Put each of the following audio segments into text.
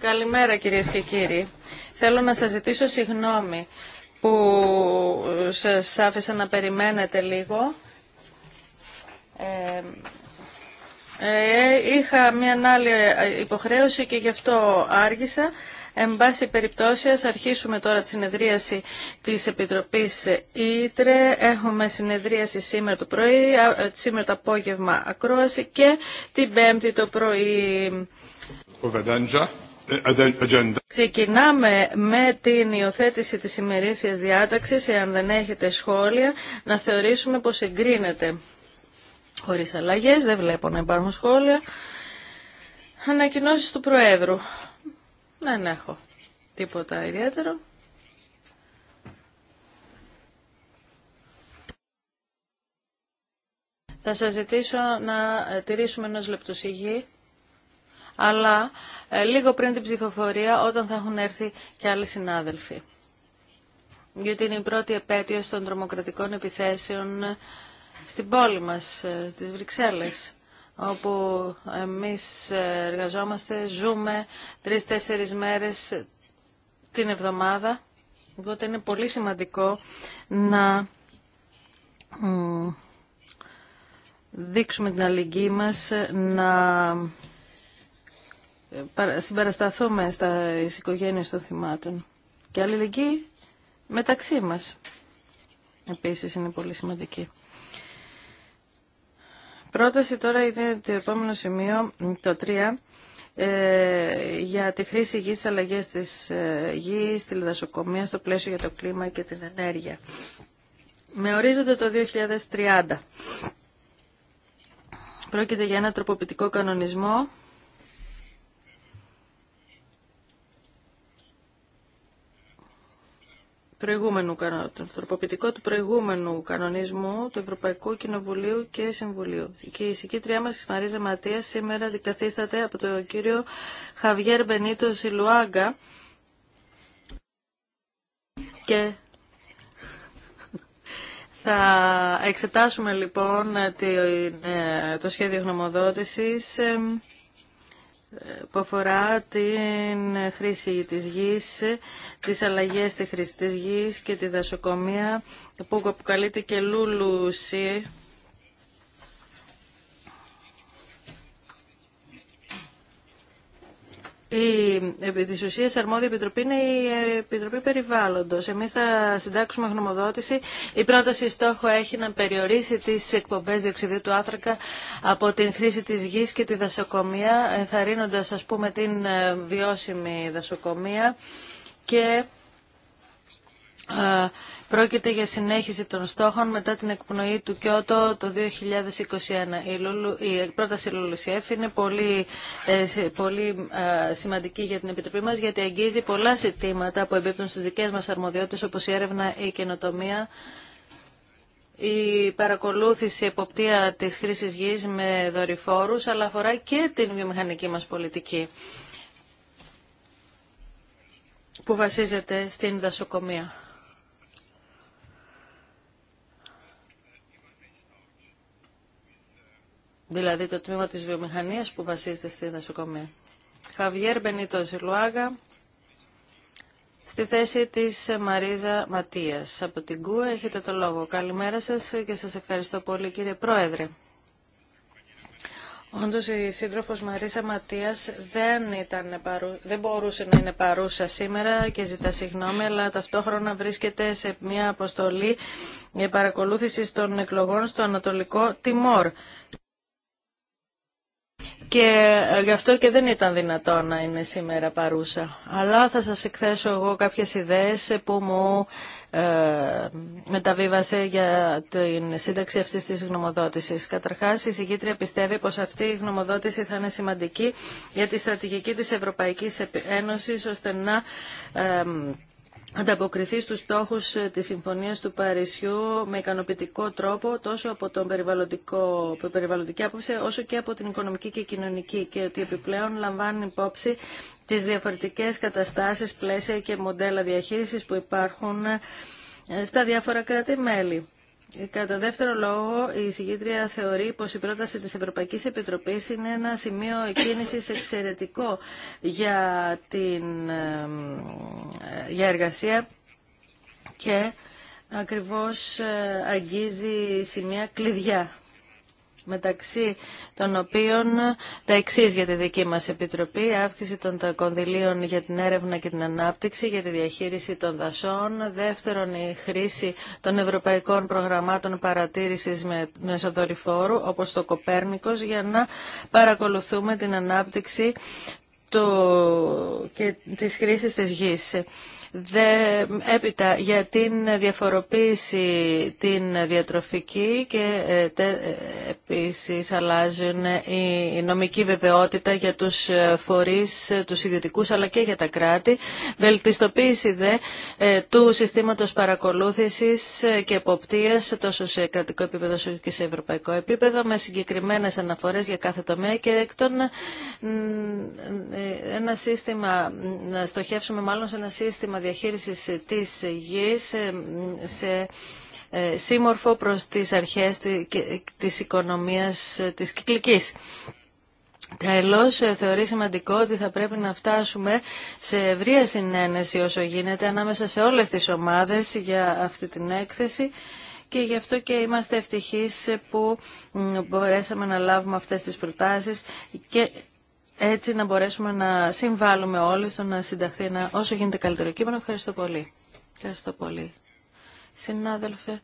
Καλημέρα κυρίες και κύριοι. Θέλω να σας ζητήσω συγγνώμη που σας άφησα να περιμένετε λίγο. Ε, ε, είχα μια άλλη υποχρέωση και γι' αυτό άργησα. Εν πάση περιπτώσει, ας αρχίσουμε τώρα τη συνεδρίαση της Επιτροπής Ήτρε. Έχουμε συνεδρίαση σήμερα το πρωί, ε, σήμερα το απόγευμα ακρόαση και την Πέμπτη το πρωί. Ε, Ξεκινάμε με την υιοθέτηση της ημερήσιας διάταξης, εάν δεν έχετε σχόλια, να θεωρήσουμε πως εγκρίνεται. Χωρίς αλλαγές, δεν βλέπω να υπάρχουν σχόλια. Ανακοινώσεις του Προέδρου. Δεν έχω τίποτα ιδιαίτερο. Θα σας ζητήσω να ε, τηρήσουμε ενός λεπτοσυγή, αλλά ε, λίγο πριν την ψηφοφορία, όταν θα έχουν έρθει και άλλοι συνάδελφοι. Γιατί είναι η πρώτη επέτειος των τρομοκρατικών επιθέσεων ε, στην πόλη μας, στις Βρυξέλλες όπου εμείς εργαζόμαστε, ζούμε τρεις-τέσσερις μέρες την εβδομάδα. Οπότε είναι πολύ σημαντικό να δείξουμε την αλληλεγγύη μας, να συμπαρασταθούμε στα οικογένειες των θυμάτων. Και αλληλεγγύη μεταξύ μας επίσης είναι πολύ σημαντική. Πρόταση τώρα είναι το επόμενο σημείο, το 3 ε, για τη χρήση γης, αλλαγές της ε, γης, τη δασοκομεία, στο πλαίσιο για το κλίμα και την ενέργεια. Με ορίζονται το 2030. Πρόκειται για ένα τροποποιητικό κανονισμό προηγούμενου, το του προηγούμενου κανονισμού του Ευρωπαϊκού Κοινοβουλίου και Συμβουλίου. Και η συγκήτριά μας, η Μαρίζα Ματία, σήμερα αντικαθίσταται από τον κύριο Χαβιέρ Μπενίτο Σιλουάγκα και θα εξετάσουμε λοιπόν ε, το σχέδιο γνωμοδότησης που αφορά την χρήση της γης, τις αλλαγές στη χρήση της γης και τη δασοκομεία που αποκαλείται και λούλουσι η επί αρμόδια επιτροπή είναι η Επιτροπή Περιβάλλοντος. Εμείς θα συντάξουμε γνωμοδότηση. Η πρόταση στόχο έχει να περιορίσει τις εκπομπές διοξιδίου του άνθρακα από την χρήση της γης και τη δασοκομεία, ενθαρρύνοντας ας πούμε την ε, βιώσιμη δασοκομεία και ε, πρόκειται για συνέχιση των στόχων μετά την εκπνοή του Κιώτο το 2021. Η πρόταση Λουλουσιέφ είναι πολύ, ε, πολύ ε, σημαντική για την Επιτροπή μας γιατί αγγίζει πολλά ζητήματα που εμπίπτουν στις δικές μας αρμοδιότητες όπως η έρευνα, η καινοτομία, η παρακολούθηση, εποπτεία της χρήσης γης με δορυφόρους αλλά αφορά και την βιομηχανική μας πολιτική που βασίζεται στην δασοκομεία. δηλαδή το τμήμα της βιομηχανίας που βασίζεται στη δασοκομεία. Χαβιέρ Μπενίτο Ζιλουάγα, στη θέση της Μαρίζα Ματίας. Από την ΚΟΥ έχετε το λόγο. Καλημέρα σας και σας ευχαριστώ πολύ κύριε Πρόεδρε. Όντως η σύντροφος Μαρίζα Ματίας δεν, μπορούσε να είναι παρούσα σήμερα και ζητά συγγνώμη, αλλά ταυτόχρονα βρίσκεται σε μια αποστολή παρακολούθηση των εκλογών στο Ανατολικό Τιμόρ και ε, γι' αυτό και δεν ήταν δυνατό να είναι σήμερα παρούσα. Αλλά θα σας εκθέσω εγώ κάποιες ιδέες που μου ε, μεταβίβασε για την σύνταξη αυτής της γνωμοδότησης. Καταρχάς, η συγκήτρια πιστεύει πως αυτή η γνωμοδότηση θα είναι σημαντική για τη στρατηγική της Ευρωπαϊκής Ένωσης ώστε να... Ε, ανταποκριθεί στους στόχους ε, της Συμφωνίας του Παρισιού με ικανοποιητικό τρόπο τόσο από την περιβαλλοντική άποψη όσο και από την οικονομική και κοινωνική και ότι επιπλέον λαμβάνουν υπόψη τις διαφορετικές καταστάσεις, πλαίσια και μοντέλα διαχείρισης που υπάρχουν ε, στα διάφορα κράτη-μέλη. Κατά δεύτερο λόγο, η συγκήτρια θεωρεί πως η πρόταση της Ευρωπαϊκής Επιτροπής είναι ένα σημείο εκκίνησης εξαιρετικό για, την, για εργασία και ακριβώς ε, αγγίζει σημεία κλειδιά μεταξύ των οποίων τα εξή για τη δική μας Επιτροπή, αύξηση των κονδυλίων για την έρευνα και την ανάπτυξη, για τη διαχείριση των δασών, δεύτερον η χρήση των ευρωπαϊκών προγραμμάτων παρατήρησης με μεσοδορυφόρου, όπως το Κοπέρνικος, για να παρακολουθούμε την ανάπτυξη και της χρήσης της γης έπειτα για την διαφοροποίηση την διατροφική και ε, ε, επίσης αλλάζουν η νομική βεβαιότητα για τους ε, φορείς, τους ιδιωτικούς αλλά και για τα κράτη. Βελτιστοποίηση δε του συστήματος παρακολούθησης και εποπτείας τόσο σε κρατικό επίπεδο όσο και σε ευρωπαϊκό επίπεδο με συγκεκριμένες αναφορές για κάθε τομέα και έκτον ένα σύστημα, να στοχεύσουμε μάλλον σε ένα σύστημα διαχείρισης της γης ε, σε ε, σύμμορφο προς τις αρχές της οικονομίας ε, της κυκλικής. Τέλος, θεωρεί σημαντικό ότι θα πρέπει να φτάσουμε σε ευρία συνένεση όσο γίνεται ανάμεσα σε όλες τις ομάδες για αυτή την έκθεση και γι' αυτό και είμαστε ευτυχείς που μπορέσαμε να λάβουμε αυτές τις προτάσεις και έτσι να μπορέσουμε να συμβάλλουμε όλοι στο να συνταχθεί ένα όσο γίνεται καλύτερο κείμενο. Ευχαριστώ πολύ. Ευχαριστώ πολύ. Συνάδελφε,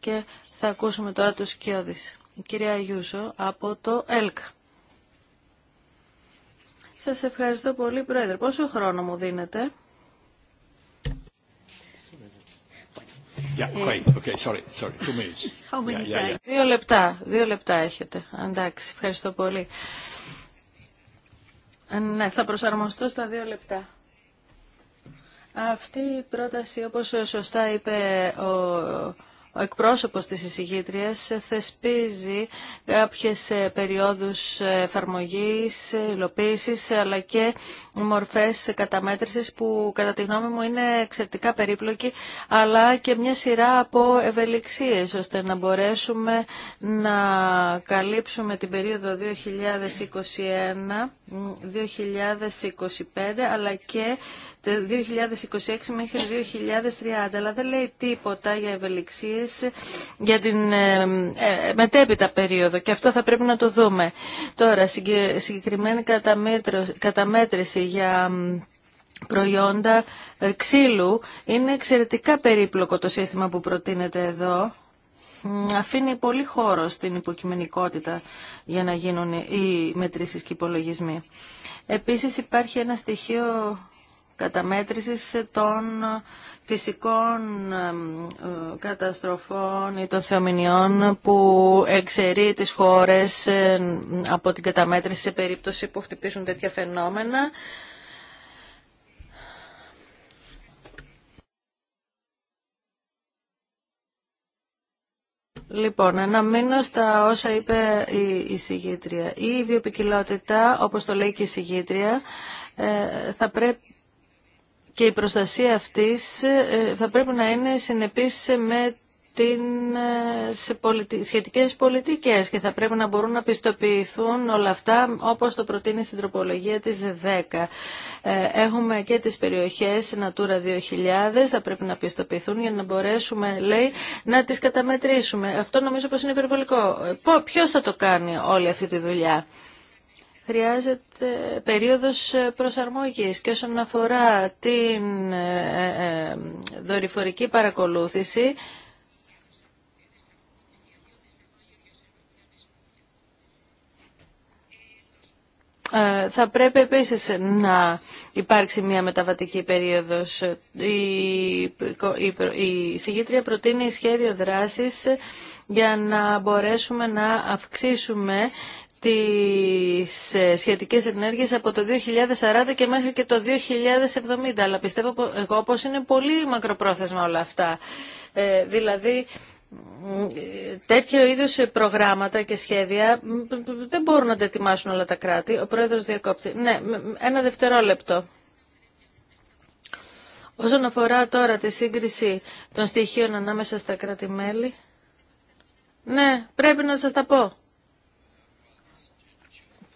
και θα ακούσουμε τώρα τους Σκιώδης. Η κυρία Γιούσο από το ΕΛΚ. Σας ευχαριστώ πολύ, Πρόεδρε. Πόσο χρόνο μου δίνετε? Δύο λεπτά, δύο λεπτά έχετε. Αντάξει, ευχαριστώ πολύ. Ε, ναι, θα προσαρμοστώ στα δύο λεπτά. Αυτή η πρόταση, όπως σωστά είπε ο ο εκπρόσωπος της εισηγήτριας θεσπίζει κάποιες ε, περιόδους ε, εφαρμογής, ε, υλοποίησης αλλά και μορφές καταμέτρησης που κατά τη γνώμη μου είναι εξαιρετικά περίπλοκη αλλά και μια σειρά από ευελιξίες ώστε να μπορέσουμε να καλύψουμε την περίοδο 2021-2025 αλλά και το 2026 μέχρι 2030, αλλά δεν λέει τίποτα για ευελιξίες για την ε, ε, ε, μετέπειτα περίοδο και αυτό θα πρέπει να το δούμε. Τώρα, συγκεκριμένη καταμέτρηση για προϊόντα ξύλου είναι εξαιρετικά περίπλοκο το σύστημα που προτείνεται εδώ αφήνει πολύ χώρο στην υποκειμενικότητα για να γίνουν οι μετρήσεις και οι υπολογισμοί. Επίσης υπάρχει ένα στοιχείο καταμέτρησης των φυσικών ε, καταστροφών ή των θεομηνιών που εξαιρεί τις χώρες από την καταμέτρηση σε περίπτωση που χτυπήσουν τέτοια φαινόμενα. Λοιπόν, να μείνω στα όσα είπε η, η Η βιοπικιλότητα, όπως το λέει και η συγγήτρια, ε, θα πρέπει και η προστασία αυτής ε, θα πρέπει να είναι συνεπής με την, ε, σε πολιτι... σχετικές πολιτικές και θα πρέπει να μπορούν να πιστοποιηθούν όλα αυτά όπως το προτείνει στην τροπολογία της 10. Ε, έχουμε και τις περιοχές Natura 2000, θα πρέπει να πιστοποιηθούν για να μπορέσουμε, λέει, να τις καταμετρήσουμε. Αυτό νομίζω πως είναι υπερβολικό. Ποιος θα το κάνει όλη αυτή τη δουλειά χρειάζεται περίοδος προσαρμογής και όσον αφορά την ε, ε, ε, δορυφορική παρακολούθηση θα πρέπει επίσης να υπάρξει μια μεταβατική περίοδος. Η, συγκήτρια προτείνει σχέδιο δράσης για να μπορέσουμε να αυξήσουμε τις ε, σχετικές ενέργειες από το 2040 και μέχρι και το 2070. Αλλά πιστεύω εγώ πως είναι πολύ μακροπρόθεσμα όλα αυτά. Ε, δηλαδή ε, τέτοιο είδους προγράμματα και σχέδια δεν μπορούν να τα ετοιμάσουν όλα τα κράτη. Ο πρόεδρος διακόπτει. Ναι, ένα δευτερόλεπτο. Όσον αφορά τώρα τη σύγκριση των στοιχείων ανάμεσα στα κράτη-μέλη, ναι, πρέπει να σας τα πω.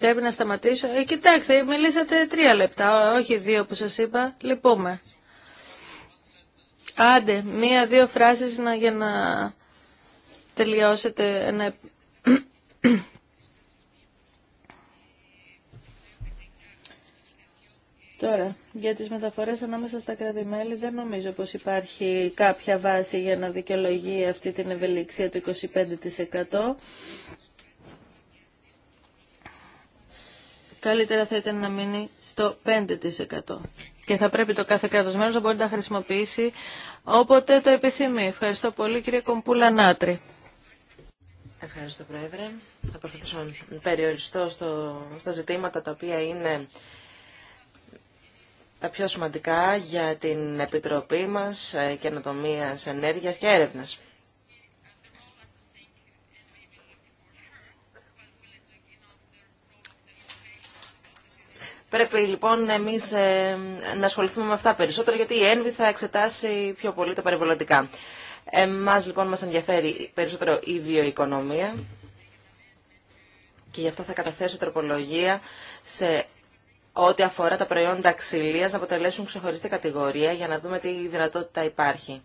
Πρέπει να σταματήσω. Ε, κοιτάξτε, μιλήσατε τρία λεπτά, όχι δύο που σας είπα. Λυπούμε. Άντε, μία-δύο φράσεις για να τελειώσετε Τώρα, για τις μεταφορές ανάμεσα στα κρατημέλη δεν νομίζω πως υπάρχει κάποια βάση για να δικαιολογεί αυτή την ευελιξία του 25%. καλύτερα θα ήταν να μείνει στο 5%. Και θα πρέπει το κάθε κράτος μέρος να μπορεί να χρησιμοποιήσει όποτε το επιθυμεί. Ευχαριστώ πολύ κύριε Κομπούλα Νάτρη. Ευχαριστώ Πρόεδρε. Θα προσπαθήσω να περιοριστώ στο, στα ζητήματα τα οποία είναι τα πιο σημαντικά για την Επιτροπή μας ε, Καινοτομίας Ενέργειας και Έρευνας. Πρέπει λοιπόν εμείς ε, να ασχοληθούμε με αυτά περισσότερο, γιατί η ΕΝΒΗ θα εξετάσει πιο πολύ τα περιβαλλοντικά. Εμά λοιπόν μας ενδιαφέρει περισσότερο η βιοοικονομία και γι' αυτό θα καταθέσω τροπολογία σε ό,τι αφορά τα προϊόντα ξυλία να αποτελέσουν ξεχωριστή κατηγορία για να δούμε τι δυνατότητα υπάρχει.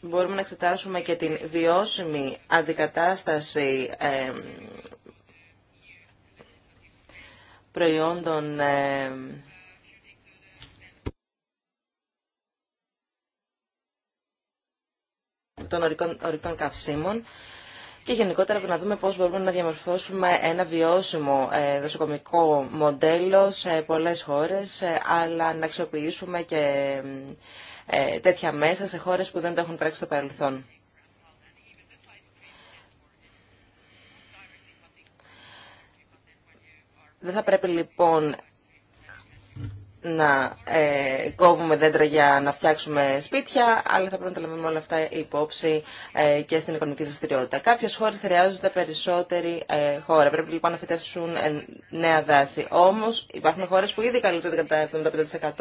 Μπορούμε να εξετάσουμε και την βιώσιμη αντικατάσταση ε, προϊόντων ε, των ορικών, ορικών καυσίμων και γενικότερα πρέπει να δούμε πώς μπορούμε να διαμορφώσουμε ένα βιώσιμο ε, δοσοκομικό μοντέλο σε πολλές χώρες, ε, αλλά να αξιοποιήσουμε και τέτοια μέσα σε χώρες που δεν το έχουν πράξει στο παρελθόν. Δεν θα πρέπει λοιπόν να ε, κόβουμε δέντρα για να φτιάξουμε σπίτια, αλλά θα πρέπει να τα όλα αυτά υπόψη ε, και στην οικονομική δραστηριότητα. Κάποιε χώρε χρειάζονται περισσότερη ε, χώρα. Πρέπει λοιπόν να φυτέψουν νέα δάση. Όμω υπάρχουν χώρε που ήδη καλύπτουν κατά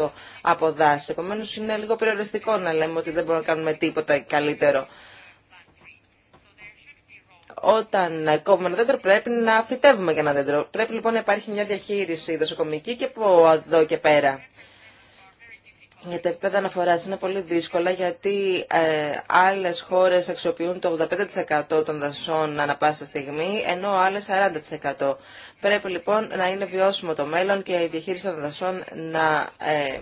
75% από δάση. Επομένω είναι λίγο περιοριστικό να λέμε ότι δεν μπορούμε να κάνουμε τίποτα καλύτερο όταν κόβουμε ένα δέντρο πρέπει να φυτεύουμε και ένα δέντρο. Πρέπει λοιπόν να υπάρχει μια διαχείριση δοσοκομική και από εδώ και πέρα. Για τα επίπεδα αναφορά είναι πολύ δύσκολα γιατί ε, άλλε χώρε αξιοποιούν το 85% των δασών ανα πάσα στιγμή, ενώ άλλε 40%. Πρέπει λοιπόν να είναι βιώσιμο το μέλλον και η διαχείριση των δασών να ε,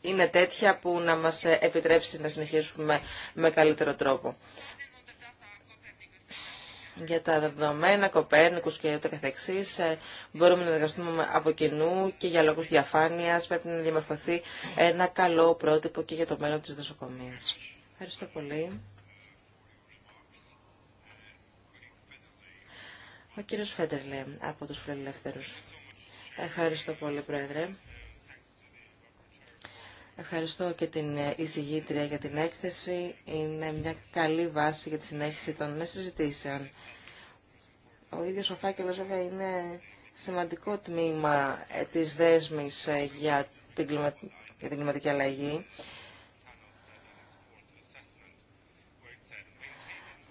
είναι τέτοια που να μα επιτρέψει να συνεχίσουμε με καλύτερο τρόπο για τα δεδομένα, κοπέρνικους και ούτω καθεξής. Ε, μπορούμε να εργαστούμε από κοινού και για λόγους διαφάνειας πρέπει να διαμορφωθεί ένα καλό πρότυπο και για το μέλλον της δοσοκομείας. Ευχαριστώ πολύ. Ο κύριος Φέντερλε από τους Φιλελεύθερους. Ευχαριστώ πολύ, Πρόεδρε. Ευχαριστώ και την εισηγήτρια για την έκθεση. Είναι μια καλή βάση για τη συνέχιση των συζητήσεων. Ο ίδιος ο φάκελος βέβαια είναι σημαντικό τμήμα ε, της δέσμης ε, για την, κλιματική αλλαγή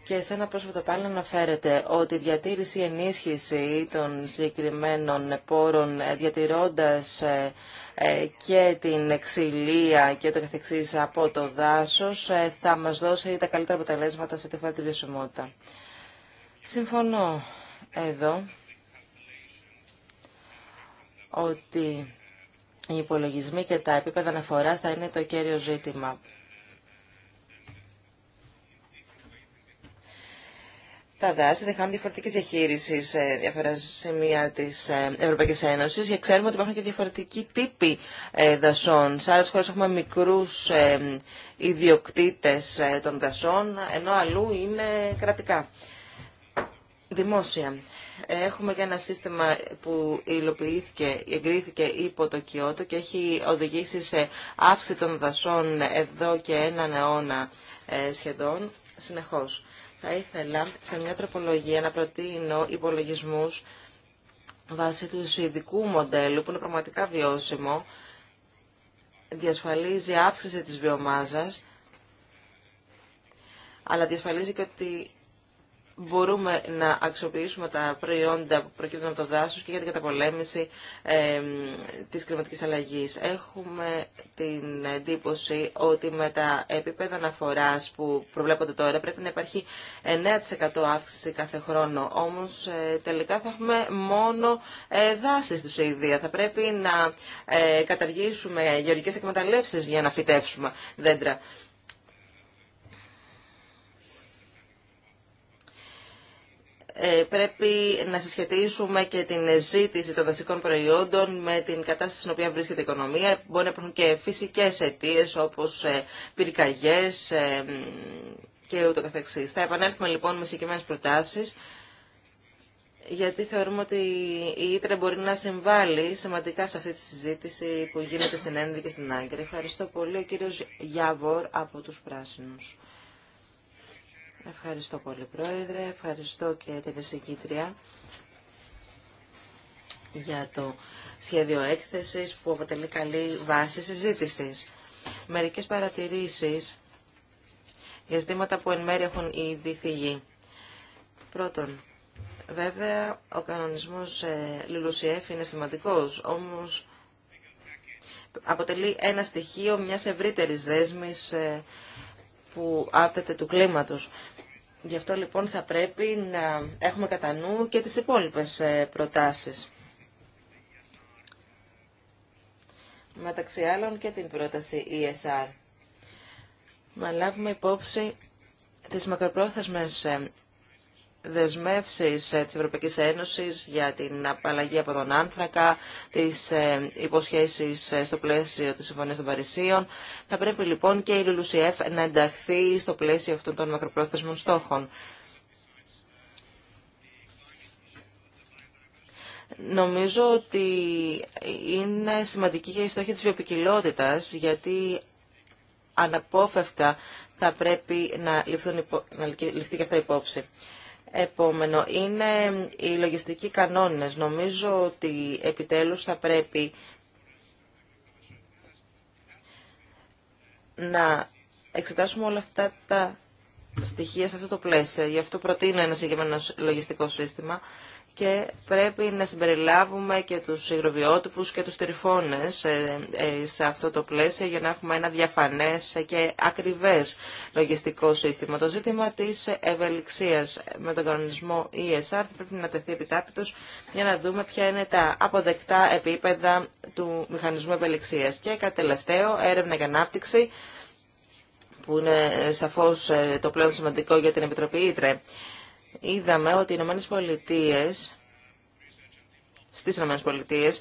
Και σε ένα πρόσφατο πάλι αναφέρεται ότι η διατήρηση ενίσχυση των συγκεκριμένων πόρων ε, διατηρώντας ε, ε, και την ξυλία και το καθεξής από το δάσος θα μας δώσει τα καλύτερα αποτελέσματα σε ό,τι αφορά τη βιωσιμότητα. Συμφωνώ εδώ ότι οι υπολογισμοί και τα επίπεδα αναφοράς θα είναι το κέριο ζήτημα. τα δάση δεχάνουν διαφορετική διαχείριση ε, σε διάφορα σημεία τη ε, Ευρωπαϊκή Ένωση και ξέρουμε ότι υπάρχουν και διαφορετικοί τύποι ε, δασών. Σε άλλε χώρε έχουμε μικρού ιδιοκτήτε των δασών, ενώ αλλού είναι κρατικά. Δημόσια. Έχουμε και ένα σύστημα που υλοποιήθηκε, εγκρίθηκε υπό το Κιώτο και έχει οδηγήσει σε αύξηση των δασών εδώ και έναν αιώνα σχεδόν συνεχώς θα ήθελα σε μια τροπολογία να προτείνω υπολογισμούς βάσει του ειδικού μοντέλου που είναι πραγματικά βιώσιμο, διασφαλίζει αύξηση της βιομάζας, αλλά διασφαλίζει και ότι μπορούμε να αξιοποιήσουμε τα προϊόντα που προκύπτουν από το δάσος και για την καταπολέμηση ε, της κλιματικής αλλαγής. Έχουμε την εντύπωση ότι με τα επίπεδα αναφοράς που προβλέπονται τώρα πρέπει να υπάρχει 9% αύξηση κάθε χρόνο. Όμως ε, τελικά θα έχουμε μόνο ε, δάση στη Σουηδία. Θα πρέπει να ε, καταργήσουμε γεωργικές εκμεταλλεύσεις για να φυτέψουμε δέντρα. Ε, πρέπει να συσχετίσουμε και την ζήτηση των δασικών προϊόντων με την κατάσταση στην οποία βρίσκεται η οικονομία. Μπορεί να υπάρχουν και φυσικές αιτίε όπως ε, πυρκαγιές ε, και ούτω καθεξής. Θα επανέλθουμε λοιπόν με συγκεκριμένε προτάσεις γιατί θεωρούμε ότι η Ήτρε μπορεί να συμβάλλει σημαντικά σε αυτή τη συζήτηση που γίνεται στην Ένδη και στην Άγκρη. Ευχαριστώ πολύ ο κύριος Γιάβορ από τους Πράσινους. Ευχαριστώ πολύ Πρόεδρε, ευχαριστώ και την εισηγήτρια για το σχέδιο έκθεσης που αποτελεί καλή βάση συζήτησης. Μερικές παρατηρήσεις για ζητήματα που εν μέρει έχουν ήδη θυγεί. Πρώτον, βέβαια ο κανονισμός ε, Λουλουσιέφ είναι σημαντικός, όμως αποτελεί ένα στοιχείο μιας ευρύτερης δέσμης ε, που άπτεται του κλίματος. Γι' αυτό λοιπόν θα πρέπει να έχουμε κατά νου και τις υπόλοιπες ε, προτάσεις. Μεταξύ άλλων και την πρόταση ESR. Να λάβουμε υπόψη τις μακροπρόθεσμες ε, Δεσμεύσει ε, τη Ευρωπαϊκή Ένωση για την απαλλαγή από τον άνθρακα, τις ε, υποσχέσεις ε, στο πλαίσιο της συμφωνία των Παρισίων. Θα πρέπει λοιπόν και η Λουλουσιέφ να ενταχθεί στο πλαίσιο αυτών των μακροπρόθεσμων στόχων. Νομίζω ότι είναι σημαντική και η στόχη της βιοπικιλότητας, γιατί αναπόφευκτα θα πρέπει να, υπο... να ληφθεί και αυτά υπόψη. Επόμενο είναι οι λογιστικοί κανόνες. Νομίζω ότι επιτέλους θα πρέπει να εξετάσουμε όλα αυτά τα στοιχεία σε αυτό το πλαίσιο. Γι' αυτό προτείνω ένα συγκεκριμένο λογιστικό σύστημα και πρέπει να συμπεριλάβουμε και τους υγροβιότυπους και τους τριφώνες ε, ε, σε αυτό το πλαίσιο για να έχουμε ένα διαφανές και ακριβές λογιστικό σύστημα. Το ζήτημα της ευελιξίας με τον κανονισμό ESR πρέπει να τεθεί επιτάπητος για να δούμε ποια είναι τα αποδεκτά επίπεδα του μηχανισμού ευελιξίας. Και κατά τελευταίο, έρευνα και ανάπτυξη που είναι σαφώς ε, το πλέον σημαντικό για την Επιτροπή Ήτρε. Είδαμε ότι οι Ηνωμένε Πολιτείε, στις Ηνωμένε Πολιτείε,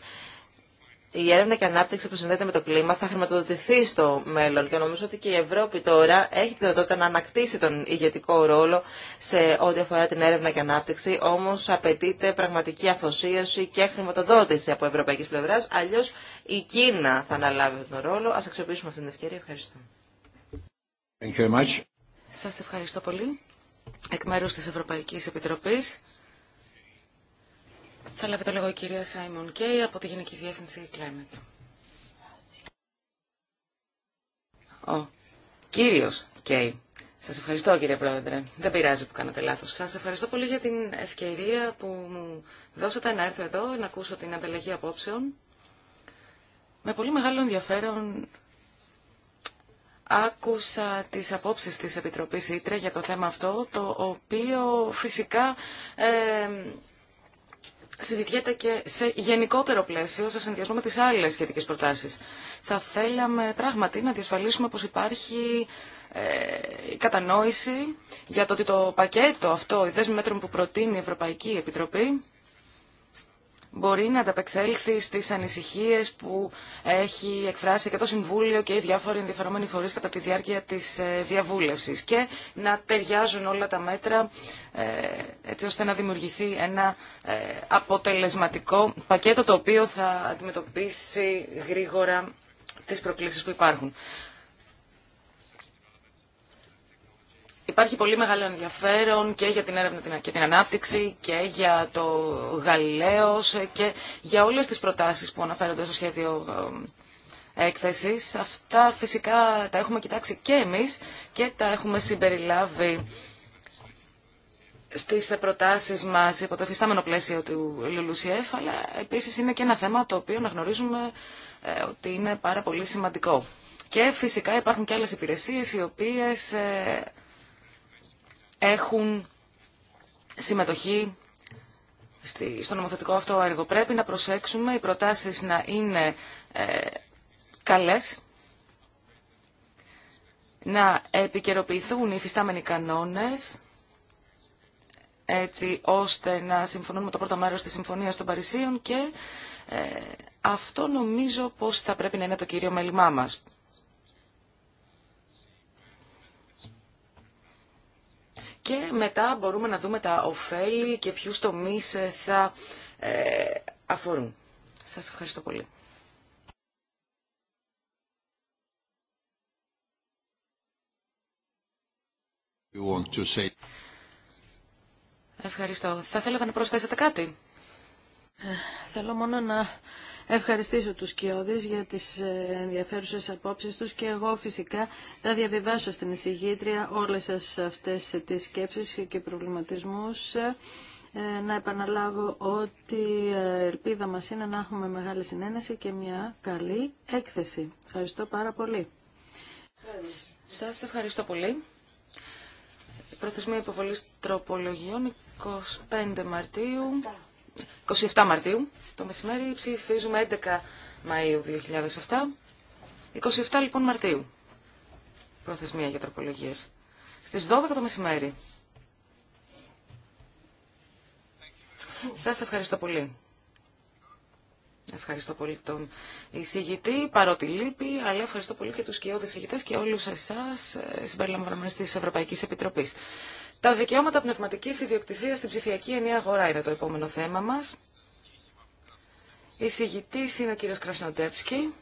η έρευνα και ανάπτυξη που συνδέεται με το κλίμα θα χρηματοδοτηθεί στο μέλλον και νομίζω ότι και η Ευρώπη τώρα έχει τη δυνατότητα να ανακτήσει τον ηγετικό ρόλο σε ό,τι αφορά την έρευνα και ανάπτυξη, όμως απαιτείται πραγματική αφοσίωση και χρηματοδότηση από ευρωπαϊκής πλευράς, αλλιώς η Κίνα θα αναλάβει τον ρόλο. Ας αξιοποιήσουμε αυτή την ευκαιρία. Ευχαριστώ. Thank Σας ευχαριστώ πολύ. Εκ μέρους της Ευρωπαϊκής Επιτροπής θα λάβει το λόγο η κυρία Σάιμον Κέι από τη Γενική Διεύθυνση Climate. Ο κύριος Κέι. Σας ευχαριστώ κύριε Πρόεδρε. Δεν πειράζει που κάνατε λάθος. Σας ευχαριστώ πολύ για την ευκαιρία που μου δώσατε να έρθω εδώ, να ακούσω την ανταλλαγή απόψεων. Με πολύ μεγάλο ενδιαφέρον Άκουσα τις απόψεις της Επιτροπής Ήτρε για το θέμα αυτό, το οποίο φυσικά ε, συζητιέται και σε γενικότερο πλαίσιο, σε συνδυασμό με τις άλλες σχετικές προτάσεις. Θα θέλαμε πράγματι να διασφαλίσουμε πως υπάρχει ε, κατανόηση για το ότι το πακέτο αυτό, οι δέσμοι μέτρων που προτείνει η Ευρωπαϊκή Επιτροπή, μπορεί να ανταπεξέλθει στι ανησυχίες που έχει εκφράσει και το Συμβούλιο και οι διάφοροι ενδιαφερόμενοι φορείς κατά τη διάρκεια της ε, διαβούλευση και να ταιριάζουν όλα τα μέτρα ε, έτσι ώστε να δημιουργηθεί ένα ε, αποτελεσματικό πακέτο το οποίο θα αντιμετωπίσει γρήγορα τις προκλήσεις που υπάρχουν. Υπάρχει πολύ μεγάλο ενδιαφέρον και για την έρευνα και την ανάπτυξη και για το Γαλιλαίο και για όλες τις προτάσεις που αναφέρονται στο σχέδιο έκθεσης. Αυτά φυσικά τα έχουμε κοιτάξει και εμείς και τα έχουμε συμπεριλάβει στις προτάσεις μας υπό το εφιστάμενο πλαίσιο του Λουλουσιέφ, αλλά επίσης είναι και ένα θέμα το οποίο να γνωρίζουμε ε, ότι είναι πάρα πολύ σημαντικό. Και φυσικά υπάρχουν και άλλες υπηρεσίες οι οποίες ε, έχουν συμμετοχή στο νομοθετικό αυτό έργο. Πρέπει να προσέξουμε οι προτάσεις να είναι ε, καλές, να επικαιροποιηθούν οι φυστάμενοι κανόνες, έτσι ώστε να συμφωνούν το πρώτο μέρος της Συμφωνίας των Παρισίων και ε, αυτό νομίζω πως θα πρέπει να είναι το κύριο μέλημά μας. και μετά μπορούμε να δούμε τα ωφέλη και ποιους τομείς ε, θα ε, αφορούν. Σας ευχαριστώ πολύ. want to say... Ευχαριστώ. Θα θέλατε να προσθέσετε κάτι. Ε, θέλω μόνο να ευχαριστήσω τους Κιώδης για τις ε, ενδιαφέρουσες απόψεις τους και εγώ φυσικά θα διαβιβάσω στην εισηγήτρια όλες αυτές τις σκέψεις και προβληματισμούς. Ε, να επαναλάβω ότι η ε, ελπίδα μας είναι να έχουμε μεγάλη συνένεση και μια καλή έκθεση. Ευχαριστώ πάρα πολύ. Σας ευχαριστώ πολύ. Προθεσμία υποβολής τροπολογιών 25 Μαρτίου. 27 Μαρτίου το μεσημέρι, ψηφίζουμε 11 Μαΐου 2007, 27 λοιπόν Μαρτίου, προθεσμία για τροπολογίες. Στις 12 το μεσημέρι. Σας ευχαριστώ πολύ. Ευχαριστώ πολύ τον εισηγητή, παρότι λείπει, αλλά ευχαριστώ πολύ και τους κοιόδες εισηγητές και όλους εσάς ε, συμπεριλαμβανομένες της Ευρωπαϊκής Επιτροπής. Τα δικαιώματα πνευματικής ιδιοκτησίας στην ψηφιακή ενιαία αγορά είναι το επόμενο θέμα μας. Η συγητής είναι ο κύριο Κρασνοντεύσκη.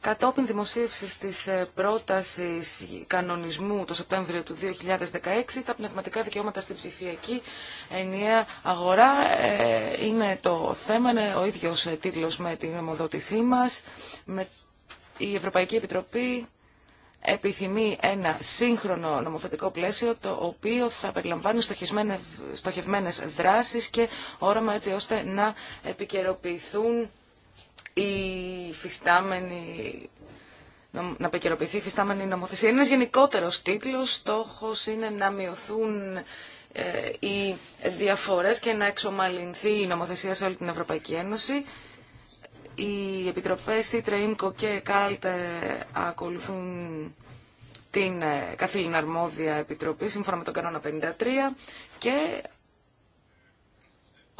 Κατόπιν δημοσίευσης της ε, πρότασης κανονισμού το Σεπτέμβριο του 2016, τα πνευματικά δικαιώματα στην ψηφιακή ενιαία αγορά ε, είναι το θέμα, είναι ο ίδιος ε, τίτλο με την νομοδότησή μας. Η Ευρωπαϊκή Επιτροπή επιθυμεί ένα σύγχρονο νομοθετικό πλαίσιο το οποίο θα περιλαμβάνει στοχευμένες δράσεις και όραμα έτσι ώστε να επικαιροποιηθούν οι φυστάμενοι να επικαιροποιηθεί η φυστάμενη νομοθεσία. Ένας γενικότερος τίτλος, στόχος είναι να μειωθούν ε, οι διαφορές και να εξομαλυνθεί η νομοθεσία σε όλη την Ευρωπαϊκή Ένωση οι επιτροπές Ήτρε, Ίμκο και Κάλτε ακολουθούν την ε, καθήλυνα αρμόδια επιτροπή σύμφωνα με τον κανόνα 53 και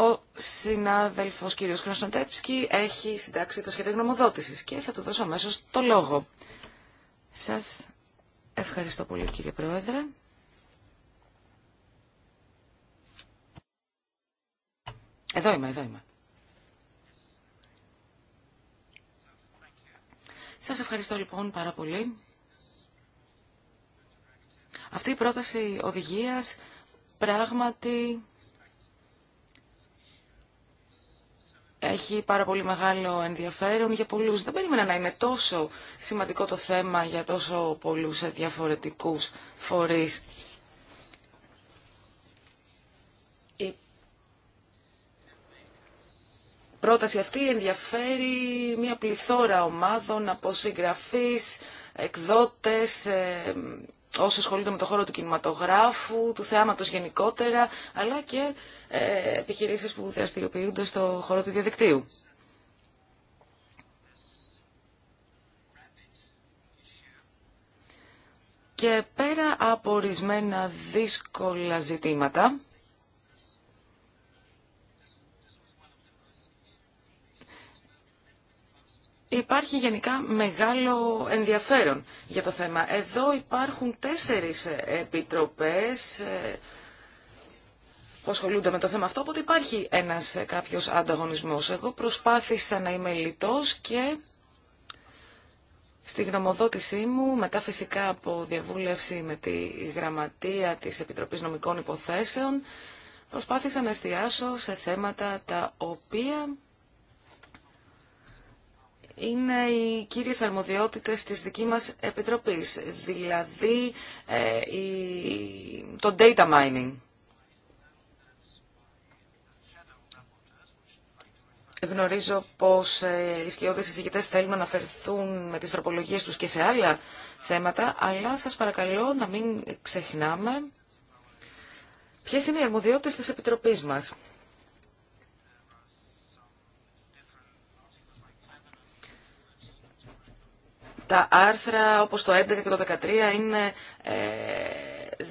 ο συνάδελφος κ. Κρασνοτέψκη έχει συντάξει το σχέδιο γνωμοδότησης και θα του δώσω αμέσω το λόγο. Σας ευχαριστώ πολύ κύριε Πρόεδρε. Εδώ είμαι, εδώ είμαι. Σας ευχαριστώ λοιπόν πάρα πολύ. Αυτή η πρόταση οδηγίας πράγματι έχει πάρα πολύ μεγάλο ενδιαφέρον για πολλούς. Δεν περίμενα να είναι τόσο σημαντικό το θέμα για τόσο πολλούς διαφορετικούς φορείς. πρόταση αυτή ενδιαφέρει μια πληθώρα ομάδων από συγγραφείς, εκδότες, ε, όσοι ασχολούνται με το χώρο του κινηματογράφου, του θεάματος γενικότερα, αλλά και ε, επιχειρήσεις που δραστηριοποιούνται στο χώρο του διαδικτύου. Και πέρα από ορισμένα δύσκολα ζητήματα, υπάρχει γενικά μεγάλο ενδιαφέρον για το θέμα. Εδώ υπάρχουν τέσσερις ε, επιτροπές ε, που ασχολούνται με το θέμα αυτό, οπότε υπάρχει ένας ε, κάποιος ανταγωνισμός. Εγώ προσπάθησα να είμαι λιτός και στη γνωμοδότησή μου, μετά φυσικά από διαβούλευση με τη γραμματεία της Επιτροπής Νομικών Υποθέσεων, προσπάθησα να εστιάσω σε θέματα τα οποία είναι οι κύριες αρμοδιότητες της δική μας επιτροπής, δηλαδή ε, το data mining. Γνωρίζω πως ε, οι σκιώδες εισηγητές θέλουν να αναφερθούν με τις τροπολογίες τους και σε άλλα θέματα, αλλά σας παρακαλώ να μην ξεχνάμε ποιες είναι οι αρμοδιότητες της Επιτροπής μας. Τα άρθρα όπως το 11 και το 13 είναι ε,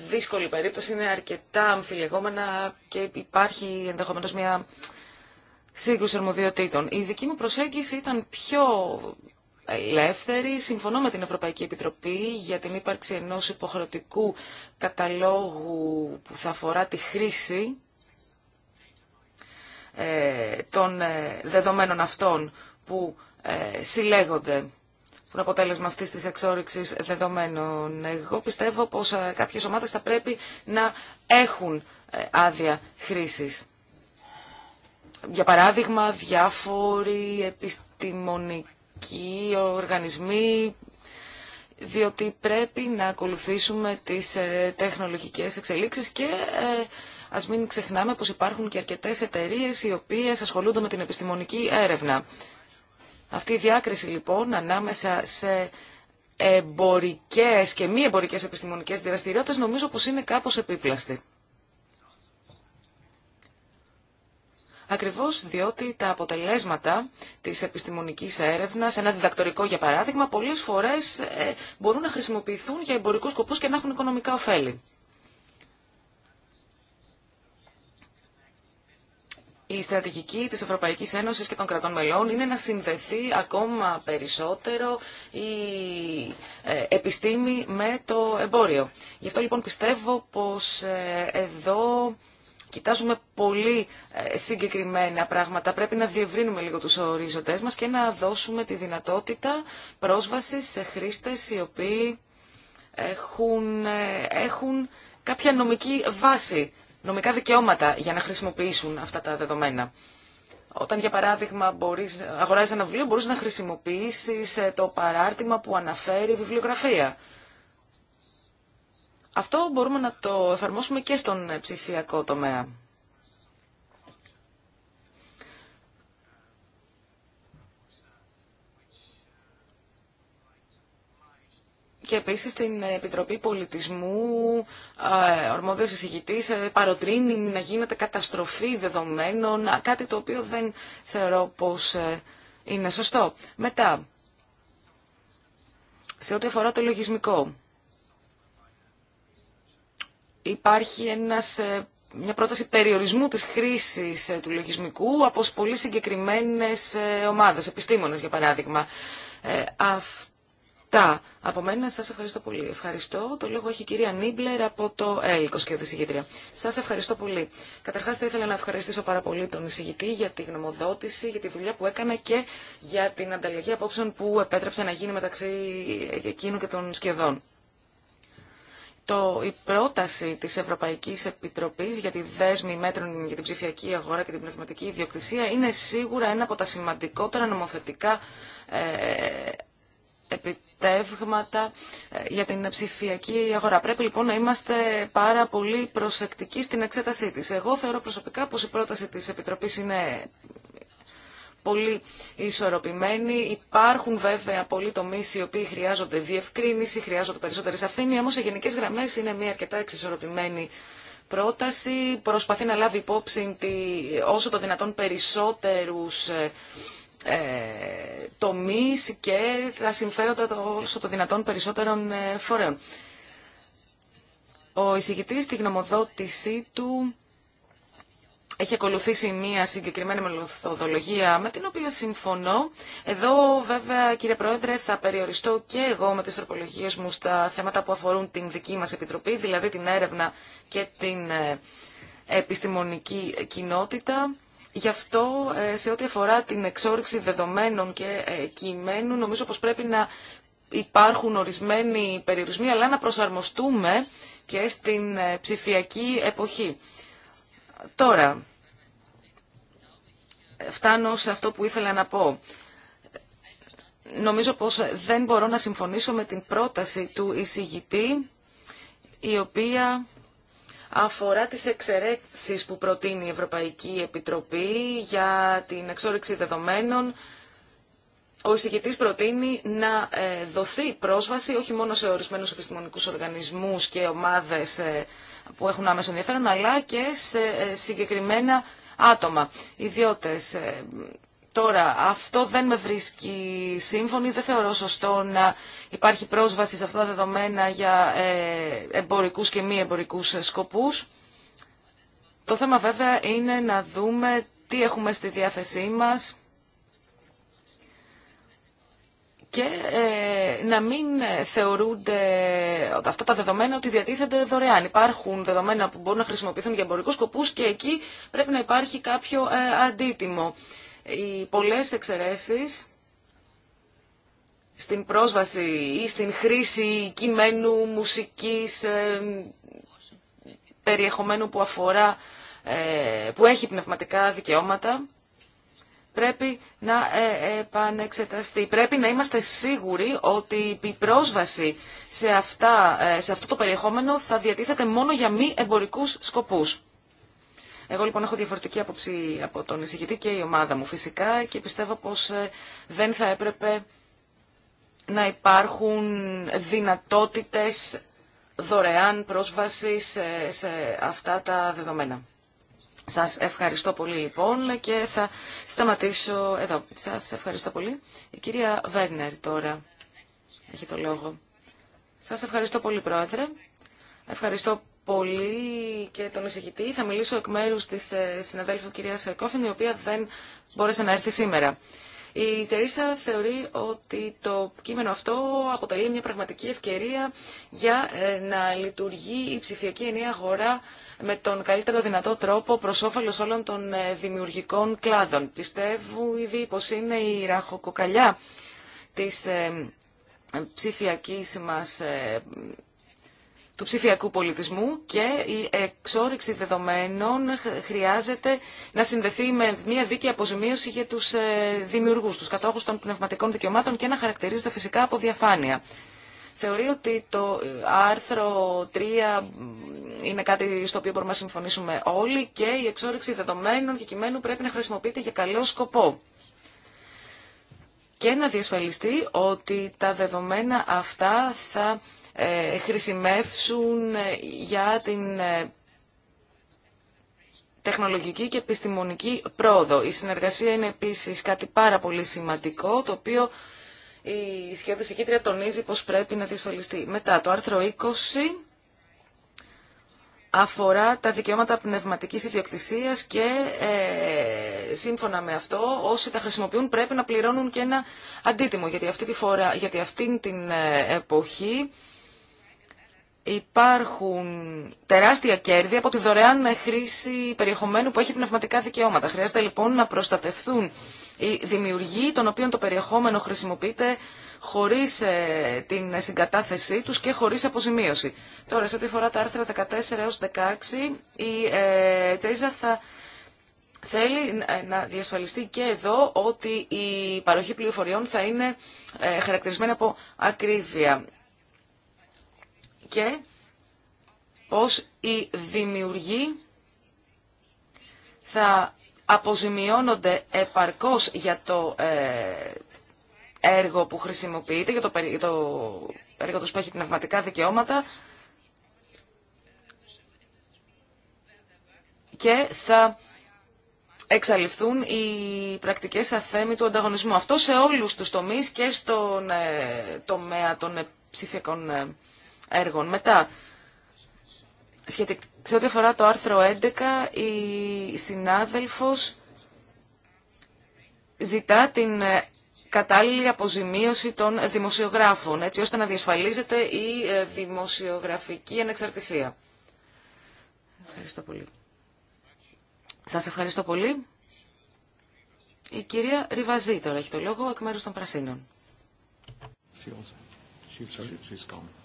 δύσκολη περίπτωση, είναι αρκετά αμφιλεγόμενα και υπάρχει ενδεχομένως μια σύγκρουση αρμοδιοτήτων. Η δική μου προσέγγιση ήταν πιο ελεύθερη. Συμφωνώ με την Ευρωπαϊκή Επιτροπή για την ύπαρξη ενός υποχρεωτικού καταλόγου που θα αφορά τη χρήση ε, των ε, δεδομένων αυτών που ε, συλλέγονται που είναι αποτέλεσμα αυτή τη εξόριξη δεδομένων. Εγώ πιστεύω πω ε, κάποιε ομάδε θα πρέπει να έχουν ε, άδεια χρήση. Για παράδειγμα, διάφοροι επιστημονικοί οργανισμοί, διότι πρέπει να ακολουθήσουμε τις ε, τεχνολογικές εξελίξεις και ας μην ξεχνάμε πως υπάρχουν και αρκετές εταιρείες οι οποίες ασχολούνται με την επιστημονική έρευνα. Αυτή η διάκριση λοιπόν ανάμεσα σε εμπορικές και μη εμπορικές επιστημονικές δραστηριότητες νομίζω πως είναι κάπως επίπλαστη. Ακριβώς διότι τα αποτελέσματα της επιστημονικής έρευνας, ένα διδακτορικό για παράδειγμα, πολλές φορές ε, μπορούν να χρησιμοποιηθούν για εμπορικούς σκοπούς και να έχουν οικονομικά ωφέλη. η στρατηγική της Ευρωπαϊκής Ένωσης και των κρατών μελών είναι να συνδεθεί ακόμα περισσότερο η ε, επιστήμη με το εμπόριο. Γι' αυτό λοιπόν πιστεύω πως ε, εδώ κοιτάζουμε πολύ ε, συγκεκριμένα πράγματα. Πρέπει να διευρύνουμε λίγο τους ορίζοντές μας και να δώσουμε τη δυνατότητα πρόσβασης σε χρήστες οι οποίοι έχουν, έχουν κάποια νομική βάση νομικά δικαιώματα για να χρησιμοποιήσουν αυτά τα δεδομένα. Όταν, για παράδειγμα, μπορείς, αγοράζεις ένα βιβλίο, μπορείς να χρησιμοποιήσεις ε, το παράρτημα που αναφέρει η βιβλιογραφία. Αυτό μπορούμε να το εφαρμόσουμε και στον ε, ψηφιακό τομέα. και επίσης στην Επιτροπή Πολιτισμού, ε, ορμόδιος εισηγητής, ε, παροτρύνει να γίνεται καταστροφή δεδομένων, κάτι το οποίο δεν θεωρώ πως ε, είναι σωστό. Μετά, σε ό,τι αφορά το λογισμικό, υπάρχει ένας μια πρόταση περιορισμού της χρήσης του λογισμικού από πολύ συγκεκριμένες ομάδες, επιστήμονες για παράδειγμα. Τα. Από μένα σα ευχαριστώ πολύ. Ευχαριστώ. Το λόγο έχει η κυρία Νίμπλερ από το Έλκο και οδησηγήτρια. Σα ευχαριστώ πολύ. Καταρχάς θα ήθελα να ευχαριστήσω πάρα πολύ τον εισηγητή για τη γνωμοδότηση, για τη δουλειά που έκανε και για την ανταλλαγή απόψεων που επέτρεψε να γίνει μεταξύ εκείνου και των σκεδών. Το, η πρόταση της Ευρωπαϊκής Επιτροπής για τη δέσμη μέτρων για την ψηφιακή αγορά και την πνευματική ιδιοκτησία είναι σίγουρα ένα από τα σημαντικότερα νομοθετικά ε, επιτεύγματα ε, για την ψηφιακή αγορά. Πρέπει λοιπόν να είμαστε πάρα πολύ προσεκτικοί στην εξέτασή της. Εγώ θεωρώ προσωπικά πως η πρόταση της Επιτροπής είναι πολύ ισορροπημένη. Υπάρχουν βέβαια πολλοί τομεί οι οποίοι χρειάζονται διευκρίνηση, χρειάζονται περισσότερη σαφήνεια, όμω σε γενικές γραμμές είναι μια αρκετά εξισορροπημένη πρόταση. Προσπαθεί να λάβει υπόψη όσο το δυνατόν περισσότερους ε, ε, τομείς και τα συμφέροντα όσο το δυνατόν περισσότερων ε, φορέων. Ο εισηγητής στη γνωμοδότησή του έχει ακολουθήσει μία συγκεκριμένη μελοθοδολογία με την οποία συμφωνώ. Εδώ βέβαια κύριε Πρόεδρε θα περιοριστώ και εγώ με τις τροπολογίες μου στα θέματα που αφορούν την δική μας επιτροπή, δηλαδή την έρευνα και την ε, επιστημονική κοινότητα. Γι' αυτό ε, σε ό,τι αφορά την εξόρυξη δεδομένων και ε, κειμένου νομίζω πως πρέπει να υπάρχουν ορισμένοι περιορισμοί αλλά να προσαρμοστούμε και στην ε, ψηφιακή εποχή. Τώρα, φτάνω σε αυτό που ήθελα να πω. Νομίζω πως δεν μπορώ να συμφωνήσω με την πρόταση του εισηγητή η οποία αφορά τις εξαιρέσεις που προτείνει η Ευρωπαϊκή Επιτροπή για την εξόριξη δεδομένων. Ο εισηγητής προτείνει να ε, δοθεί πρόσβαση όχι μόνο σε ορισμένους επιστημονικούς οργανισμούς και ομάδες ε, που έχουν άμεσο ενδιαφέρον, αλλά και σε ε, συγκεκριμένα άτομα, ιδιώτες. Τώρα, αυτό δεν με βρίσκει σύμφωνη, δεν θεωρώ σωστό να υπάρχει πρόσβαση σε αυτά τα δεδομένα για ε, εμπορικούς και μη εμπορικούς σκοπούς. Το θέμα βέβαια είναι να δούμε τι έχουμε στη διάθεσή μας και ε, να μην θεωρούνται αυτά τα δεδομένα ότι διατίθενται δωρεάν. Υπάρχουν δεδομένα που μπορούν να χρησιμοποιηθούν για εμπορικούς σκοπούς και εκεί πρέπει να υπάρχει κάποιο ε, αντίτιμο οι πολλές εξαιρέσεις στην πρόσβαση ή στην χρήση κειμένου, μουσικής, ε, περιεχομένου που αφορά, ε, που έχει πνευματικά δικαιώματα, πρέπει να ε, επανεξεταστεί. Πρέπει να είμαστε σίγουροι ότι η πρόσβαση σε, αυτά, σε αυτό το περιεχόμενο θα διατίθεται μόνο για μη εμπορικούς σκοπούς. Εγώ λοιπόν έχω διαφορετική άποψη από τον εισηγητή και η ομάδα μου φυσικά και πιστεύω πως ε, δεν θα έπρεπε να υπάρχουν δυνατότητες δωρεάν πρόσβαση σε, αυτά τα δεδομένα. Σας ευχαριστώ πολύ λοιπόν και θα σταματήσω εδώ. Σας ευχαριστώ πολύ. Η κυρία Βέρνερ τώρα έχει το λόγο. Σας ευχαριστώ πολύ πρόεδρε. Ευχαριστώ πολύ και τον εισηγητή. Θα μιλήσω εκ μέρους της ε, συναδέλφου κυρίας Κόφιν, η οποία δεν μπόρεσε να έρθει σήμερα. Η Τερίσα θεωρεί ότι το κείμενο αυτό αποτελεί μια πραγματική ευκαιρία για ε, να λειτουργεί η ψηφιακή ενία αγορά με τον καλύτερο δυνατό τρόπο προ όφελο όλων των ε, δημιουργικών κλάδων. ήδη πω είναι η ραχοκοκαλιά της ψηφιακής μας του ψηφιακού πολιτισμού και η εξόριξη δεδομένων χρειάζεται να συνδεθεί με μια δίκαιη αποζημίωση για τους ε, δημιουργούς, τους κατόχους των πνευματικών δικαιωμάτων και να χαρακτηρίζεται φυσικά από διαφάνεια. Θεωρεί ότι το ε, άρθρο 3 είναι κάτι στο οποίο μπορούμε να συμφωνήσουμε όλοι και η εξόριξη δεδομένων και κειμένου πρέπει να χρησιμοποιείται για καλό σκοπό και να διασφαλιστεί ότι τα δεδομένα αυτά θα ε, χρησιμεύσουν ε, για την ε, τεχνολογική και επιστημονική πρόοδο. Η συνεργασία είναι επίσης κάτι πάρα πολύ σημαντικό, το οποίο η σχέδιση συγκίτρια τονίζει πως πρέπει να διασφαλιστεί. Μετά, το άρθρο 20 αφορά τα δικαιώματα πνευματικής ιδιοκτησίας και σύμφωνα με αυτό όσοι τα χρησιμοποιούν πρέπει να πληρώνουν και ένα αντίτιμο γιατί αυτή, τη φορά, γιατί αυτή την εποχή υπάρχουν τεράστια κέρδη από τη δωρεάν χρήση περιεχομένου που έχει πνευματικά δικαιώματα. Χρειάζεται λοιπόν να προστατευθούν οι δημιουργοί των οποίων το περιεχόμενο χρησιμοποιείται χωρίς ε, την συγκατάθεσή τους και χωρίς αποζημίωση. Τώρα, σε ό,τι φορά τα άρθρα 14 έως 16, η ε, Τζέιζα θα θέλει ε, να διασφαλιστεί και εδώ ότι η παροχή πληροφοριών θα είναι ε, χαρακτηρισμένη από ακρίβεια και πως οι δημιουργοί θα αποζημιώνονται επαρκώς για το ε, έργο που χρησιμοποιείται, για το, το έργο τους που έχει πνευματικά δικαιώματα και θα εξαλειφθούν οι πρακτικές αθέμη του ανταγωνισμού. Αυτό σε όλους τους τομείς και στον ε, τομέα των ε, ψηφιακών έργων. Μετά, σε ό,τι αφορά το άρθρο 11, η συνάδελφος ζητά την ε, κατάλληλη αποζημίωση των δημοσιογράφων, έτσι ώστε να διασφαλίζεται η ε, δημοσιογραφική ανεξαρτησία. Ευχαριστώ πολύ. Σας ευχαριστώ πολύ. Η κυρία Ριβαζή τώρα έχει το λόγο εκ μέρους των Πρασίνων. She she's gone.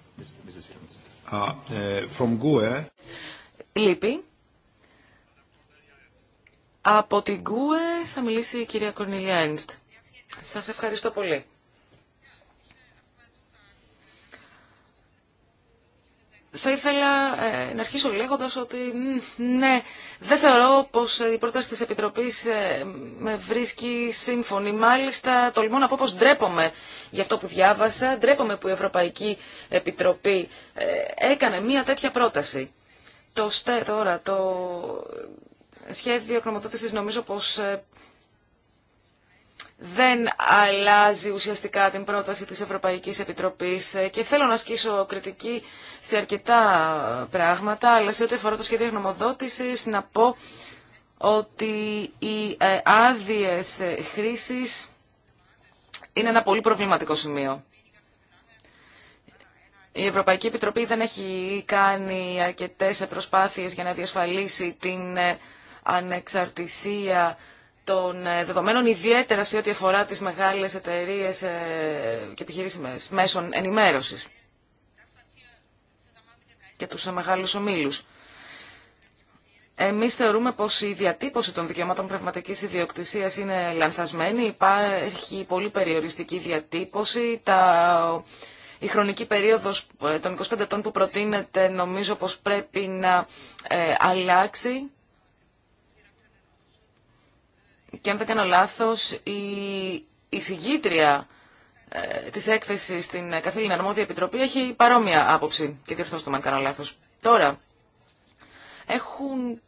Λείπει. Από την ΚΟΕ θα μιλήσει η κυρία Κορνιλιά Ένστ. Σας ευχαριστώ πολύ. Θα ήθελα ε, να αρχίσω λέγοντας ότι ναι, δεν θεωρώ πως η πρόταση της Επιτροπής ε, με βρίσκει σύμφωνη. Μάλιστα, τολμώ να πω πως ντρέπομαι για αυτό που διάβασα, ντρέπομαι που η Ευρωπαϊκή Επιτροπή ε, έκανε μία τέτοια πρόταση. Το, τώρα, το σχέδιο γνωμοδότησης νομίζω πως δεν αλλάζει ουσιαστικά την πρόταση της Ευρωπαϊκής Επιτροπής ε, και θέλω να ασκήσω κριτική σε αρκετά ε, πράγματα, αλλά σε ό,τι αφορά το σχέδιο γνωμοδότησης να πω ότι οι ε, άδειε χρήσης είναι ένα πολύ προβληματικό σημείο. Η Ευρωπαϊκή Επιτροπή δεν έχει κάνει αρκετές προσπάθειες για να διασφαλίσει την ανεξαρτησία των ε, δεδομένων, ιδιαίτερα σε ό,τι αφορά τις μεγάλες εταιρείες ε, και επιχειρήσεις μέσων ενημέρωσης και τους ε, μεγάλους ομίλους. Εμείς θεωρούμε πως η διατύπωση των δικαιωμάτων πνευματικής ιδιοκτησίας είναι λανθασμένη. Υπάρχει πολύ περιοριστική διατύπωση. Τα... Η χρονική περίοδος των 25 ετών που προτείνεται νομίζω πως πρέπει να αλλάξει. και αν δεν κάνω λάθος η εισηγήτρια τη ε, της έκθεσης στην Καθήλυνα Αρμόδια Επιτροπή έχει παρόμοια άποψη και διορθώστε με αν κάνω λάθος. Τώρα, έχουν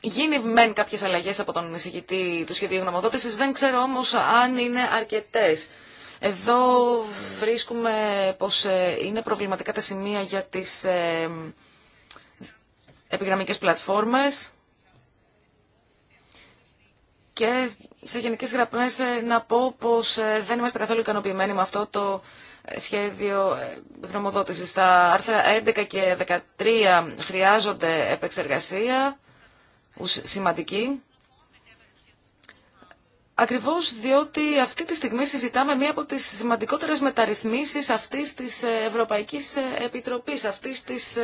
γίνει μεν κάποιες αλλαγές από τον εισηγητή του σχεδίου γνωμοδότησης, δεν ξέρω όμως αν είναι αρκετές. Εδώ βρίσκουμε πως ε, είναι προβληματικά τα σημεία για τις ε, επιγραμμικές πλατφόρμες, και σε γενικές γραμμές ε, να πω πως ε, δεν είμαστε καθόλου ικανοποιημένοι με αυτό το ε, σχέδιο γνωμοδότησης. Τα άρθρα 11 και 13 χρειάζονται επεξεργασία σημαντική. Ακριβώς διότι αυτή τη στιγμή συζητάμε μία από τις σημαντικότερες μεταρρυθμίσεις αυτής της Ευρωπαϊκής Επιτροπής, αυτής της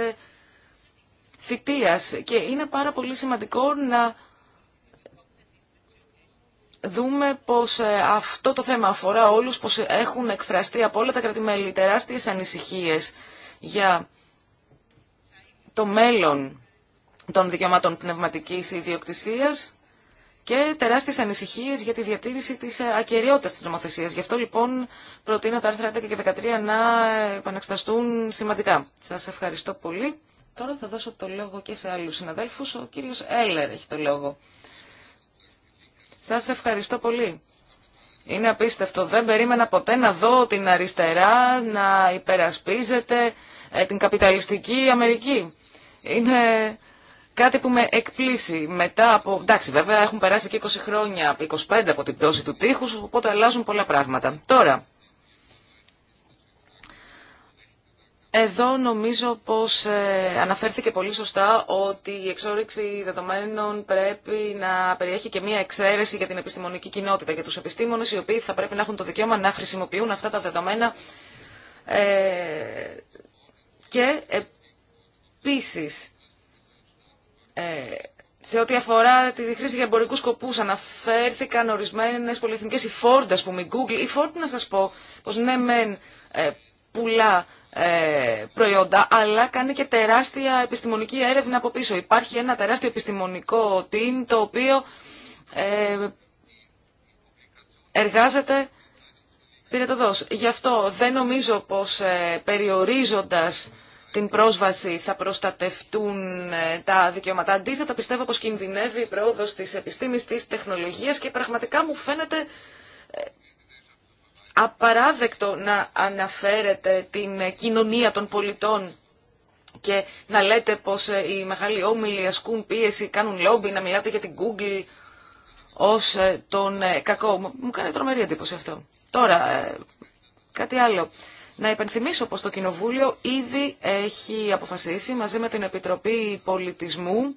θητείας. Και είναι πάρα πολύ σημαντικό να δούμε πως ε, αυτό το θέμα αφορά όλους, πως έχουν εκφραστεί από όλα τα κρατημέλη τεράστιες ανησυχίες για το μέλλον των δικαιωμάτων πνευματικής ιδιοκτησίας και τεράστιες ανησυχίες για τη διατήρηση της ε, ακαιριότητας της νομοθεσίας. Γι' αυτό λοιπόν προτείνω τα άρθρα 11 και 13 να επαναξεταστούν σημαντικά. Σας ευχαριστώ πολύ. Τώρα θα δώσω το λόγο και σε άλλους συναδέλφους. Ο κύριος Έλερ έχει το λόγο. Σας ευχαριστώ πολύ. Είναι απίστευτο. Δεν περίμενα ποτέ να δω την αριστερά να υπερασπίζεται ε, την καπιταλιστική Αμερική. Είναι κάτι που με εκπλήσει. Μετά από... Εντάξει, βέβαια έχουν περάσει και 20 χρόνια, 25 από την πτώση του τείχους, οπότε αλλάζουν πολλά πράγματα. Τώρα, Εδώ νομίζω πως ε, αναφέρθηκε πολύ σωστά ότι η εξόριξη δεδομένων πρέπει να περιέχει και μία εξαίρεση για την επιστημονική κοινότητα, για τους επιστήμονες οι οποίοι θα πρέπει να έχουν το δικαίωμα να χρησιμοποιούν αυτά τα δεδομένα ε, και επίσης ε, σε ό,τι αφορά τη χρήση για εμπορικού σκοπού, αναφέρθηκαν ορισμένε πολυεθνικέ, η Ford, α πούμε, η Google. Η Ford, να σα πω, πω ναι, μεν πουλά ε, προϊόντα, αλλά κάνει και τεράστια επιστημονική έρευνα από πίσω. Υπάρχει ένα τεράστιο επιστημονικό team το οποίο ε, εργάζεται πυρετοδός. Γι' αυτό δεν νομίζω πως ε, περιορίζοντας την πρόσβαση θα προστατευτούν τα δικαιώματα. Αντίθετα πιστεύω πως κινδυνεύει η πρόοδος της επιστήμης, της τεχνολογίας και πραγματικά μου φαίνεται απαράδεκτο να αναφέρετε την κοινωνία των πολιτών και να λέτε πως ε, οι μεγάλοι όμιλοι ασκούν πίεση, κάνουν λόμπι, να μιλάτε για την Google ως ε, τον ε, κακό. Μου κάνει τρομερή εντύπωση αυτό. Τώρα, κάτι άλλο. Να υπενθυμίσω πως το Κοινοβούλιο ήδη έχει αποφασίσει μαζί με την Επιτροπή Πολιτισμού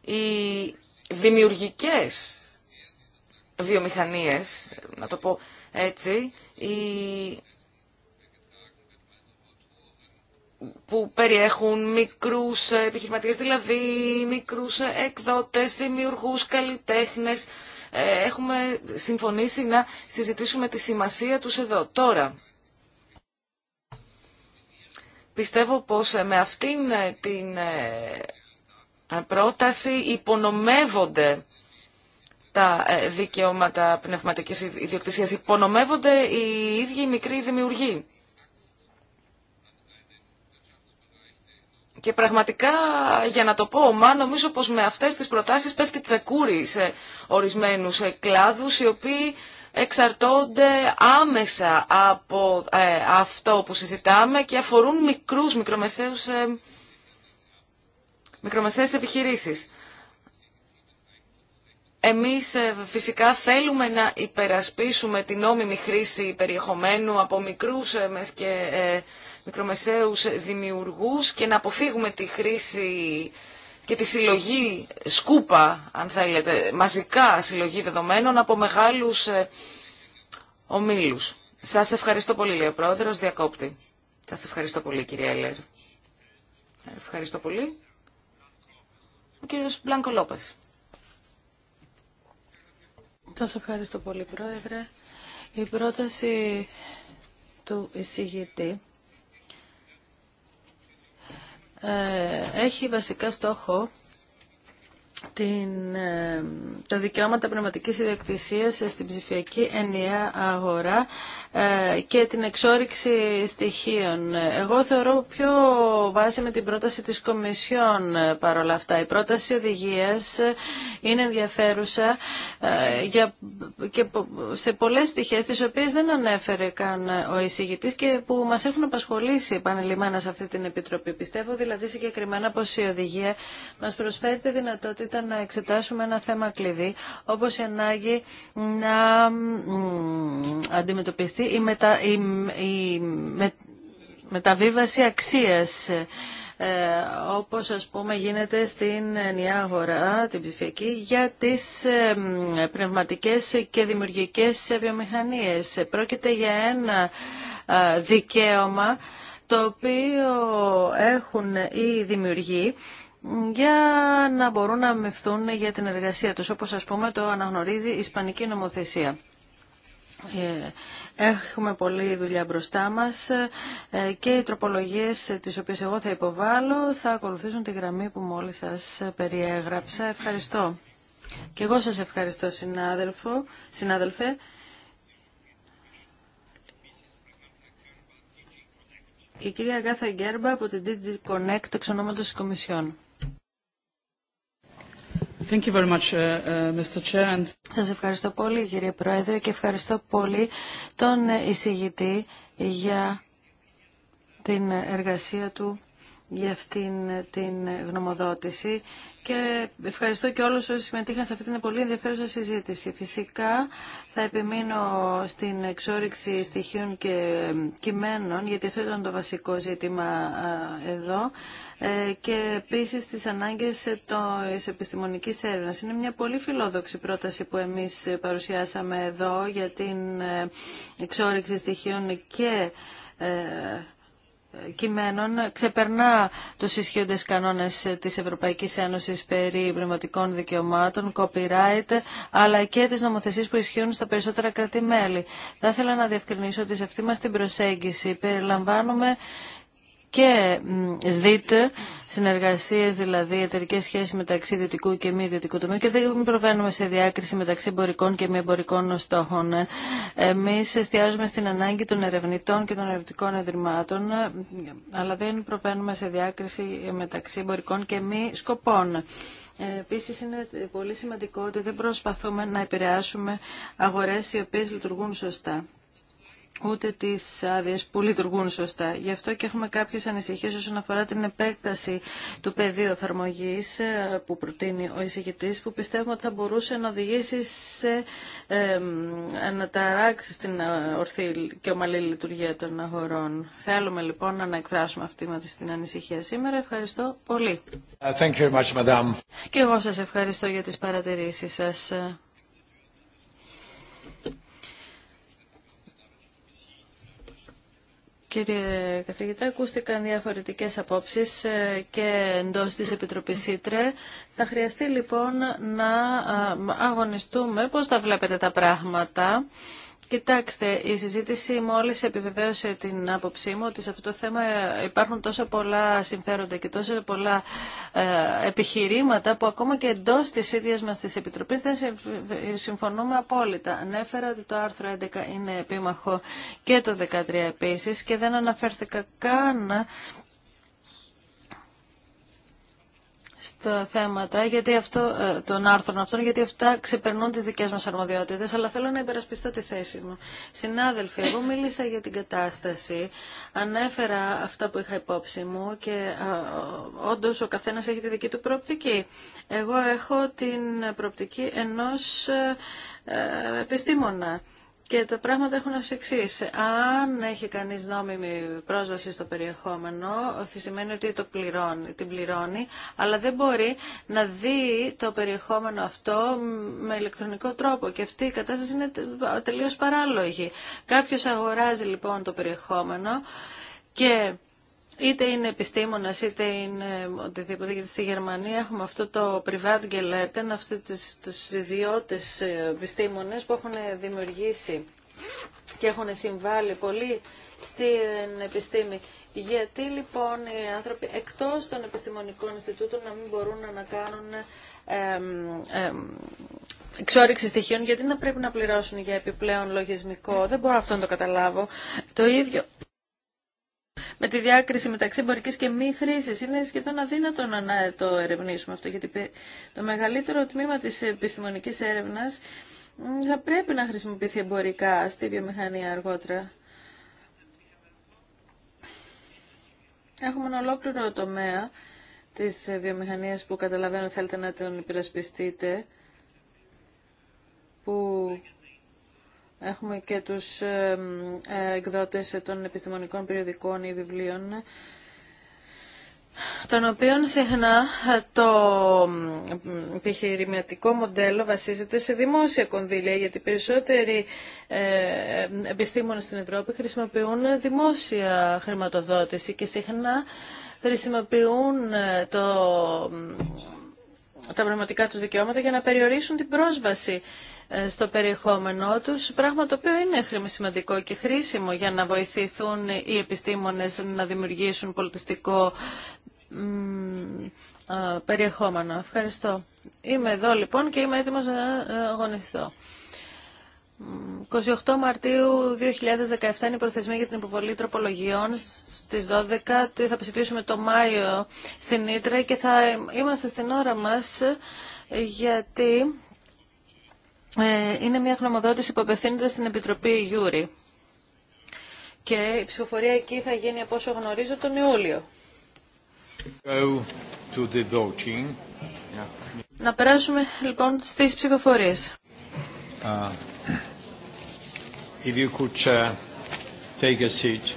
οι δημιουργικές βιομηχανίες, να το πω έτσι, η... που περιέχουν μικρούς επιχειρηματίες, δηλαδή μικρούς εκδότες, δημιουργούς, καλλιτέχνες. Ε, έχουμε συμφωνήσει να συζητήσουμε τη σημασία τους εδώ. Τώρα, πιστεύω πως με αυτήν την ε, πρόταση υπονομεύονται τα ε, δικαιώματα πνευματικής ιδιοκτησίας. Υπονομεύονται οι ίδιοι οι μικροί δημιουργοί. Και πραγματικά, για να το πω ομά, νομίζω πως με αυτές τις προτάσεις πέφτει τσεκούρι σε ορισμένους ε, κλάδους, οι οποίοι εξαρτώνται άμεσα από ε, αυτό που συζητάμε και αφορούν μικρούς, μικρομεσαίους, ε, μικρομεσαίες επιχειρήσεις. Εμείς ε, φυσικά θέλουμε να υπερασπίσουμε την νόμιμη χρήση περιεχομένου από μικρούς ε, και ε, μικρομεσαίους δημιουργούς και να αποφύγουμε τη χρήση και τη συλλογή σκούπα, αν θέλετε, μαζικά συλλογή δεδομένων από μεγάλους ομίλους. Σας ευχαριστώ πολύ, λέει ο Πρόεδρος Διακόπτη. Σας ευχαριστώ πολύ, κυρία Έλερ. Ευχαριστώ πολύ. Ο κύριος Μπλάνκο σας ευχαριστώ πολύ, Πρόεδρε. Η πρόταση του εισηγητή ε, έχει βασικά στόχο την, ε, τα δικαιώματα πνευματικής ιδιοκτησίας στην ψηφιακή ενιαία αγορά ε, και την εξόριξη στοιχείων. Εγώ θεωρώ πιο βάση με την πρόταση της Κομισιόν ε, παρόλα αυτά. Η πρόταση οδηγίας είναι ενδιαφέρουσα για, και σε πολλές στοιχείες τις οποίες δεν ανέφερε καν ο εισηγητής και που μας έχουν απασχολήσει επανελειμμένα σε αυτή την Επιτροπή. Πιστεύω δηλαδή συγκεκριμένα πως η οδηγία μας προσφέρει τη δυνατότητα να εξετάσουμε ένα θέμα κλειδί, όπως η ανάγκη να αντιμετωπιστεί η, μετα... η... η... μεταβίβαση αξίας ε, όπως ας πούμε γίνεται στην νέα αγορά, την ψηφιακή, για τις ε, πνευματικές και δημιουργικές βιομηχανίες. Πρόκειται για ένα ε, δικαίωμα το οποίο έχουν οι δημιουργοί για να μπορούν να αμευθούν για την εργασία τους, όπως ας πούμε το αναγνωρίζει η Ισπανική νομοθεσία. Ε, έχουμε πολλή δουλειά μπροστά μας ε, και οι τροπολογίες τις οποίες εγώ θα υποβάλω θα ακολουθήσουν τη γραμμή που μόλις σας περιέγραψα. Ευχαριστώ. Και εγώ σας ευχαριστώ συνάδελφο, συνάδελφε. Η κυρία Γκάθα Γκέρμπα από την DG Connect εξ ονόματος της Κομισιόν. Thank uh, uh, Σας ευχαριστώ πολύ κύριε Πρόεδρε και ευχαριστώ πολύ τον εισηγητή για την εργασία του για αυτήν την γνωμοδότηση και ευχαριστώ και όλους όσοι συμμετείχαν σε αυτή την πολύ ενδιαφέρουσα συζήτηση. Φυσικά θα επιμείνω στην εξόριξη στοιχείων και κειμένων γιατί αυτό ήταν το βασικό ζήτημα εδώ ε, και επίσης στις ανάγκες της επιστημονικής έρευνας. Είναι μια πολύ φιλόδοξη πρόταση που εμείς παρουσιάσαμε εδώ για την ε, εξόριξη στοιχείων και ε, κειμένων ξεπερνά τους ισχύοντες κανόνες της Ευρωπαϊκής Ένωσης περί πνευματικών δικαιωμάτων, copyright, αλλά και τις νομοθεσίες που ισχύουν στα περισσότερα κράτη-μέλη. Θα ήθελα να διευκρινίσω ότι σε αυτή μας την προσέγγιση περιλαμβάνουμε και ΣΔΙΤ, συνεργασίε, δηλαδή, εταιρικέ σχέσει μεταξύ ιδιωτικού και μη ιδιωτικού τομέα και δεν προβαίνουμε σε διάκριση μεταξύ εμπορικών και μη εμπορικών στόχων. Εμεί εστιάζουμε στην ανάγκη των ερευνητών και των ερευνητικών ιδρυμάτων, αλλά δεν προβαίνουμε σε διάκριση μεταξύ εμπορικών και μη σκοπών. Επίσης είναι πολύ σημαντικό ότι δεν προσπαθούμε να επηρεάσουμε αγορές οι οποίες λειτουργούν σωστά ούτε τις άδειε που λειτουργούν σωστά. Γι' αυτό και έχουμε κάποιες ανησυχίες όσον αφορά την επέκταση του πεδίου εφαρμογή ε, που προτείνει ο εισηγητής, που πιστεύουμε ότι θα μπορούσε να οδηγήσει σε στην ε, ορθή και ομαλή λειτουργία των αγορών. Θέλουμε λοιπόν να εκφράσουμε αυτή μας την ανησυχία σήμερα. Ευχαριστώ πολύ. Και εγώ σας ευχαριστώ για τις παρατηρήσεις σας. Κύριε καθηγητά, ακούστηκαν διαφορετικές απόψεις ε, και εντός της Επιτροπής Ήτρε. Θα χρειαστεί λοιπόν να αγωνιστούμε πώς θα βλέπετε τα πράγματα Κοιτάξτε, η συζήτηση μόλις επιβεβαίωσε την άποψή μου ότι σε αυτό το θέμα υπάρχουν τόσο πολλά συμφέροντα και τόσο πολλά ε, επιχειρήματα που ακόμα και εντός της ίδιας μας της Επιτροπής δεν συμφωνούμε απόλυτα. Ανέφερα ότι το άρθρο 11 είναι επίμαχο και το 13 επίσης και δεν αναφέρθηκα καν στα θέματα γιατί αυτό, ε, των άρθρων αυτών, γιατί αυτά ξεπερνούν τις δικές μας αρμοδιότητες, αλλά θέλω να υπερασπιστώ τη θέση μου. Συνάδελφοι, εγώ μίλησα για την κατάσταση, ανέφερα αυτά που είχα υπόψη μου και όντως ο καθένας έχει τη δική του προοπτική. Εγώ έχω την προοπτική ενός ε, ε, επιστήμονα. Και τα πράγματα έχουν ως εξή. Αν έχει κανείς νόμιμη πρόσβαση στο περιεχόμενο, σημαίνει ότι το την πληρώνει, αλλά δεν μπορεί να δει το περιεχόμενο αυτό με ηλεκτρονικό τρόπο. Και αυτή η κατάσταση είναι τελείως παράλογη. Κάποιος αγοράζει λοιπόν το περιεχόμενο και είτε είναι επιστήμονας είτε είναι οτιδήποτε γιατί στη Γερμανία έχουμε αυτό το private gelaten, αυτού τους, τους ιδιώτες ε, επιστήμονες που έχουν δημιουργήσει και έχουν συμβάλει πολύ στην επιστήμη. Γιατί λοιπόν οι άνθρωποι εκτός των επιστημονικών Ινστιτούτων να μην μπορούν να κάνουν εξόριξη στοιχείων, γιατί να πρέπει να πληρώσουν για επιπλέον λογισμικό, δεν μπορώ αυτό να το καταλάβω. Το ίδιο με τη διάκριση μεταξύ εμπορική και μη χρήση. Είναι σχεδόν αδύνατο να το ερευνήσουμε αυτό, γιατί το μεγαλύτερο τμήμα τη επιστημονική έρευνα θα πρέπει να χρησιμοποιηθεί εμπορικά στη βιομηχανία αργότερα. Έχουμε ένα ολόκληρο τομέα της βιομηχανίας που καταλαβαίνω θέλετε να τον υπερασπιστείτε, που Έχουμε και τους εκδότες των επιστημονικών περιοδικών ή βιβλίων των οποίων συχνά το επιχειρηματικό μοντέλο βασίζεται σε δημόσια κονδύλια, γιατί περισσότεροι ε, επιστήμονες στην Ευρώπη χρησιμοποιούν δημόσια χρηματοδότηση και συχνά χρησιμοποιούν ε, το τα πραγματικά τους δικαιώματα για να περιορίσουν την πρόσβαση ε, στο περιεχόμενό τους, πράγμα το οποίο είναι σημαντικό και χρήσιμο για να βοηθηθούν οι επιστήμονες να δημιουργήσουν πολιτιστικό ε, περιεχόμενο. Ευχαριστώ. Είμαι εδώ λοιπόν και είμαι έτοιμος να ε, αγωνιστώ. 28 Μαρτίου 2017 είναι η προθεσμία για την υποβολή τροπολογιών στις 12. Θα ψηφίσουμε το Μάιο στην Ήτρα και θα είμαστε στην ώρα μας γιατί ε, είναι μια γνωμοδότηση που απευθύνεται στην Επιτροπή Γιούρη. Και η ψηφοφορία εκεί θα γίνει από όσο γνωρίζω τον Ιούλιο. Να περάσουμε λοιπόν στις ψηφοφορίες. If you could uh, take a seat,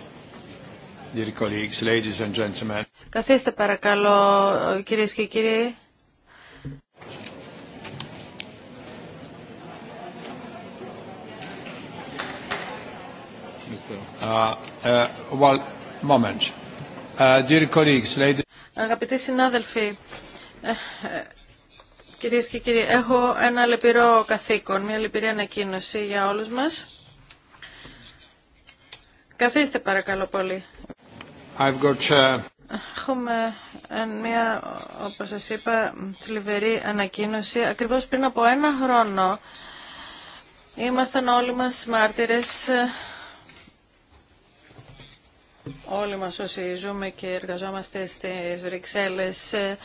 dear colleagues, ladies and gentlemen. Καθίστε παρακαλώ, κυρίες και κύριοι. Uh, uh, well, moment. Uh, dear colleagues, ladies. Αγαπητοί συνάδελφοι, ε, ε, κυρίες και κύριοι, έχω ένα λεπτό καθήκον, μια λεπτή ανακοίνωση για όλους μας. Καθίστε παρακαλώ πολύ. I've uh, Έχουμε ε, μια, όπως σας είπα, θλιβερή ανακοίνωση. Ακριβώς πριν από ένα χρόνο ήμασταν όλοι μας μάρτυρες, ε, όλοι μας όσοι ζούμε και εργαζόμαστε στις βρυξελλες τεσσερις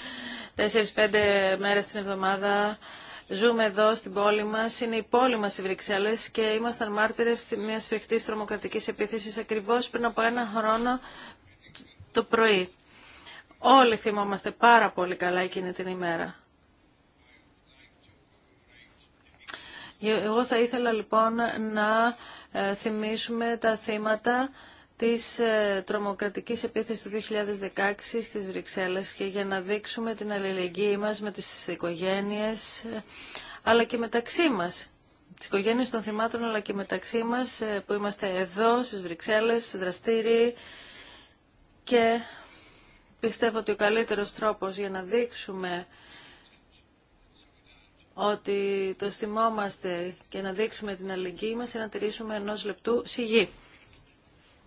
τέσσερις-πέντε μέρες την εβδομάδα, Ζούμε εδώ στην πόλη μα. είναι η πόλη μα οι Βρυξέλλε και ήμασταν μάρτυρες μια φρικτής τρομοκρατική επιθέση ακριβώς πριν από ένα χρόνο το πρωί. Όλοι θυμόμαστε πάρα πολύ καλά εκείνη την ημέρα. Εγώ θα ήθελα λοιπόν να ε, θυμίσουμε τα θύματα της ε, τρομοκρατικής επίθεσης του 2016 στις Βρυξέλλες και για να δείξουμε την αλληλεγγύη μας με τις οικογένειες ε, αλλά και μεταξύ μας. Τις οικογένειες των θυμάτων αλλά και μεταξύ μας ε, που είμαστε εδώ στις Βρυξέλλες, δραστήριοι και πιστεύω ότι ο καλύτερος τρόπος για να δείξουμε ότι το στιμόμαστε και να δείξουμε την αλληλεγγύη μας είναι να τηρήσουμε ενός λεπτού σιγή.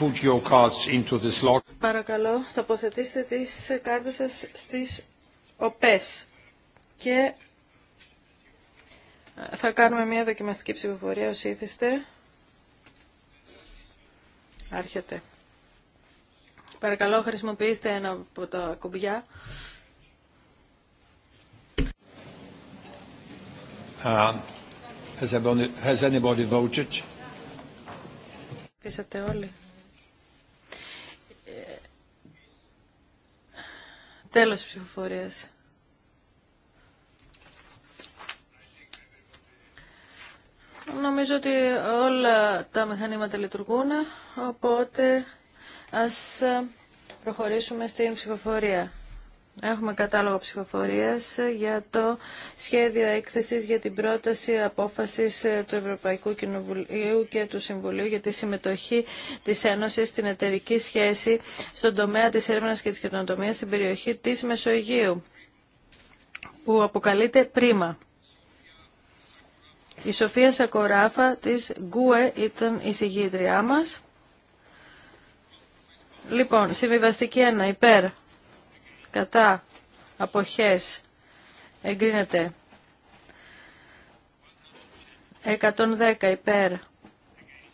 put your cards into the slot. Παρακαλώ, τοποθετήστε τις κάρτες σας στις οπές και θα κάνουμε μια δοκιμαστική ψηφοφορία όσοι ήθιστε. Άρχεται. Παρακαλώ, χρησιμοποιήστε ένα από τα κουμπιά. Uh, has anybody όλοι. Τέλος ψηφοφορίας. Νομίζω ότι όλα τα μηχανήματα λειτουργούν, οπότε ας προχωρήσουμε στην ψηφοφορία. Έχουμε κατάλογο ψηφοφορίας ε, για το σχέδιο έκθεσης για την πρόταση απόφασης ε, του Ευρωπαϊκού Κοινοβουλίου και του Συμβουλίου για τη συμμετοχή της Ένωσης στην εταιρική σχέση στον τομέα της έρευνας και της καινοτομίας στην περιοχή της Μεσογείου, που αποκαλείται πρίμα. Η Σοφία Σακοράφα της Γκουε ήταν η συγγήτριά μας. Λοιπόν, συμβιβαστική 1, υπέρ κατά αποχές εγκρίνεται 110 υπέρ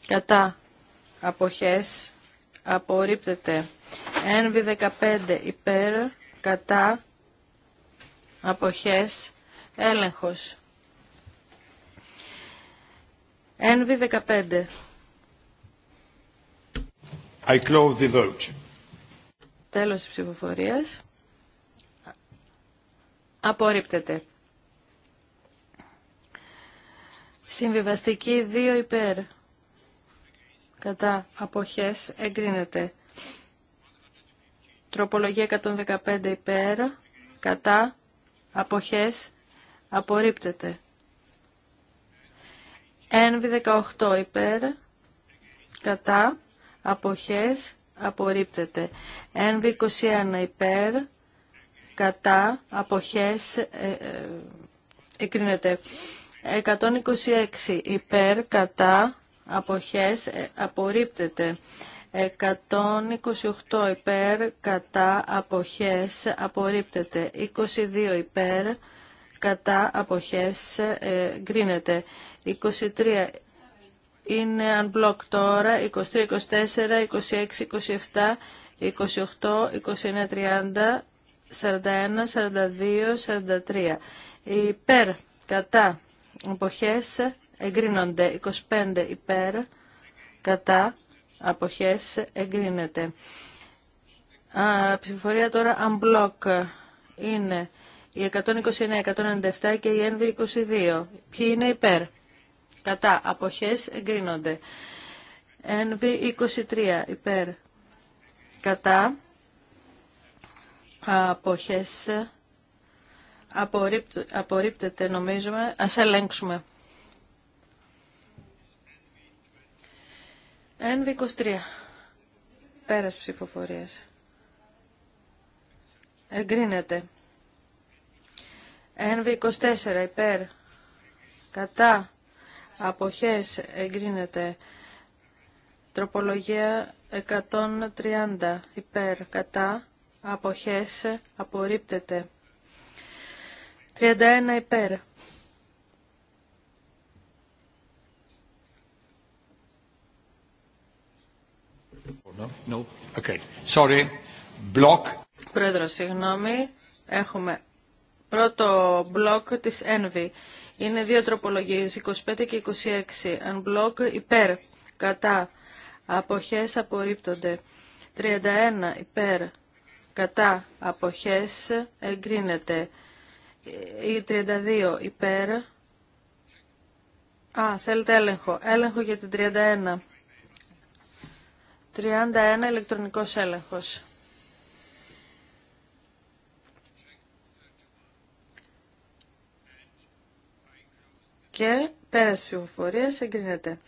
κατά αποχές απορρίπτεται NV15 υπέρ κατά αποχές έλεγχος NV15 I close the vote. Τέλος της ψηφοφορίας. Απορρίπτεται. Συμβιβαστική 2 υπέρ. Κατά αποχές εγκρίνεται. Τροπολογία 115 υπέρ. Κατά αποχές απορρίπτεται. ΕΝΒ 18 υπέρ. Κατά αποχές απορρίπτεται. ΕΝΒ 21 υπέρ κατά αποχές εκρίνεται ε, 126 ε, υπέρ κατά αποχές απορρίπτεται 128 υπέρ κατά αποχές απορρίπτεται 22 υπέρ κατά αποχές γκρίνεται 23 είναι unblock τώρα 23, 24, 26, 27 28, 29, 30 41, 42, 43. Υπέρ, κατά, αποχές εγκρίνονται. 25 υπέρ, κατά, αποχές εγκρίνεται. Α, ψηφοφορία τώρα unblock είναι η 129, 197 και η NV22. Ποιοι είναι υπέρ. Κατά. Αποχές εγκρίνονται. NV23 υπέρ. Κατά αποχές απορρίπτεται νομίζουμε. Ας ελεγξουμε Εν NV23. Πέρας ψηφοφορίας. Εγκρίνεται. Εν 24 υπέρ. Κατά. Αποχές εγκρίνεται. Τροπολογία 130 υπέρ. Κατά αποχές απορρίπτεται. 31 υπέρ. no. Okay. Sorry. Block. Πρόεδρο, συγγνώμη. Έχουμε πρώτο μπλοκ της Envy. Είναι δύο τροπολογίες, 25 και 26. Αν μπλοκ υπέρ, κατά. Αποχές απορρίπτονται. 31 υπέρ, κατά αποχές εγκρίνεται. Ε, η 32 υπέρ. Α, θέλετε έλεγχο. Έλεγχο για την 31. 31 ηλεκτρονικός έλεγχος. Και πέρας πληροφορία, εγκρίνεται.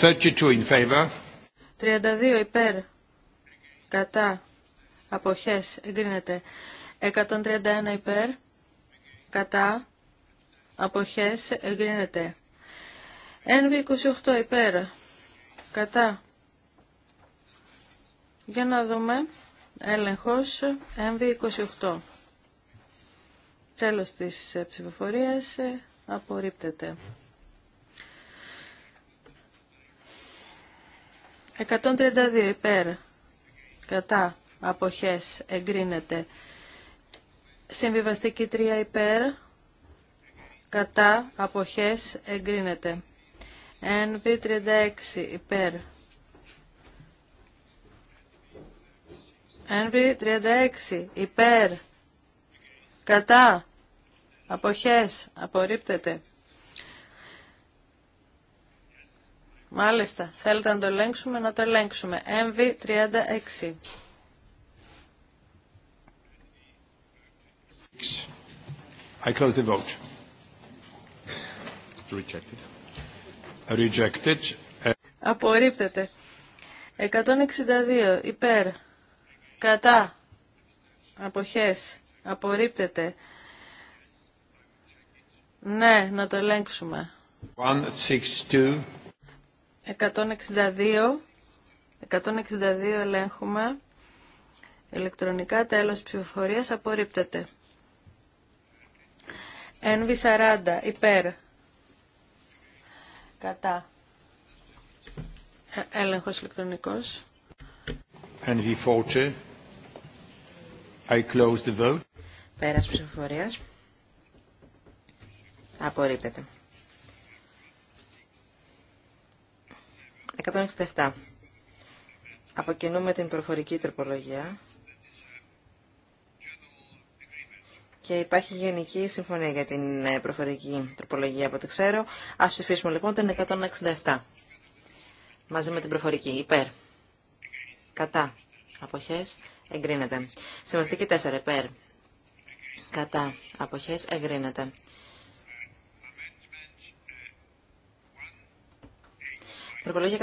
32 32 υπέρ κατά αποχές εγκρίνεται 131 υπέρ κατά αποχές εγκρίνεται NV28 υπέρ κατά για να δούμε έλεγχος NV28 τέλος της ε, ψηφοφορίας ε, απορρίπτεται 132 υπέρ κατά αποχές εγκρίνεται. Συμβιβαστική 3 υπέρ κατά αποχές εγκρίνεται. NV36 υπέρ. NV36 υπέρ. Κατά. Αποχές. Απορρίπτεται. Μάλιστα. Θέλετε να το ελέγξουμε, να το ελέγξουμε. MV36. I close the vote. Rejected. Rejected. Απορρίπτεται. 162. Υπέρ. Κατά. Αποχές. Απορρίπτεται. Ναι, να το ελέγξουμε. 162. 162. 162 ελέγχουμε. Ηλεκτρονικά τέλος ψηφοφορίας απορρίπτεται. NV40 υπέρ. Κατά. Ε, έλεγχος ηλεκτρονικός. NV40. I close the vote. Πέρας ψηφοφορίας. Απορρίπτεται. 167. Αποκινούμε την προφορική τροπολογία. Και υπάρχει γενική συμφωνία για την ε, προφορική τροπολογία από ό,τι ξέρω. Α ψηφίσουμε λοιπόν την 167. Μαζί με την προφορική. Υπέρ. Κατά. Αποχές. Εγκρίνεται. Συμβαστική 4. Υπέρ. Κατά. Αποχές. Εγκρίνεται. Τροπολογία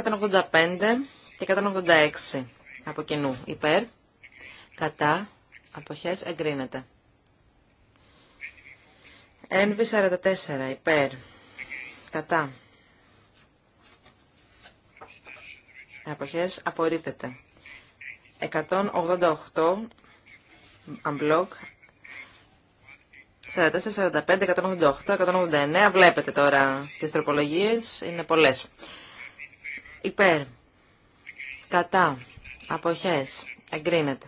185 και 186 από κοινού. Υπέρ, κατά, αποχές, ΕΝΒΙ NV44, υπέρ, κατά. Αποχές, απορρίπτεται. 188, unblock, 44, 45, 188, 189. Βλέπετε τώρα τις τροπολογίες. Είναι πολλές. Υπέρ. Κατά. Αποχές. Εγκρίνεται.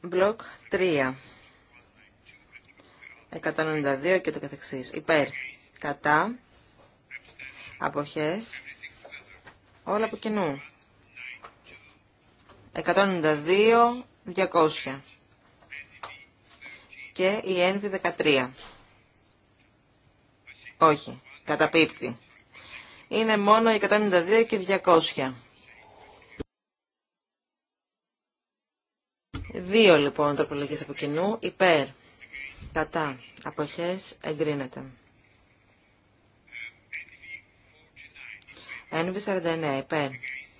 Μπλοκ 3. 192 και το καθεξής. Υπέρ. Κατά. Αποχές. Όλα από κοινού. 192, 200. Και η ένβη 13. Όχι. Καταπίπτει. Είναι μόνο 192 και 200. Δύο λοιπόν τροπολογίες από κοινού. Υπέρ. Κατά. Αποχές. Εγκρίνεται. Ένβη 49. Υπέρ.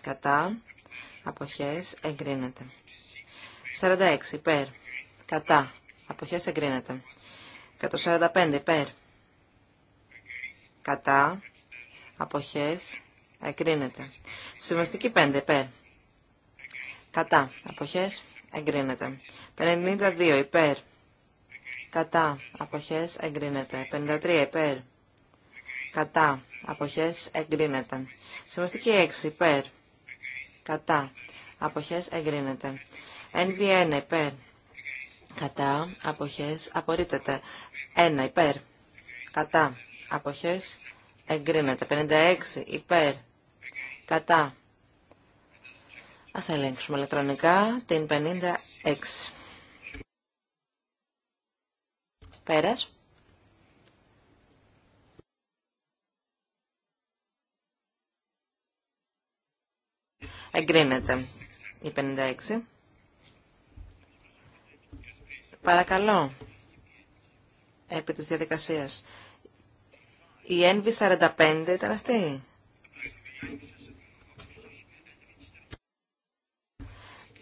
Κατά. Αποχές. Εγκρίνεται. 46. Υπέρ. Κατά. Αποχές. Εγκρίνεται. 145. Υπέρ κατά, αποχές, εγκρίνεται. Συμβαστική 5, υπέρ, κατά, αποχές, εγκρίνεται. 52, υπέρ, κατά, αποχές, εγκρίνεται. 53, υπέρ, κατά, αποχές, εγκρίνεται. Συμβαστική 6, υπέρ, κατά, αποχές, εγκρίνεται. NV1, υπέρ, κατά, αποχές, απορρίπτεται. 1, υπέρ, κατά, αποχές εγκρίνεται. 56 υπέρ κατά. Ας ελέγξουμε ηλεκτρονικά την 56. Πέρας. Εγκρίνεται η 56. Παρακαλώ, επί της διαδικασίας η NV45 ήταν αυτή.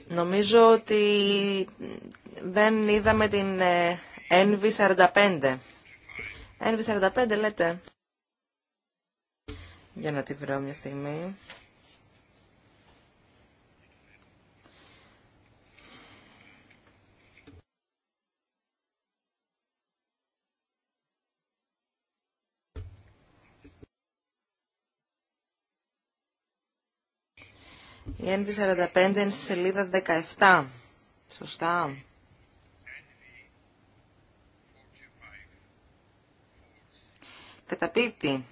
Νομίζω ότι δεν είδαμε την ε, NV45. NV45 λέτε. Για να τη βρω μια στιγμή. Η ένδυ 45 είναι στη σελίδα 17. Σωστά. Καταπίπτει.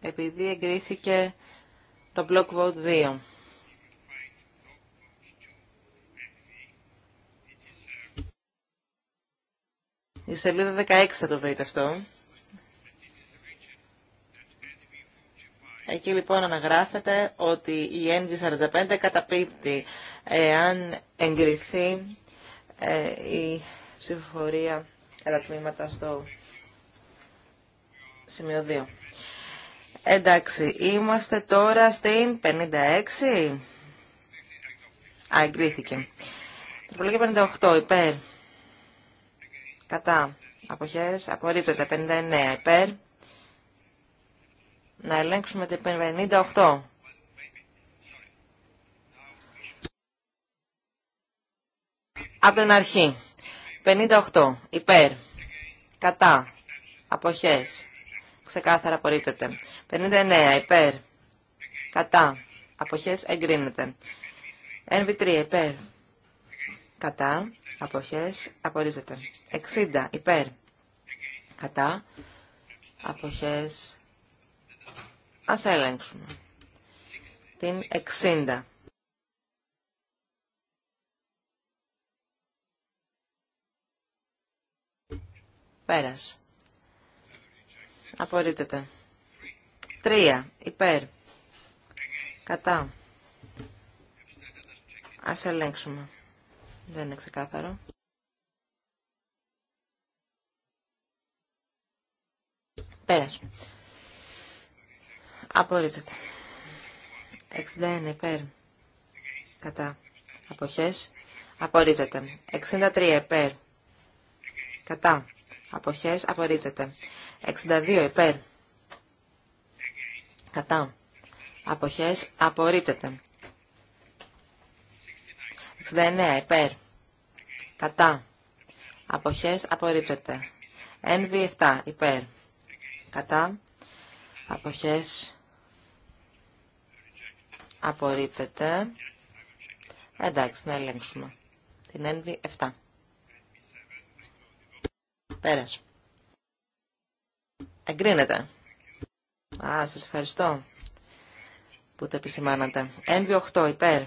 Επειδή εγκρίθηκε το Block Vote 2. Η σελίδα 16 θα το βρείτε αυτό. Εκεί λοιπόν αναγράφεται ότι η NV45 καταπίπτει εάν εγκριθεί ε, η ψηφοφορία κατά τμήματα στο σημείο 2. Εντάξει, είμαστε τώρα στην 56. Α, εγκρίθηκε. Τροπολογία 58, υπέρ. Κατά. Αποχές, απορρίπτεται. 59, υπέρ. Να ελέγξουμε την 58. Από την αρχή. 58. Υπέρ. Κατά. Αποχές. Ξεκάθαρα απορρίπτεται. 59. Υπέρ. Κατά. Αποχές εγκρίνεται. NV3. Υπέρ. Κατά. Αποχές απορρίπτεται. 60. Υπέρ. Κατά. Αποχές Ας ελέγξουμε. Την 60. Πέρας. Απορρίπτεται. Τρία. Υπέρ. Κατά. Ας ελέγξουμε. Δεν είναι ξεκάθαρο. Πέρας. Απορρίπτεται. 61 υπέρ. Κατά. Αποχές. Απορρίπτεται. 63 υπέρ. Κατά. Αποχές. Απορρίπτεται. 62 υπέρ. Κατά. Αποχές. Απορρίπτεται. 69 υπέρ. Κατά. Αποχές. Απορρίπτεται. NV7 υπέρ. Κατά. Αποχές. Απορρίπτεται. Εντάξει, να ελέγξουμε. Την ένβη 7. Πέρασε. Εγκρίνεται. Α, σας ευχαριστώ που το επισημάνατε. Ένβη 8, υπέρ.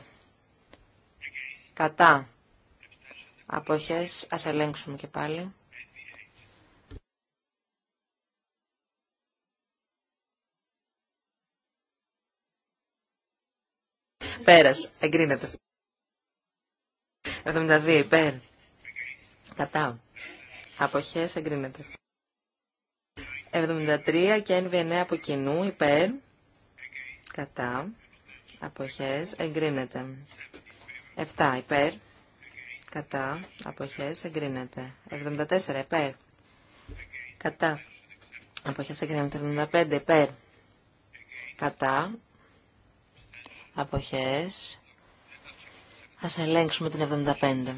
Κατά. Αποχές, ας ελέγξουμε και πάλι. Πέρας. Εγκρίνεται. 72 υπέρ. Κατά. Αποχέ εγκρίνεται. 73 και NV9 από κοινού υπέρ. Κατά. απόχέ, εγκρίνεται. 7 υπέρ. Κατά. απόχέ εγκρίνεται. 74 υπέρ. Κατά. Αποχέ εγκρίνεται. 75 υπέρ. Κατά αποχές. Ας ελέγξουμε την 75.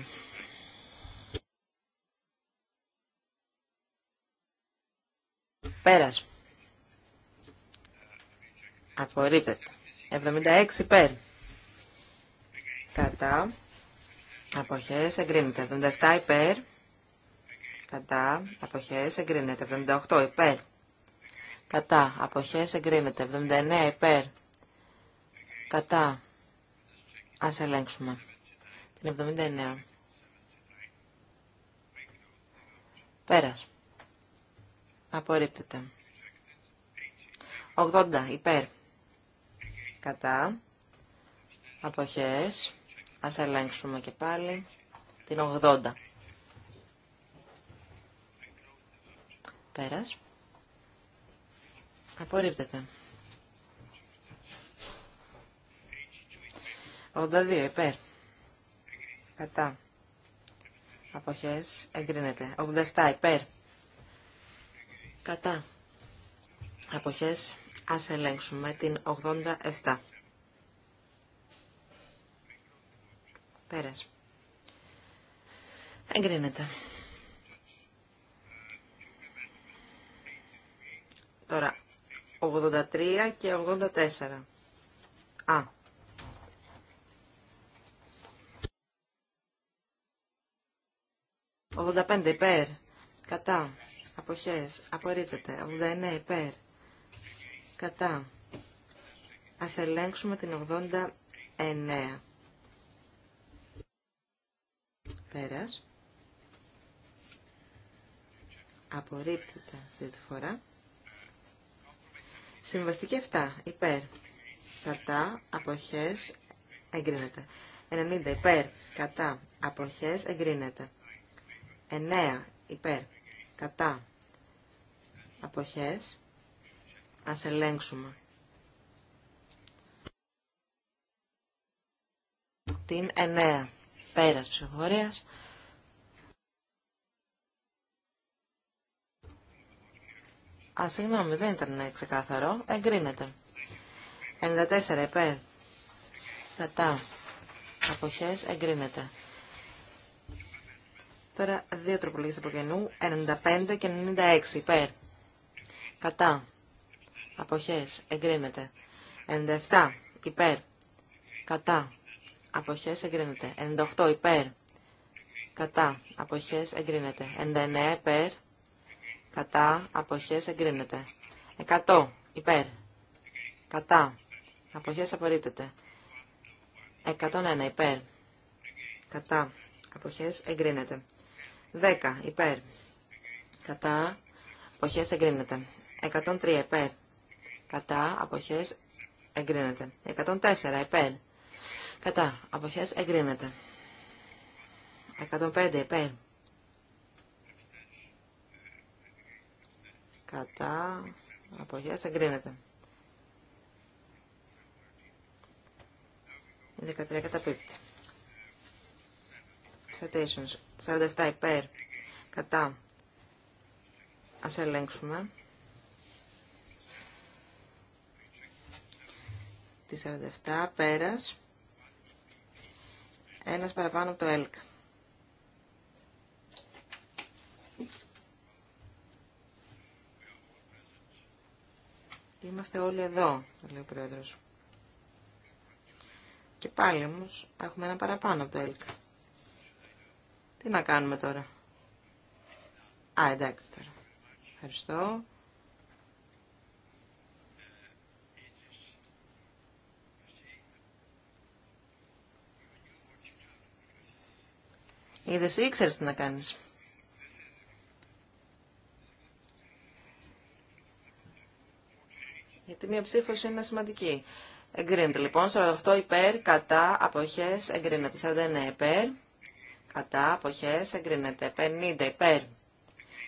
Πέρας. Απορρίπτεται. 76 υπέρ. Κατά. Αποχές εγκρίνεται. 77 υπέρ. Κατά. Αποχές εγκρίνεται. 78 υπέρ. Κατά. Αποχές εγκρίνεται. 79 υπέρ. Κατά. Ας ελέγξουμε. Την 79. Πέρας. Απορρίπτεται. 80. Υπέρ. Κατά. Αποχές. Ας ελέγξουμε και πάλι. Την 80. Πέρας. Απορρίπτεται. 82 υπέρ. Κατά. Αποχές εγκρίνεται. 87 υπέρ. Κατά. Αποχές ας ελέγξουμε την 87. Πέρας. Εγκρίνεται. Τώρα, 83 και 84. Α, 85 υπέρ. Κατά. Αποχές. Απορρίπτεται. 89 υπέρ. Κατά. Ας ελέγξουμε την 89. Πέρας. Απορρίπτεται αυτή τη φορά. Συμβαστική 7. Υπέρ. Κατά. Αποχές. Εγκρίνεται. 90. Υπέρ. Κατά. Αποχές. Εγκρίνεται. 9 υπέρ κατά αποχές. Ας ελέγξουμε. Την 9 πέρας ψηφοφορίας. Α, συγγνώμη, δεν ήταν ξεκάθαρο. Εγκρίνεται. 94 υπέρ. Κατά. Αποχές εγκρίνεται. Τώρα δύο τροπολογίε από κενού, 95 και 96 υπέρ. Κατά. Αποχές. Εγκρίνεται. 97 υπέρ. Κατά. Αποχές εγκρίνεται. 98 υπέρ. Κατά. Αποχές εγκρίνεται. 99 υπέρ. Κατά. Αποχές εγκρίνεται. 100 υπέρ. Κατά. Αποχές απορρίπτεται. 101 υπέρ. Κατά. Αποχές εγκρίνεται. 10 υπέρ. Κατά αποχέ εγκρίνεται. 103 υπέρ. Κατά απόχέ εγκρίνεται. 104 υπέρ. Κατά αποχέ εγκρίνεται. 105 υπέρ. Κατά αποχές εγκρίνεται. 13 καταπίπτει. Citations. 47 υπέρ. Κατά. Ας ελέγξουμε. Τη 47 πέρας. Ένας παραπάνω από το ΕΛΚ. Είμαστε όλοι εδώ, λέει ο Πρόεδρος. Και πάλι όμως έχουμε ένα παραπάνω από το ΕΛΚ. Τι να κάνουμε τώρα. Α, εντάξει τώρα. Ευχαριστώ. Είδες ή ήξερες τι να κάνεις. Γιατί μία ψήφος είναι σημαντική. Εγκρίνεται λοιπόν 48 υπέρ, κατά, αποχές, εγκρίνεται 49 υπέρ, κατά αποχές εγκρίνεται. 50 υπέρ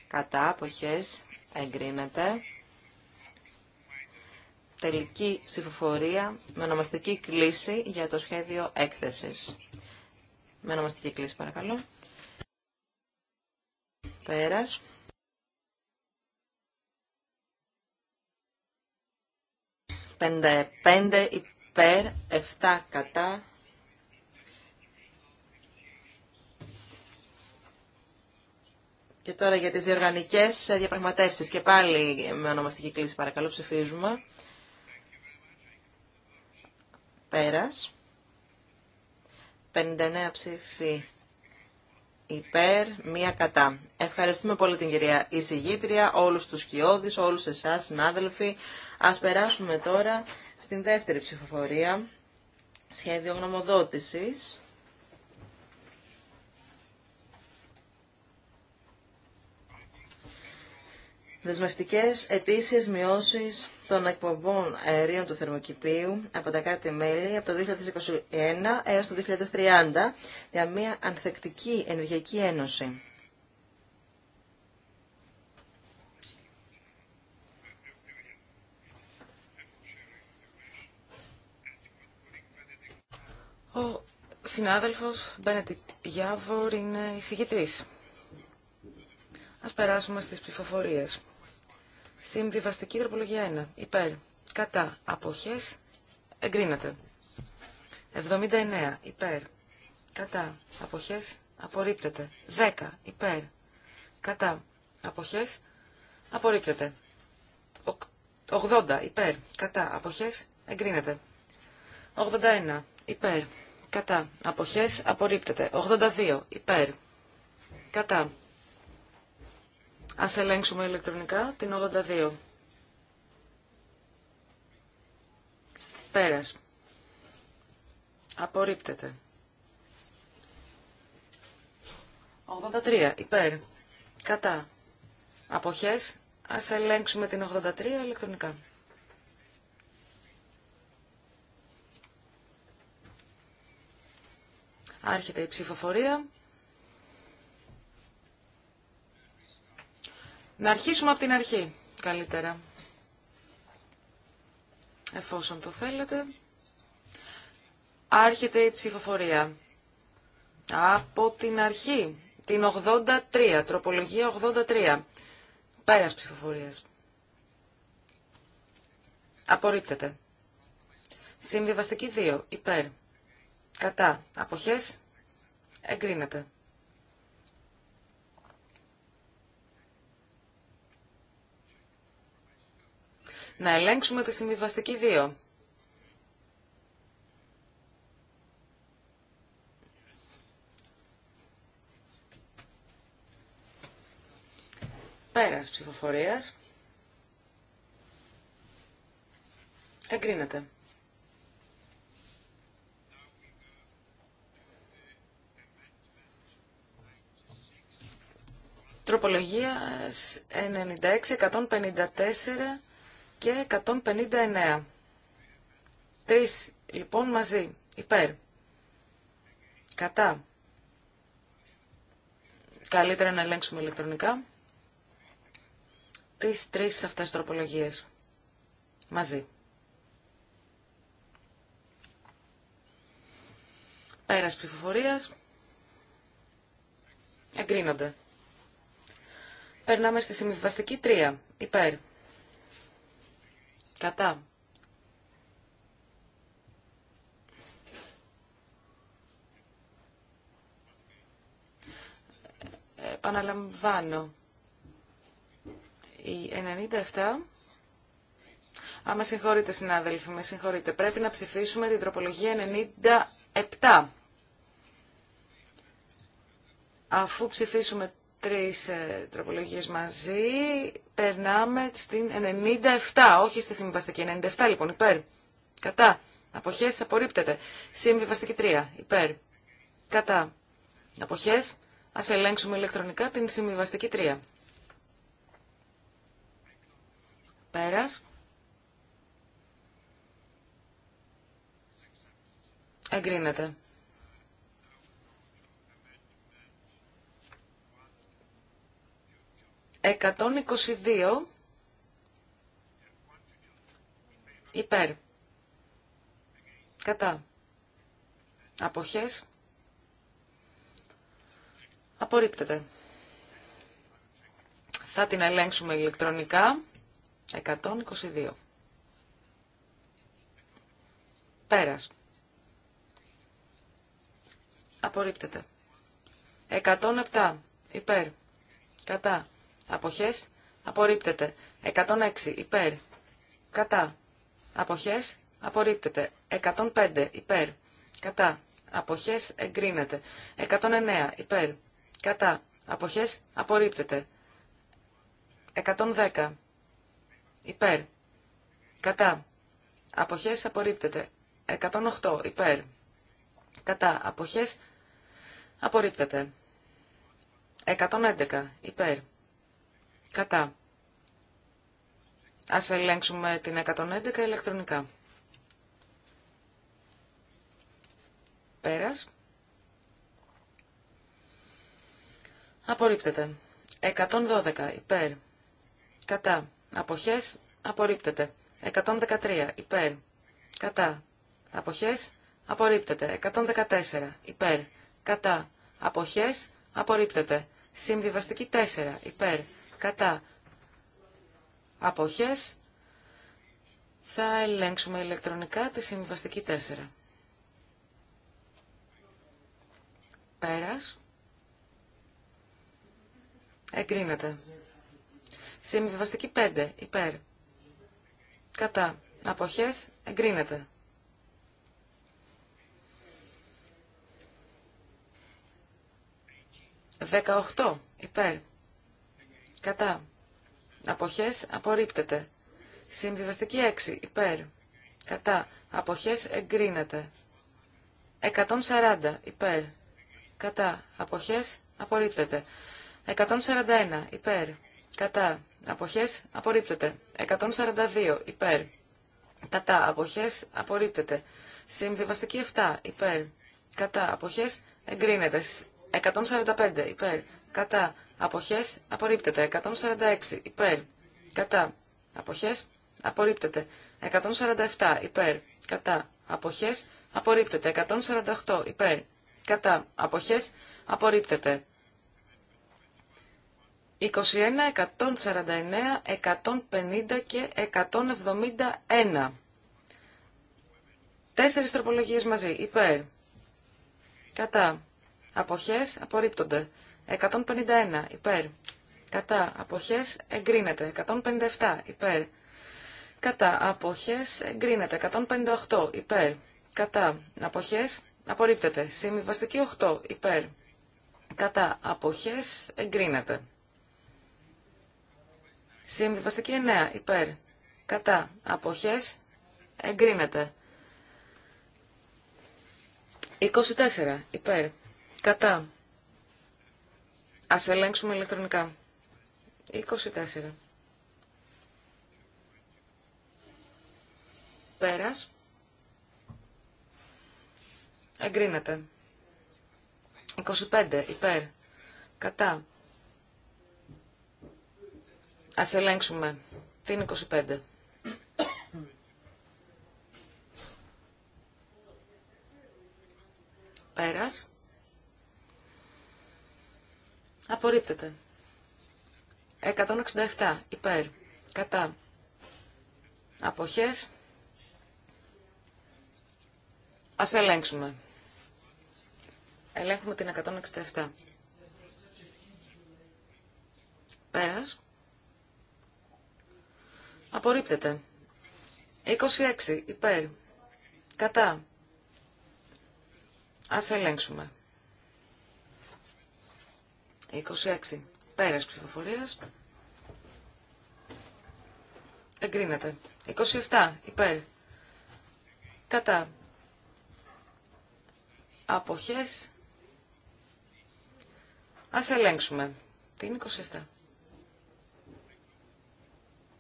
κατά αποχές εγκρίνεται. Τελική ψηφοφορία με ονομαστική κλίση για το σχέδιο έκθεσης. Με ονομαστική κλίση παρακαλώ. Πέρας. «55 υπέρ, 7 κατά, Και τώρα για τις διοργανικές διαπραγματεύσεις και πάλι με ονομαστική κλίση παρακαλώ ψηφίζουμε. Πέρας. 59 ψήφοι υπέρ, μία κατά. Ευχαριστούμε πολύ την κυρία εισηγήτρια, όλους τους κοιόδης, όλους εσάς συνάδελφοι. Ας περάσουμε τώρα στην δεύτερη ψηφοφορία, σχέδιο γνωμοδότησης. Δεσμευτικές αιτήσει μειώσεις των εκπομπών αερίων του θερμοκηπίου από τα κάτω μελη από το 2021 έως το 2030 για μια ανθεκτική ενεργειακή ένωση. Ο συνάδελφος Μπένετιτ Γιάβορ είναι εισηγητής. Ας περάσουμε στις ψηφοφορίες. Συμβιβαστική τροπολογία 1. Υπέρ. Κατά. Αποχές. Εγκρίνεται. 79. Υπέρ. Κατά. Αποχές. Απορρίπτεται. 10. Υπέρ. Κατά. Αποχές. Απορρίπτεται. 80. Υπέρ. Κατά. Αποχές. Εγκρίνεται. 81. Υπέρ. Κατά. Αποχές. Απορρίπτεται. 82. Υπέρ. Κατά. Ας ελέγξουμε ηλεκτρονικά την 82. Πέρας. Απορρίπτεται. 83. Υπέρ. Κατά. Αποχές. Ας ελέγξουμε την 83 ηλεκτρονικά. Άρχεται η ψηφοφορία. Να αρχίσουμε από την αρχή, καλύτερα. Εφόσον το θέλετε. Άρχεται η ψηφοφορία. Από την αρχή. Την 83, τροπολογία 83. Πέρας ψηφοφορίας. Απορρίπτεται. Συμβιβαστική 2. Υπέρ. Κατά. Αποχές. Εγκρίνεται. να ελέγξουμε τη συμβιβαστική 2. Πέρας ψηφοφορίας. Εγκρίνεται. Τροπολογία 96-154 και 159. Τρεις λοιπόν μαζί, υπέρ. Κατά. Καλύτερα να ελέγξουμε ηλεκτρονικά τις τρεις αυτές τροπολογίες μαζί. Πέρας ψηφοφορίας εγκρίνονται. Περνάμε στη συμβιβαστική 3. Υπέρ. Κατά. Επαναλαμβάνω. Η 97... Α, συγχωρείτε συνάδελφοι, με συγχωρείτε. Πρέπει να ψηφίσουμε την τροπολογία 97. Αφού ψηφίσουμε τρεις ε, τροπολογίες μαζί. Περνάμε στην 97, όχι στη συμβιβαστική. 97 λοιπόν, υπέρ. Κατά. Αποχές απορρίπτεται. Συμβιβαστική 3, υπέρ. Κατά. Αποχές. Ας ελέγξουμε ηλεκτρονικά την συμβιβαστική 3. Πέρας. Εγκρίνεται. 122 υπέρ. Κατά. Αποχές. Απορρίπτεται. Θα την ελέγξουμε ηλεκτρονικά. 122. Πέρας. Απορρίπτεται. 107. Υπέρ. Κατά. Αποχές. Απορρίπτεται. 106. Υπέρ. Κατά. Αποχές. Απορρίπτεται. 105. Υπέρ. Κατά. Αποχές. Εγκρίνεται. 109. Υπέρ. Κατά. Αποχές. Απορρίπτεται. 110. Υπέρ. Κατά. Αποχές. Απορρίπτεται. 108. Υπέρ. Κατά. Αποχές. Απορρίπτεται. 111. Υπέρ. Κατά. Ας ελέγξουμε την 111 ηλεκτρονικά. Πέρας. Απορρίπτεται. 112 υπέρ. Κατά. Αποχές. Απορρίπτεται. 113 υπέρ. Κατά. Αποχές. Απορρίπτεται. 114 υπέρ. Κατά. Αποχές. Απορρίπτεται. Συμβιβαστική 4 υπέρ κατά αποχές θα ελέγξουμε ηλεκτρονικά τη Συμβιβαστική 4. Πέρας. Εγκρίνεται. Συμβιβαστική 5. Υπέρ. Κατά. Αποχές. Εγκρίνεται. Δεκαοχτώ. Υπέρ. Κατά. Αποχές απορρίπτεται. Συμβιβαστική 6. Υπέρ. Κατά. Αποχές εγκρίνεται. 140. Υπέρ. Κατά. Αποχές απορρίπτεται. 141. Υπέρ. Κατά. Αποχές απορρίπτεται. 142. Υπέρ. Κατά. Αποχές απορρίπτεται. Συμβιβαστική 7. Υπέρ. Κατά. Αποχές εγκρίνεται. 145. Υπέρ κατά, αποχές, απορρίπτεται. 146 υπέρ, κατά, αποχές, απορρίπτεται. 147 υπέρ, κατά, αποχές, απορρίπτεται. 148 υπέρ, κατά, αποχές, απορρίπτεται. 21, 149, 150 και 171. Τέσσερι τροπολογίες μαζί. Υπέρ. Κατά. Αποχές απορρίπτονται. 151 υπέρ. Κατά αποχές εγκρίνεται. 157 υπέρ. Κατά αποχές εγκρίνεται. 158 υπέρ. Κατά αποχές απορρίπτεται. Συμβιβαστική 8 υπέρ. Κατά αποχές εγκρίνεται. Συμβιβαστική 9 υπέρ. Κατά αποχές εγκρίνεται. 24 υπέρ. Κατά Ας ελέγξουμε ηλεκτρονικά. 24. Πέρας. Εγκρίνεται. 25. Υπέρ. Κατά. Ας ελέγξουμε την 25. Πέρας. Απορρίπτεται. 167 υπέρ. Κατά. Αποχές. Ας ελέγξουμε. Ελέγχουμε την 167. Πέρας. Απορρίπτεται. 26 υπέρ. Κατά. Ας ελέγξουμε. 26. Πέρας ψηφοφορίας. Εγκρίνεται. 27. Υπέρ. Κατά. Αποχές. Ας ελέγξουμε. Την 27.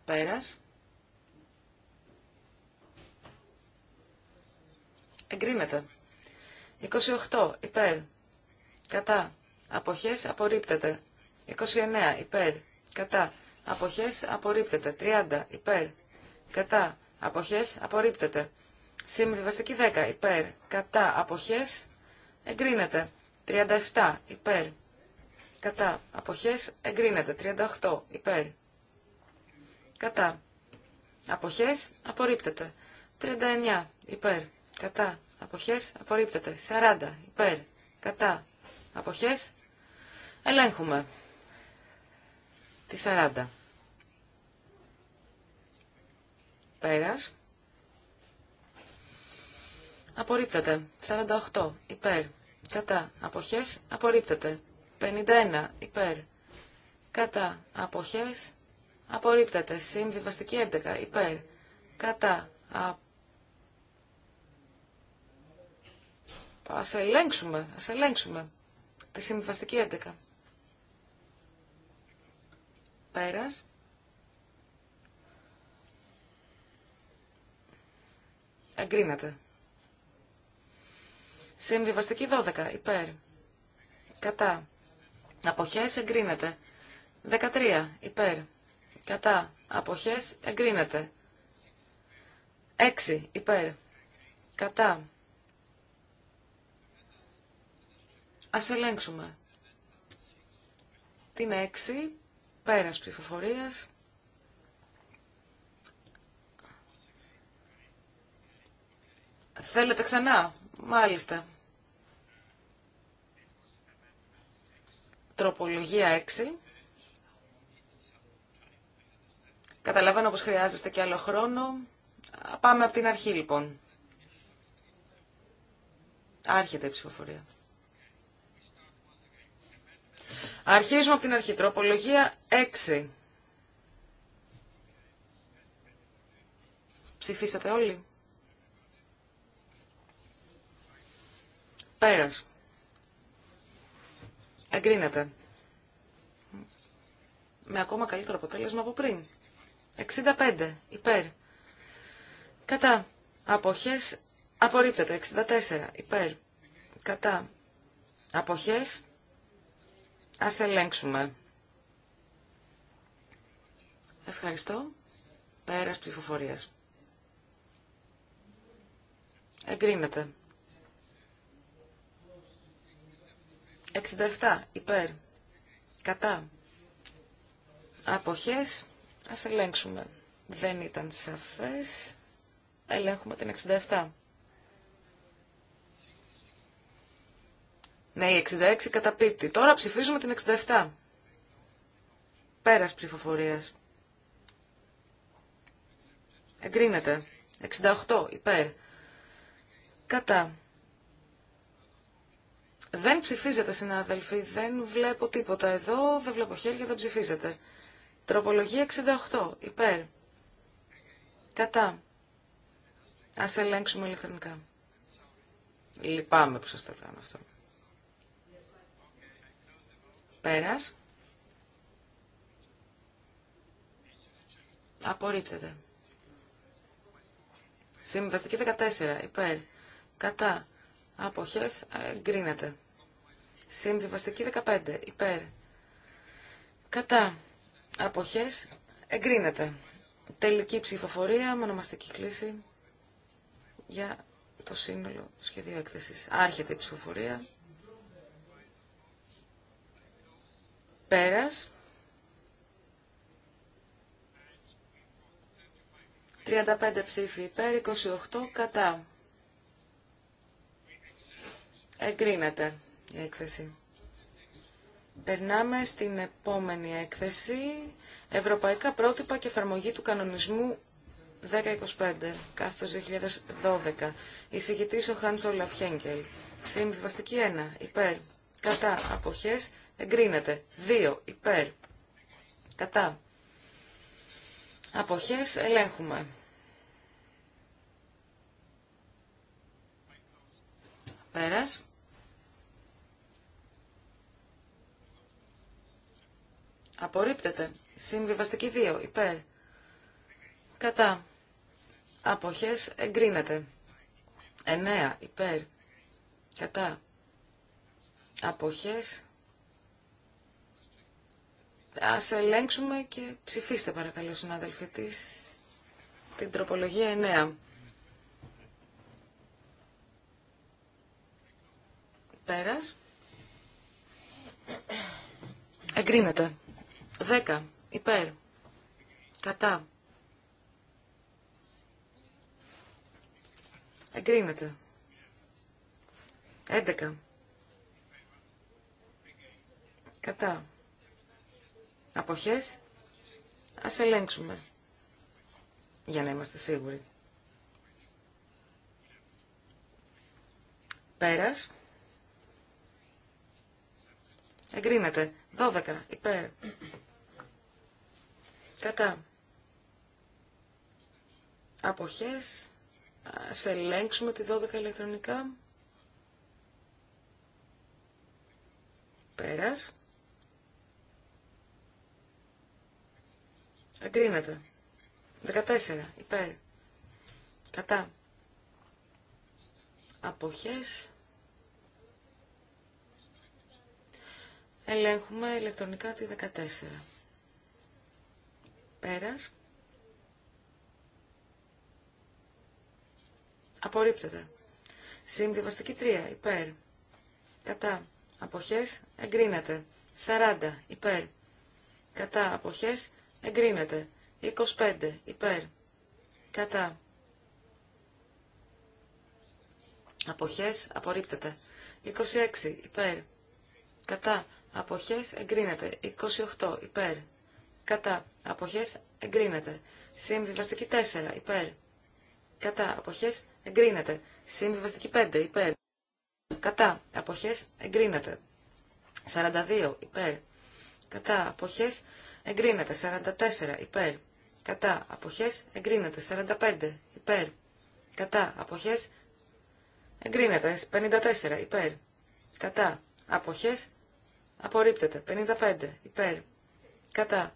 Πέρας. Εγκρίνεται. 28. Υπέρ. Κατά. Αποχές απορρίπτεται. 29. Υπέρ. Κατά. Αποχές απορρίπτεται. 30. Υπέρ. Κατά. Αποχές απορρίπτεται. Συμβιβαστική 10. Υπέρ. Κατά. Αποχές εγκρίνεται. 37. Υπέρ. Κατά. Αποχές εγκρίνεται. 38. Υπέρ. Κατά. Αποχές απορρίπτεται. 39. Υπέρ. Κατά. Αποχές απορρίπτεται. 40. Υπέρ. Κατά. Αποχές Ελέγχουμε. Τη 40. Πέρας. Απορρίπτεται. 48. Υπέρ. Κατά. Αποχές. Απορρίπτεται. 51. Υπέρ. Κατά. Αποχές. Απορρίπτεται. Συμβιβαστική 11. Υπέρ. Κατά. Α... Ας ελέγξουμε. Ας ελέγξουμε. Τη συμβιβαστική 11 πέρας. Εγκρίνεται. Συμβιβαστική 12. Υπέρ. Κατά. Αποχές εγκρίνεται. 13. Υπέρ. Κατά. Αποχές εγκρίνεται. 6. Υπέρ. Κατά. Ας ελέγξουμε. Την 6 Πέρας ψηφοφορίας. Θέλετε ξανά. Μάλιστα. Τροπολογία 6. Καταλαβαίνω πως χρειάζεστε και άλλο χρόνο. Πάμε από την αρχή λοιπόν. Άρχεται η ψηφοφορία. Αρχίζουμε από την αρχή. Τροπολογία 6. Ψηφίσατε όλοι. Πέρας. Εγκρίνεται. Με ακόμα καλύτερο αποτέλεσμα από πριν. 65. Υπέρ. Κατά. Αποχές. Απορρίπτεται. 64. Υπέρ. Κατά. Αποχές. Ας ελέγξουμε. Ευχαριστώ. Πέρας ψηφοφορίας. Εγκρίνεται. 67. Υπέρ. Κατά. Αποχές. Ας ελέγξουμε. Δεν ήταν σαφές. Ελέγχουμε την 67. Ναι, η 66 καταπίπτει. Τώρα ψηφίζουμε την 67. Πέρας ψηφοφορίας. Εγκρίνεται. 68 υπέρ. Κατά. Δεν ψηφίζεται, συνάδελφοι. Δεν βλέπω τίποτα εδώ. Δεν βλέπω χέρια. Δεν ψηφίζεται. Τροπολογία 68 υπέρ. Κατά. Ας ελέγξουμε ηλεκτρονικά. Λυπάμαι που σας το κάνω αυτό. Πέρας. Απορρίπτεται. Συμβαστική 14. Υπέρ. Κατά. Αποχές. Εγκρίνεται. Συμβιβαστική 15. Υπέρ. Κατά. Αποχές. Εγκρίνεται. Τελική ψηφοφορία με ονομαστική κλίση για το σύνολο σχεδίου έκθεσης. Άρχεται η ψηφοφορία. Πέρας. 35 ψήφοι υπέρ, 28 κατά. Εγκρίνεται η έκθεση. Περνάμε στην επόμενη έκθεση. Ευρωπαϊκά πρότυπα και εφαρμογή του κανονισμού 1025, κάθετος 2012. Εισηγητής ο Χάνς Όλαφ Συμβιβαστική 1. Υπέρ. Κατά. Αποχές εγκρίνεται. 2 υπέρ, κατά. Αποχές ελέγχουμε. Πέρας. Απορρίπτεται. Συμβιβαστική 2. Υπέρ. Κατά. Αποχές εγκρίνεται. 9. Υπέρ. Κατά. Αποχές Α ελέγξουμε και ψηφίστε παρακαλώ συνάδελφοι τη την τροπολογία 9. Πέρας. Εγκρίνεται. 10. Υπέρ. Κατά. Εγκρίνεται. 11. Κατά. Αποχές. Ας ελέγξουμε. Για να είμαστε σίγουροι. Πέρας. Εγκρίνεται. 12. Υπέρ. Κατά. Αποχές. Ας ελέγξουμε τη 12 ηλεκτρονικά. Πέρας. Εγκρίνεται. 14. Υπέρ. Κατά. Αποχές. Ελέγχουμε ηλεκτρονικά τη 14. Πέρας. Απορρίπτεται. Συμβιβαστική 3. Υπέρ. Κατά. Αποχές. Εγκρίνεται. 40. Υπέρ. Κατά. Αποχές εγκρίνεται. 25 υπέρ, κατά. Αποχές απορρίπτεται. 26 υπέρ, κατά. Αποχές εγκρίνεται. 28 υπέρ, κατά. Αποχές εγκρίνεται. Συμβιβαστική 4 υπέρ, κατά. Αποχές εγκρίνεται. Συμβιβαστική 5 υπέρ, κατά. Αποχές εγκρίνεται. 42 υπέρ, κατά. Αποχές εγκρίνεται. 44 υπέρ. Κατά αποχές εγκρίνεται. 45 υπέρ. Κατά αποχές εγκρίνεται. 54 υπέρ. Κατά αποχές απορρίπτεται. 55 υπέρ. Κατά.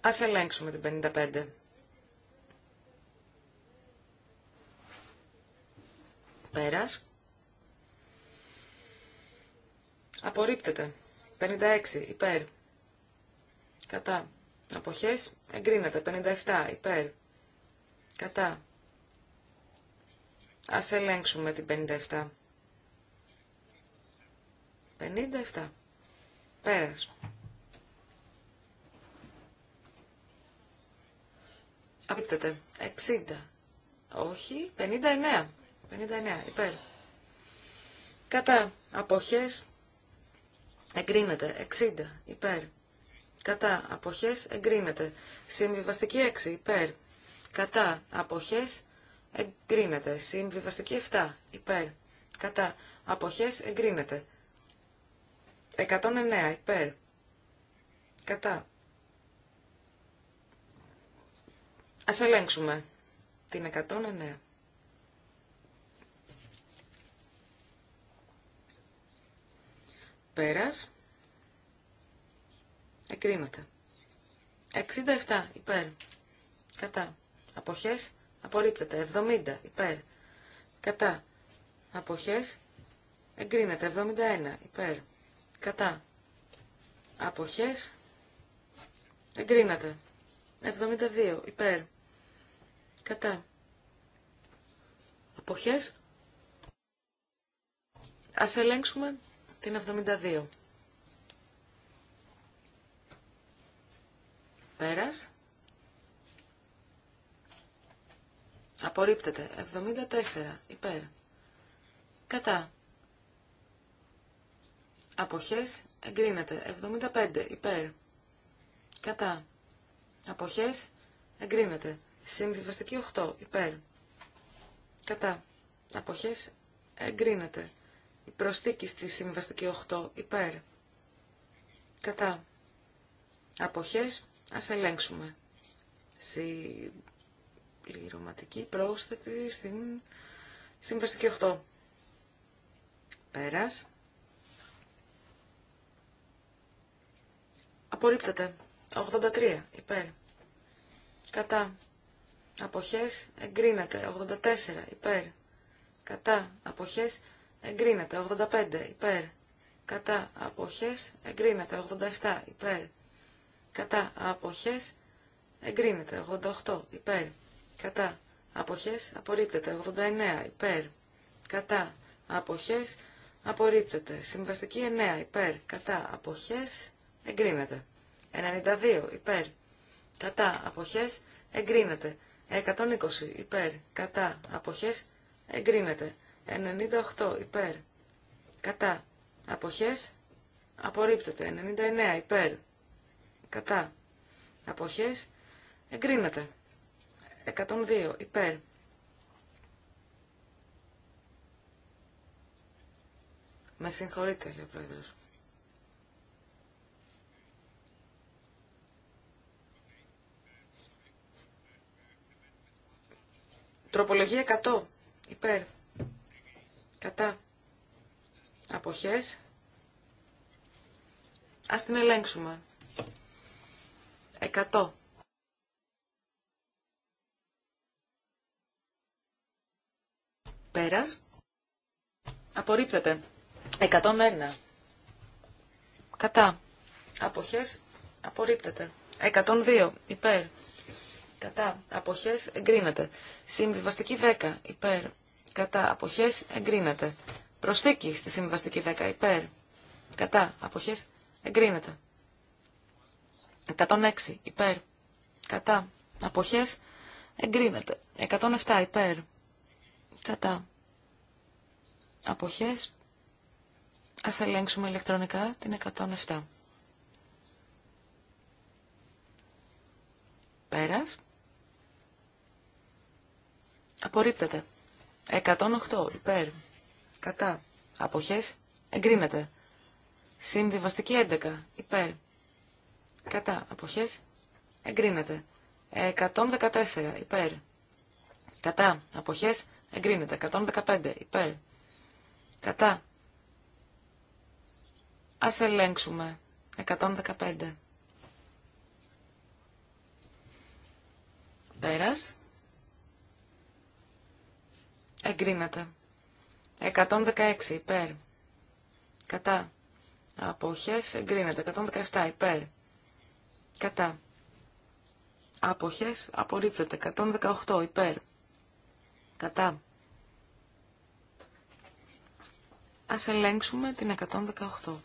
Ας ελέγξουμε την 55. Πέρας. Απορρίπτεται. 56 υπέρ. Κατά. Αποχές εγκρίνεται. 57 υπέρ. Κατά. Ας ελέγξουμε την 57. 57. Πέρας. Απορρίπτεται. 60. Όχι. 59. 59. Υπέρ. Κατά. Αποχές εγκρίνεται. 60 υπέρ. Κατά αποχές εγκρίνεται. Συμβιβαστική 6 υπέρ. Κατά αποχές εγκρίνεται. Συμβιβαστική 7 υπέρ. Κατά αποχές εγκρίνεται. 109 υπέρ. Κατά. Ας ελέγξουμε την 109. Πέρας. εκρήματα. 67 υπέρ. Κατά. Αποχές. Απορρίπτεται. 70 υπέρ. Κατά. Αποχές. Εγκρίνεται. 71 υπέρ. Κατά. Αποχές. Εγκρίνεται. 72 υπέρ. Κατά. Αποχές. Ας ελέγξουμε την 72. Πέρας. Απορρίπτεται. 74. Υπέρ. Κατά. Αποχές. Εγκρίνεται. 75. Υπέρ. Κατά. Αποχές. Εγκρίνεται. Συμβιβαστική 8. Υπέρ. Κατά. Αποχές. Εγκρίνεται. Η προστίκη στη συμβαστική 8 υπέρ. Κατά. Αποχές ας ελέγξουμε. Συμπληρωματική πρόσθετη στην συμβαστική 8. Πέρας. Απορρίπτεται. 83 υπέρ. Κατά. Αποχές εγκρίνεται. 84 υπέρ. Κατά. Αποχές εγκρίνεται 85 υπέρ κατά αποχές εγκρίνεται 87 υπέρ κατά αποχές εγκρίνεται 88 υπέρ κατά αποχές απορρίπτεται 89 υπέρ κατά αποχές απορρίπτεται συμβαστική 9 υπέρ κατά αποχές εγκρίνεται 92 υπέρ κατά αποχές εγκρίνεται 120 υπέρ κατά αποχές εγκρίνεται 98 υπέρ. Κατά. Αποχές. Απορρίπτεται. 99 υπέρ. Κατά. Αποχές. Εγκρίνεται. 102 υπέρ. Με συγχωρείτε, λέει Τροπολογία 100. Υπέρ κατά αποχές. Ας την ελέγξουμε. 100. Πέρας. Απορρίπτεται. 101. Κατά. Αποχές. Απορρίπτεται. 102. Υπέρ. Κατά. Αποχές. Εγκρίνεται. Συμβιβαστική 10. Υπέρ κατά αποχές εγκρίνεται. Προσθήκη στη συμβαστική 10 υπέρ, κατά αποχές εγκρίνεται. 106 υπέρ, κατά αποχές εγκρίνεται. 107 υπέρ, κατά αποχές Ας ελέγξουμε ηλεκτρονικά την 107. Πέρας. Απορρίπτεται. 108 υπέρ. Κατά. Αποχές. Εγκρίνεται. Συμβιβαστική 11 υπέρ. Κατά. Αποχές. Εγκρίνεται. 114 υπέρ. Κατά. Αποχές. Εγκρίνεται. 115 υπέρ. Κατά. Ας ελέγξουμε. 115. Πέρας. Εγκρίνεται. 116 υπέρ. Κατά. Αποχές εγκρίνεται. 117 υπέρ. Κατά. Αποχές απορρίπτεται. 118 υπέρ. Κατά. Ας ελέγξουμε την 118.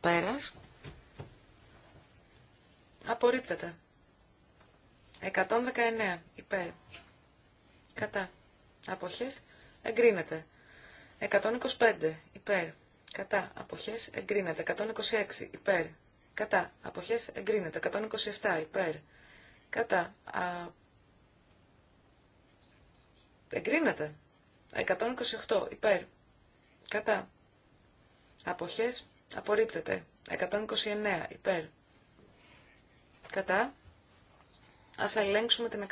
Πέρας. Απορρίπτεται. 119 υπέρ. Κατά. Αποχές εγκρίνεται. 125 υπέρ. Κατά. Αποχές εγκρίνεται. 126 υπέρ. Κατά. Αποχές εγκρίνεται. 127 υπέρ. Κατά. Α... Εγκρίνεται. 128 υπέρ. Κατά. Αποχές απορρίπτεται. 129 υπέρ. Κατά. Ας ελέγξουμε την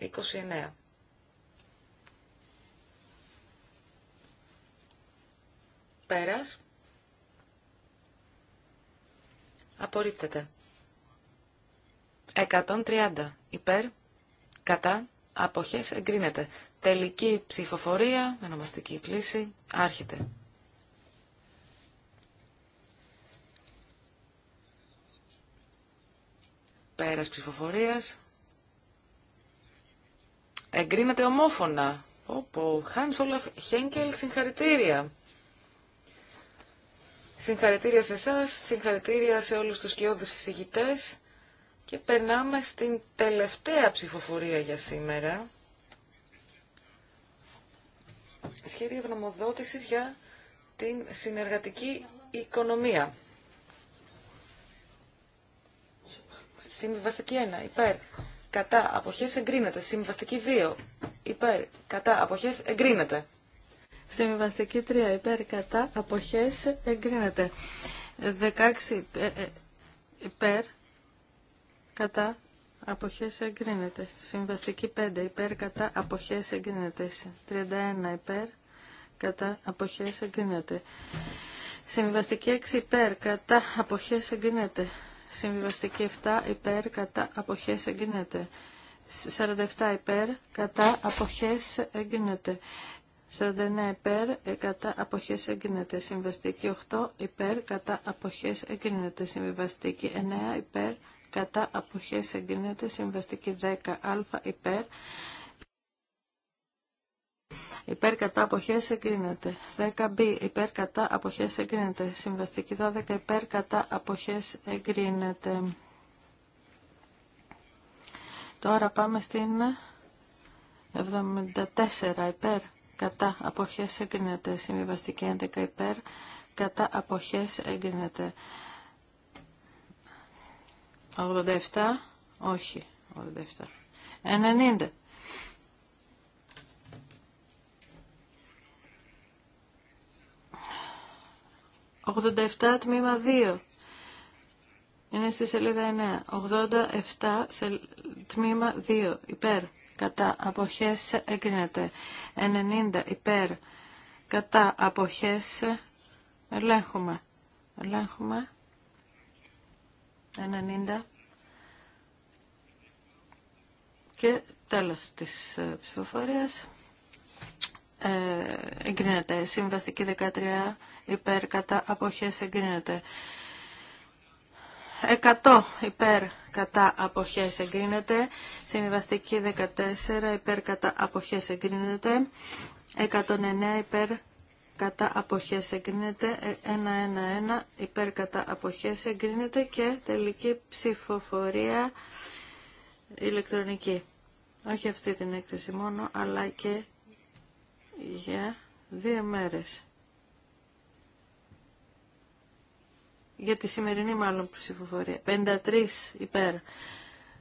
129. Πέρας. Απορρίπτεται. 130. Υπέρ. Κατά. Αποχές εγκρίνεται. Τελική ψηφοφορία. Ενομαστική κλίση. Άρχεται. Πέρας ψηφοφορίας. Εγκρίνεται ομόφωνα. Όπου, Χάνσόλαφ Χένκελ, συγχαρητήρια. Συγχαρητήρια σε εσά, συγχαρητήρια σε όλους τους κοιόδους συζητητές και περνάμε στην τελευταία ψηφοφορία για σήμερα. Σχέδιο γνωμοδότησης για την συνεργατική οικονομία. Συμβιβαστική 1. Υπέρ. Κατά. Αποχές εγκρίνεται. Συμβιβαστική 2. Υπέρ. Κατά. Αποχές εγκρίνεται. Συμβιβαστική 3. Υπέρ. Κατά. Αποχές εγκρίνεται. 16. Υπέρ. Κατά. Αποχές εγκρίνεται. Συμβαστική 5. Υπέρ. Κατά. Αποχές εγκρίνεται. 31. Υπέρ. Κατά. Αποχές εγκρίνεται. Συμβιβαστική 6. Υπέρ. Κατά. Αποχές εγκρίνεται. Συμβιβαστική 7 υπέρ κατά αποχές εγκίνεται. 47 υπέρ κατά αποχές εγκίνεται. 49 ε, υπέρ κατά αποχές εγκίνεται. Συμβαστική 8 υπέρ κατά αποχές εγκίνεται. Συμβιβαστική 9 υπέρ κατά αποχές εγκίνεται. Συμβαστική 10 α υπέρ υπέρ κατά αποχές εγκρίνεται. 10B υπέρ κατά αποχές εγκρίνεται. Συμβαστική 12 υπέρ κατά αποχές εγκρίνεται. Τώρα πάμε στην 74 υπέρ κατά αποχές εγκρίνεται. συμβαστική 11 υπέρ κατά αποχές εγκρίνεται. 87, όχι, 87. 90 87 τμήμα 2. Είναι στη σελίδα 9. 87 τμήμα 2. Υπέρ. Κατά αποχές εγκρίνεται. 90 υπέρ. Κατά αποχές ελέγχουμε. Ελέγχουμε. 90. Και τέλος της ε, ψηφοφορίας. Ε, εγκρίνεται. Συμβαστική 13 υπέρ κατά αποχές εγκρίνεται. 100 υπέρ κατά αποχές εγκρίνεται. Συμβιβαστική 14 υπέρ κατά αποχές εγκρίνεται. 109 υπέρ κατά αποχές 111 ε, υπέρ κατά αποχές εγκρίνεται και τελική ψηφοφορία ηλεκτρονική. Όχι αυτή την έκθεση μόνο, αλλά και για δύο μέρες. για τη σημερινή μάλλον ψηφοφορία. 53 υπέρ.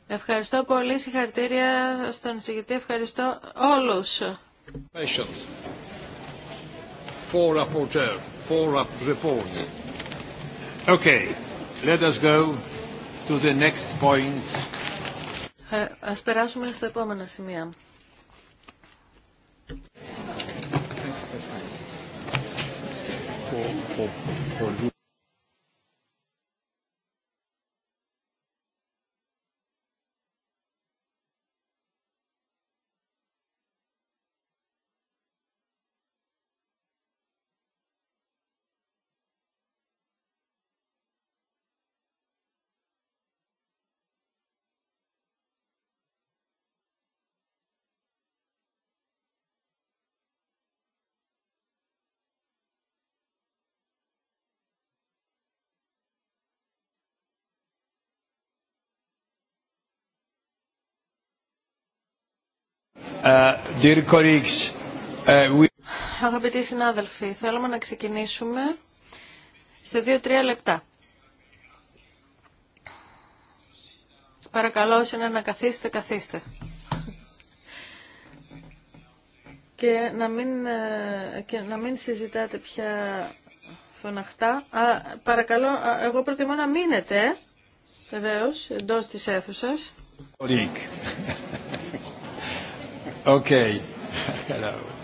Ευχαριστώ πολύ. Συγχαρητήρια στον συγκεκριτή. Ευχαριστώ όλους. Four reports. Okay, let us go to the next Ας περάσουμε στα επόμενα σημεία. For, for, for... Αγαπητοί συνάδελφοι, θέλουμε να ξεκινήσουμε σε δύο-τρία λεπτά. Παρακαλώ, όσοι να καθίσετε, καθίστε. Και να μην, ε, και να μην συζητάτε πια φωναχτά. Α, παρακαλώ, εγώ προτιμώ να μείνετε, βεβαίως, εντός της αίθουσας. Okay. Hello.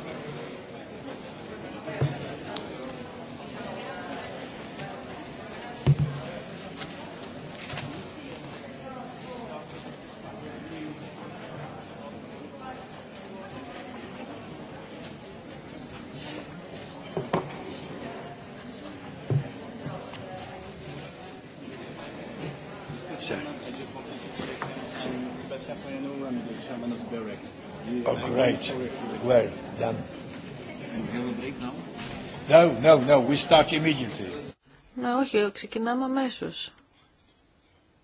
No, we start immediately. Ναι, όχι, ξεκινάμε αμέσω.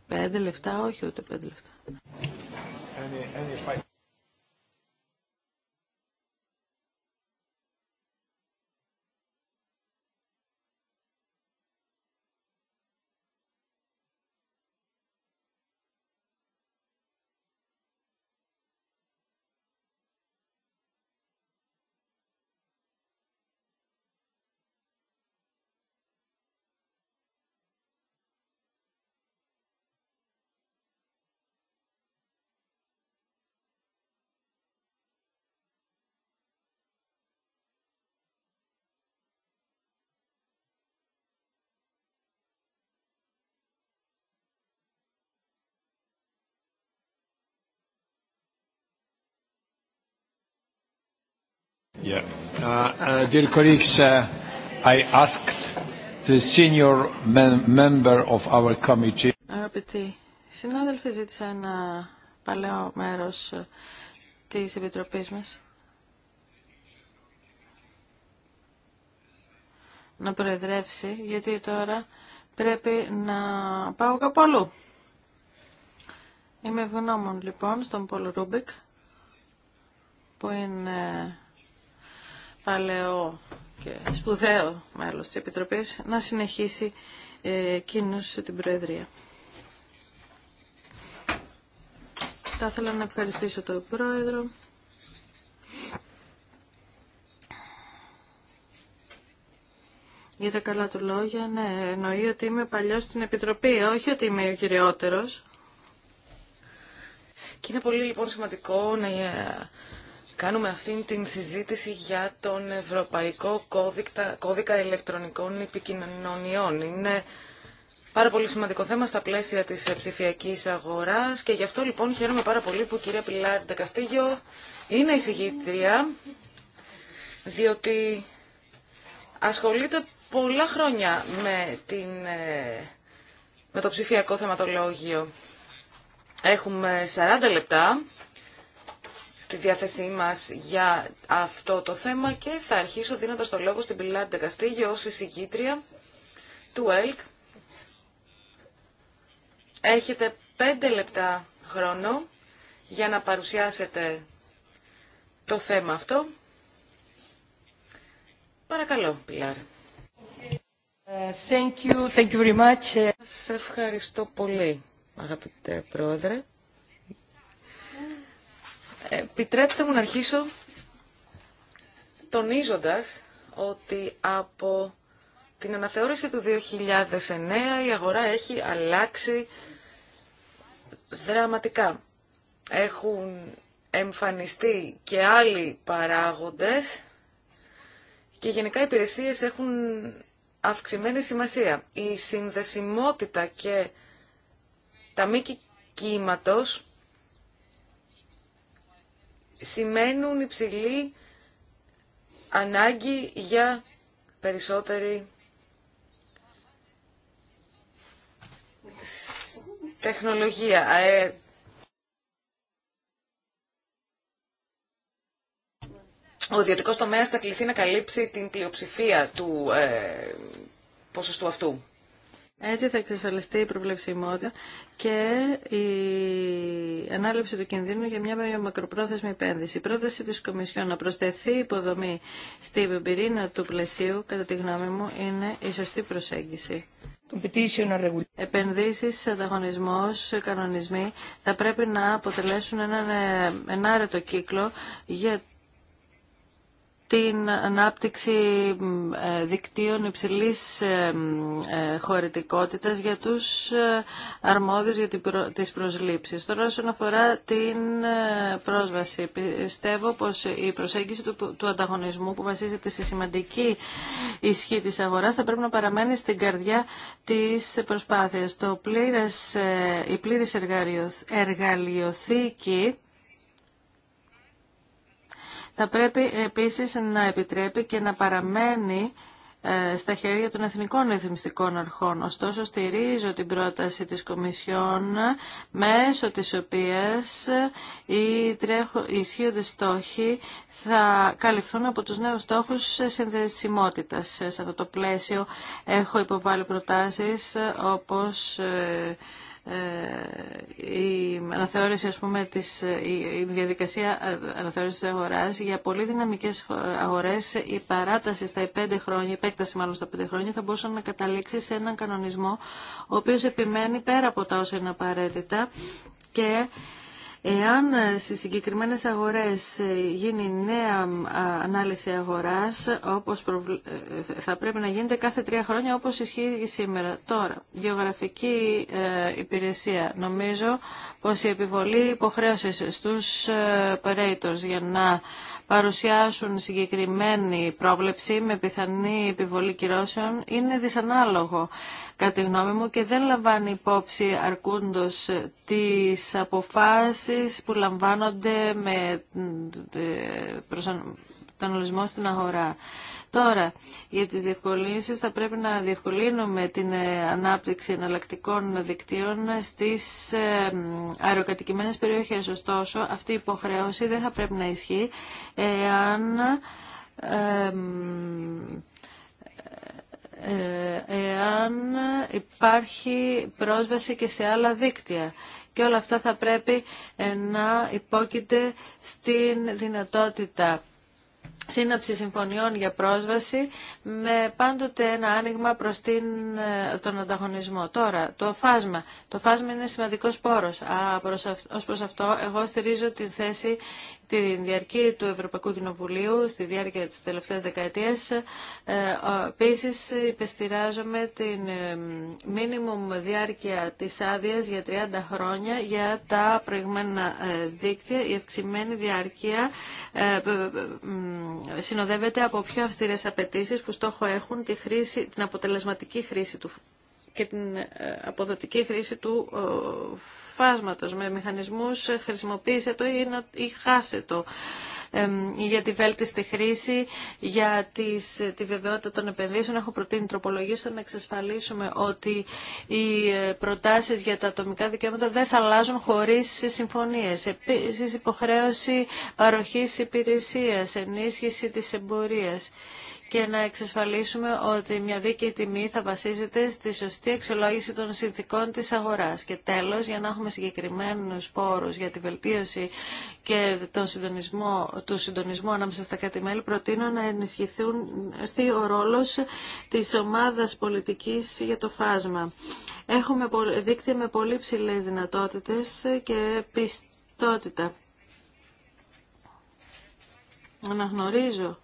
Πέντε λεφτά, όχι ούτε πέντε λεφτά. Any, any Uh, uh, dear colleagues, uh, member of our Αγαπητοί συνάδελφοι, ζήτησα ένα παλαιό μέρος ε, της Επιτροπής μας να προεδρεύσει, γιατί τώρα πρέπει να πάω κάπου αλλού. Είμαι ευγνώμων λοιπόν στον Πολ Ρούμπικ, που είναι παλαιό και σπουδαίο μέλος της Επιτροπής να συνεχίσει ε, εκείνος την Προεδρία. Θα ήθελα να ευχαριστήσω τον Πρόεδρο. Για τα καλά του λόγια, ναι, εννοεί ότι είμαι παλιός στην Επιτροπή, όχι ότι είμαι ο κυριότερος. Και είναι πολύ λοιπόν σημαντικό να ε, Κάνουμε αυτήν την συζήτηση για τον Ευρωπαϊκό Κώδικα, Κώδικα Ηλεκτρονικών Επικοινωνιών. Είναι πάρα πολύ σημαντικό θέμα στα πλαίσια της ψηφιακή αγοράς και γι' αυτό λοιπόν χαίρομαι πάρα πολύ που η κυρία Πιλάρ Ντακαστήγιο είναι εισηγήτρια, διότι ασχολείται πολλά χρόνια με, την, ε, με το ψηφιακό θεματολόγιο. Έχουμε 40 λεπτά στη διάθεσή μας για αυτό το θέμα και θα αρχίσω δίνοντας το λόγο στην Πιλάντε Καστίγιο ως εισηγήτρια του ΕΛΚ. Έχετε πέντε λεπτά χρόνο για να παρουσιάσετε το θέμα αυτό. Παρακαλώ, Πιλάρ. Thank ευχαριστώ πολύ, αγαπητέ Πρόεδρε. Επιτρέψτε μου να αρχίσω τονίζοντας ότι από την αναθεώρηση του 2009 η αγορά έχει αλλάξει δραματικά. Έχουν εμφανιστεί και άλλοι παράγοντες και γενικά οι υπηρεσίες έχουν αυξημένη σημασία. Η συνδεσιμότητα και τα μήκη κύματος σημαίνουν υψηλή ανάγκη για περισσότερη τεχνολογία. Ε, ο ιδιωτικός τομέας θα κληθεί να καλύψει την πλειοψηφία του ε, ποσοστού αυτού. Έτσι θα εξασφαλιστεί η προβλεψιμότητα και η ανάληψη του κινδύνου για μια μακροπρόθεσμη επένδυση. Η πρόταση της Κομισιόν να προσθεθεί υποδομή στην πυρήνα του πλαισίου, κατά τη γνώμη μου, είναι η σωστή προσέγγιση. Επενδύσεις, ανταγωνισμός, κανονισμοί θα πρέπει να αποτελέσουν έναν ε, ενάρετο κύκλο για την ανάπτυξη ε, δικτύων υψηλής ε, ε, χωρητικότητας για τους αρμόδιους για τις προσλήψεις. Τώρα όσον αφορά την πρόσβαση, πιστεύω πως η προσέγγιση του ανταγωνισμού που βασίζεται στη σημαντική ισχύ της αγοράς θα πρέπει να παραμένει στην καρδιά της προσπάθειας. Το πλήρες, η πλήρης εργαλειοθήκη θα πρέπει επίσης να επιτρέπει και να παραμένει ε, στα χέρια των εθνικών ρυθμιστικών αρχών. Ωστόσο, στηρίζω την πρόταση της Κομισιόν, μέσω της οποίας οι, τρέχο, ισχύοντες στόχοι θα καλυφθούν από τους νέους στόχους συνδεσιμότητας. Σε αυτό το πλαίσιο έχω υποβάλει προτάσεις ε, όπως ε, ε, η αναθεώρηση ας πούμε της, ε, η διαδικασία ε, αναθεώρησης αγοράς για πολύ δυναμικές αγορές η παράταση στα 5 χρόνια, η επέκταση μάλλον στα πέντε χρόνια θα μπορούσε να καταλήξει σε έναν κανονισμό ο οποίος επιμένει πέρα από τα όσα είναι απαραίτητα και Εάν ε, στις συγκεκριμένες αγορές ε, γίνει νέα ανάλυση αγοράς, όπως ε, θα πρέπει να γίνεται κάθε τρία χρόνια όπως ισχύει σήμερα. Τώρα, γεωγραφική υπηρεσία. Νομίζω πως η επιβολή υποχρέωσης στους operators για να παρουσιάσουν συγκεκριμένη πρόβλεψη με πιθανή επιβολή κυρώσεων είναι δυσανάλογο κατά τη γνώμη μου και δεν λαμβάνει υπόψη αρκούντος τις αποφάσεις που λαμβάνονται με ε, ε, τον ολισμό στην αγορά. Τώρα, για τις διευκολύνσεις θα πρέπει να διευκολύνουμε την ε, ανάπτυξη εναλλακτικών δικτύων στις ε, αεροκατοικημένες περιοχές. Ωστόσο, αυτή η υποχρέωση δεν θα πρέπει να ισχύει εάν ε, εάν υπάρχει πρόσβαση και σε άλλα δίκτυα. Και όλα αυτά θα πρέπει να υπόκειται στην δυνατότητα σύναψη συμφωνιών για πρόσβαση με πάντοτε ένα άνοιγμα προς την, ε, τον ανταγωνισμό. Τώρα, το φάσμα. Το φάσμα είναι σημαντικός πόρος. Α, προς, αυτό, εγώ στηρίζω την θέση τη διαρκή του Ευρωπαϊκού Κοινοβουλίου, στη διάρκεια της τελευταίας δεκαετίας. Ε, Επίση υπεστηράζομαι την ε, μίνιμουμ διάρκεια της άδεια για 30 χρόνια για τα προηγμένα ε, δίκτυα. Η αυξημένη διάρκεια συνοδεύεται από πιο αυστηρές απαιτήσει που στόχο έχουν τη χρήση, την αποτελεσματική χρήση του και την ε, αποδοτική χρήση του ε, φάσματος με μηχανισμούς ε, χρησιμοποίησε το ή, να, ή χάσε το για τη βέλτιστη χρήση, για τις, τη βεβαιότητα των επενδύσεων. Έχω προτείνει τροπολογίε να εξασφαλίσουμε ότι οι προτάσεις για τα ατομικά δικαιώματα δεν θα αλλάζουν χωρίς συμφωνίες. Επίσης, υποχρέωση παροχής υπηρεσίας, ενίσχυση της εμπορίας και να εξασφαλίσουμε ότι μια δίκαιη τιμή θα βασίζεται στη σωστή αξιολόγηση των συνθήκων της αγοράς. Και τέλος, για να έχουμε συγκεκριμένους πόρους για τη βελτίωση και τον συντονισμό, του συντονισμού ανάμεσα στα κάτι μέλη, προτείνω να ενισχυθεί ο ρόλος της ομάδας πολιτικής για το φάσμα. Έχουμε δίκτυα με πολύ ψηλές δυνατότητες και πιστότητα. Αναγνωρίζω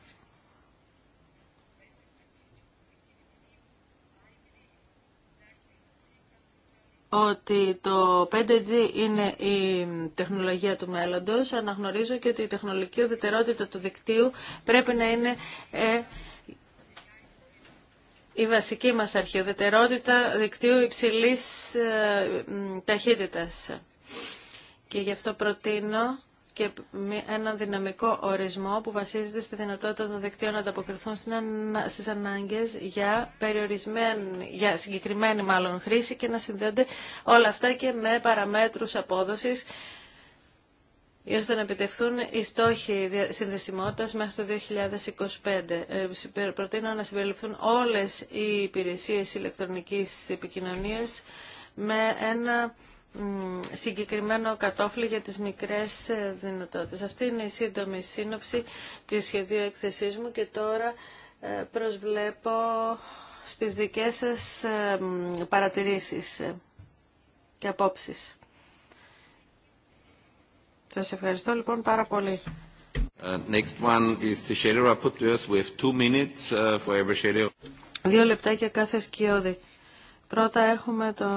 ότι το 5G είναι η τεχνολογία του μέλλοντος. Αναγνωρίζω και ότι η τεχνολογική ουδετερότητα του δικτύου πρέπει να είναι ε, η βασική μας αρχή, δικτύου υψηλής ε, ταχύτητας. Και γι' αυτό προτείνω και ένα δυναμικό ορισμό που βασίζεται στη δυνατότητα των δικτύων να ανταποκριθούν στι ανάγκες για, για συγκεκριμένη μάλλον χρήση και να συνδέονται όλα αυτά και με παραμέτρους απόδοσης ώστε να επιτευχθούν οι στόχοι συνδεσιμότητας μέχρι το 2025. Ε, προτείνω να συμπεριληφθούν όλες οι υπηρεσίες ηλεκτρονικής επικοινωνίας με ένα συγκεκριμένο κατόφλι για τις μικρές ε, δυνατότητες. Αυτή είναι η σύντομη σύνοψη του σχεδίου εκθεσής μου και τώρα ε, προσβλέπω στις δικές σας ε, παρατηρήσεις και απόψεις. Σας ευχαριστώ λοιπόν πάρα πολύ. Uh, next one is minutes uh, for every Δύο λεπτά για κάθε σκιώδη. Πρώτα έχουμε το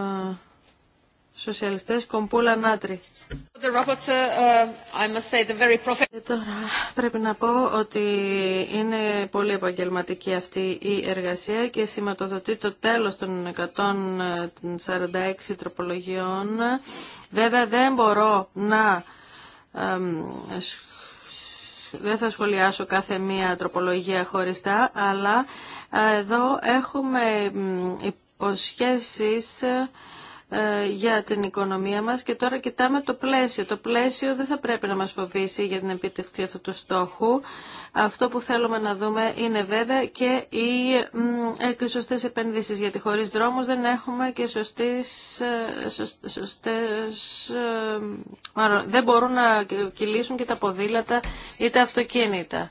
Σοσιαλιστές Κομπούλα Νάτρι uh, πρέπει να πω ότι είναι πολύ επαγγελματική αυτή η εργασία και σηματοδοτεί το τέλος των 146 τροπολογιών. Βέβαια δεν μπορώ να... Δεν θα σχολιάσω κάθε μία τροπολογία χωριστά, αλλά ε, εδώ έχουμε υποσχέσεις ε, για την οικονομία μας και τώρα κοιτάμε το πλαίσιο. Το πλαίσιο δεν θα πρέπει να μας φοβήσει για την επίτευξη αυτού του στόχου. Αυτό που θέλουμε να δούμε είναι βέβαια και οι σωστέ επενδύσεις, γιατί χωρίς δρόμους δεν έχουμε και ε, σωστές, σωστές ε, μάλλον, δεν μπορούν να κυλήσουν και τα ποδήλατα ή τα αυτοκίνητα.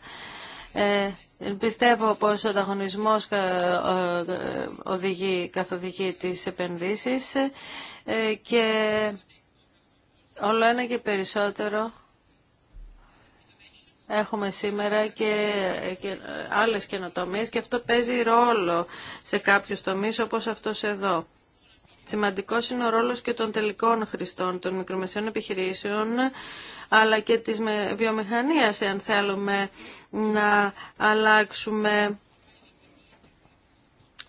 Ε, Πιστεύω πως ο ανταγωνισμός ε, ε, οδηγεί, καθοδηγεί τις επενδύσεις ε, και όλο ένα και περισσότερο έχουμε σήμερα και, και άλλες καινοτομίες και αυτό παίζει ρόλο σε κάποιους τομείς όπως αυτός εδώ. Σημαντικός είναι ο ρόλος και των τελικών χρηστών, των μικρομεσαίων επιχειρήσεων, αλλά και της βιομηχανίας, εάν θέλουμε να αλλάξουμε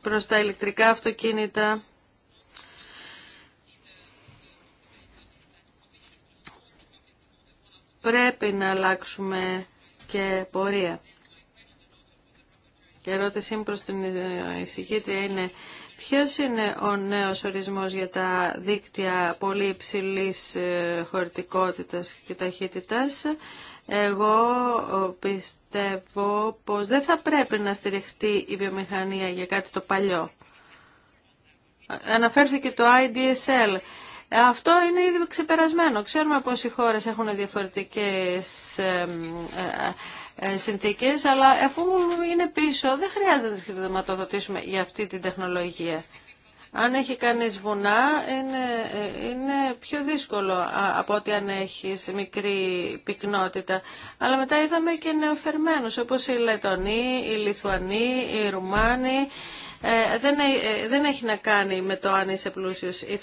προς τα ηλεκτρικά αυτοκίνητα. Πρέπει να αλλάξουμε και πορεία. Και ερώτησή μου προς την εισηγήτρια είναι Ποιος είναι ο νέος ορισμός για τα δίκτυα πολύ υψηλής ε, χωρητικότητας και ταχύτητας. Εγώ ε, πιστεύω πως δεν θα πρέπει να στηριχτεί η βιομηχανία για κάτι το παλιό. Αναφέρθηκε το IDSL. Αυτό είναι ήδη ξεπερασμένο. Ξέρουμε πως οι χώρες έχουν διαφορετικές ε, ε, συνθήκε, αλλά αφού είναι πίσω δεν χρειάζεται να τι χρηματοδοτήσουμε για αυτή την τεχνολογία. Αν έχει κάνει βουνά είναι, ε, είναι πιο δύσκολο από ότι αν έχει μικρή πυκνότητα. Αλλά μετά είδαμε και νεοφερμένους όπως οι Λετονοί, οι Λιθουανοί, οι Ρουμάνοι. Ε, δεν, έχει να κάνει με το αν είσαι πλούσιος ή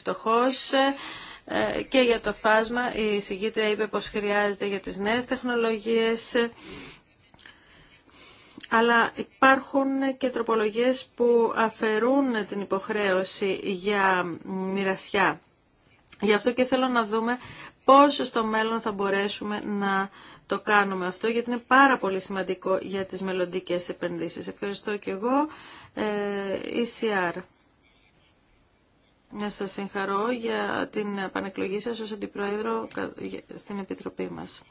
και για το φάσμα η συγκήτρια είπε πω χρειάζεται για τις νέε τεχνολογίε αλλά υπάρχουν και τροπολογίες που αφαιρούν την υποχρέωση για μοιρασιά. Γι' αυτό και θέλω να δούμε πώς στο μέλλον θα μπορέσουμε να το κάνουμε αυτό, γιατί είναι πάρα πολύ σημαντικό για τις μελλοντικέ επενδύσεις. Ευχαριστώ και εγώ. Ε, ECR. Να σας συγχαρώ για την επανεκλογή σας ως Αντιπρόεδρο στην Επιτροπή μας.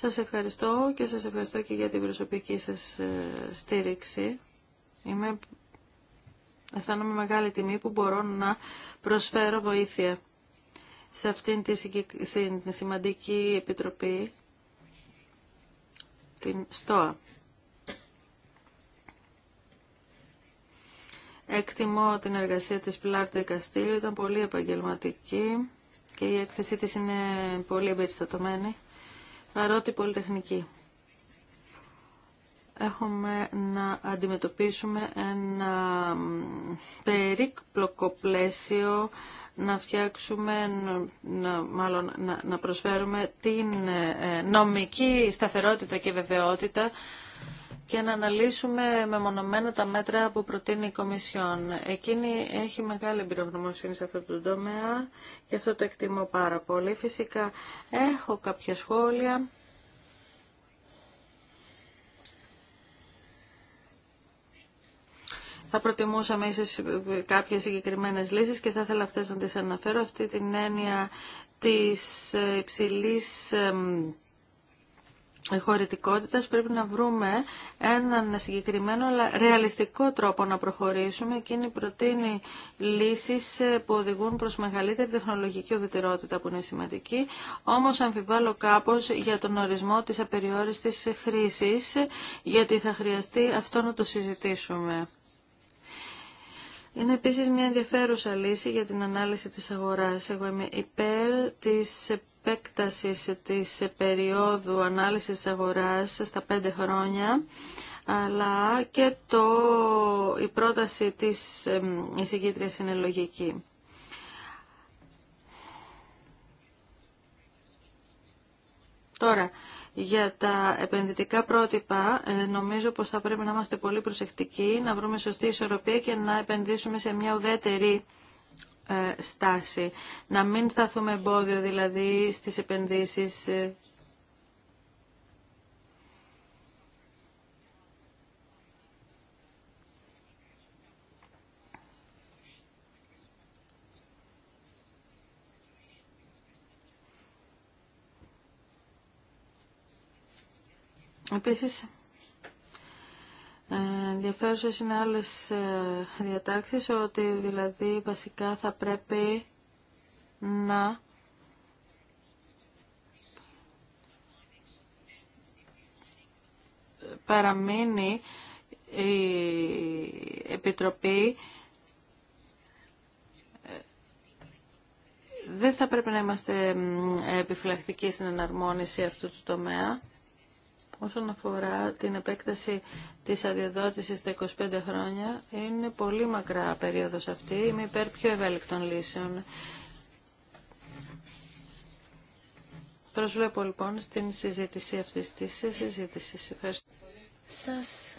Σας ευχαριστώ και σας ευχαριστώ και για την προσωπική σας ε, στήριξη. Είμαι... Αισθάνομαι μεγάλη τιμή που μπορώ να προσφέρω βοήθεια σε αυτήν τη σημαντική επιτροπή, την ΣΤΟΑ. Εκτιμώ την εργασία της Πλάρτε Καστήλου. ήταν πολύ επαγγελματική και η έκθεσή της είναι πολύ εμπεριστατωμένη παρότι πολυτεχνική. Έχουμε να αντιμετωπίσουμε ένα περίπλοκο πλαίσιο να φτιάξουμε, μάλλον να, να προσφέρουμε την ε, νομική σταθερότητα και βεβαιότητα και να αναλύσουμε μεμονωμένα τα μέτρα που προτείνει η Κομισιόν. Εκείνη έχει μεγάλη εμπειρογνωμοσύνη σε αυτό το τομέα και αυτό το εκτιμώ πάρα πολύ. Φυσικά έχω κάποια σχόλια. Θα προτιμούσαμε ίσως κάποιες συγκεκριμένες λύσεις και θα ήθελα αυτές να τις αναφέρω. Αυτή την έννοια της ε, υψηλής χωρητικότητας πρέπει να βρούμε έναν συγκεκριμένο αλλά ρεαλιστικό τρόπο να προχωρήσουμε και είναι προτείνει λύσεις ε, που οδηγούν προς μεγαλύτερη τεχνολογική οδητηρότητα που είναι σημαντική όμως αμφιβάλλω κάπως για τον ορισμό της απεριόριστης χρήσης γιατί θα χρειαστεί αυτό να το συζητήσουμε. Είναι επίσης μια ενδιαφέρουσα λύση για την ανάλυση της αγοράς. Εγώ είμαι υπέρ της τη της περίοδου ανάλυσης αγοράς στα πέντε χρόνια αλλά και το, η πρόταση της εισηγήτριας είναι λογική. Τώρα, για τα επενδυτικά πρότυπα ε, νομίζω πως θα πρέπει να είμαστε πολύ προσεκτικοί, να βρούμε σωστή ισορροπία και να επενδύσουμε σε μια ουδέτερη ε, στάση. Να μην σταθούμε εμπόδιο δηλαδή στις επενδύσεις ε, Επίσης, ε, ενδιαφέρουσες είναι άλλες ε, διατάξεις, ότι δηλαδή βασικά θα πρέπει να παραμείνει η Επιτροπή δεν θα πρέπει να είμαστε επιφυλακτικοί στην εναρμόνιση αυτού του τομέα. Όσον αφορά την επέκταση της αδειοδότησης στα 25 χρόνια, είναι πολύ μακρά περίοδος αυτή. Είμαι υπέρ πιο ευέλικτων λύσεων. Προσβλέπω λοιπόν στην συζήτηση αυτής της συζήτησης. Ευχαριστώ. Σας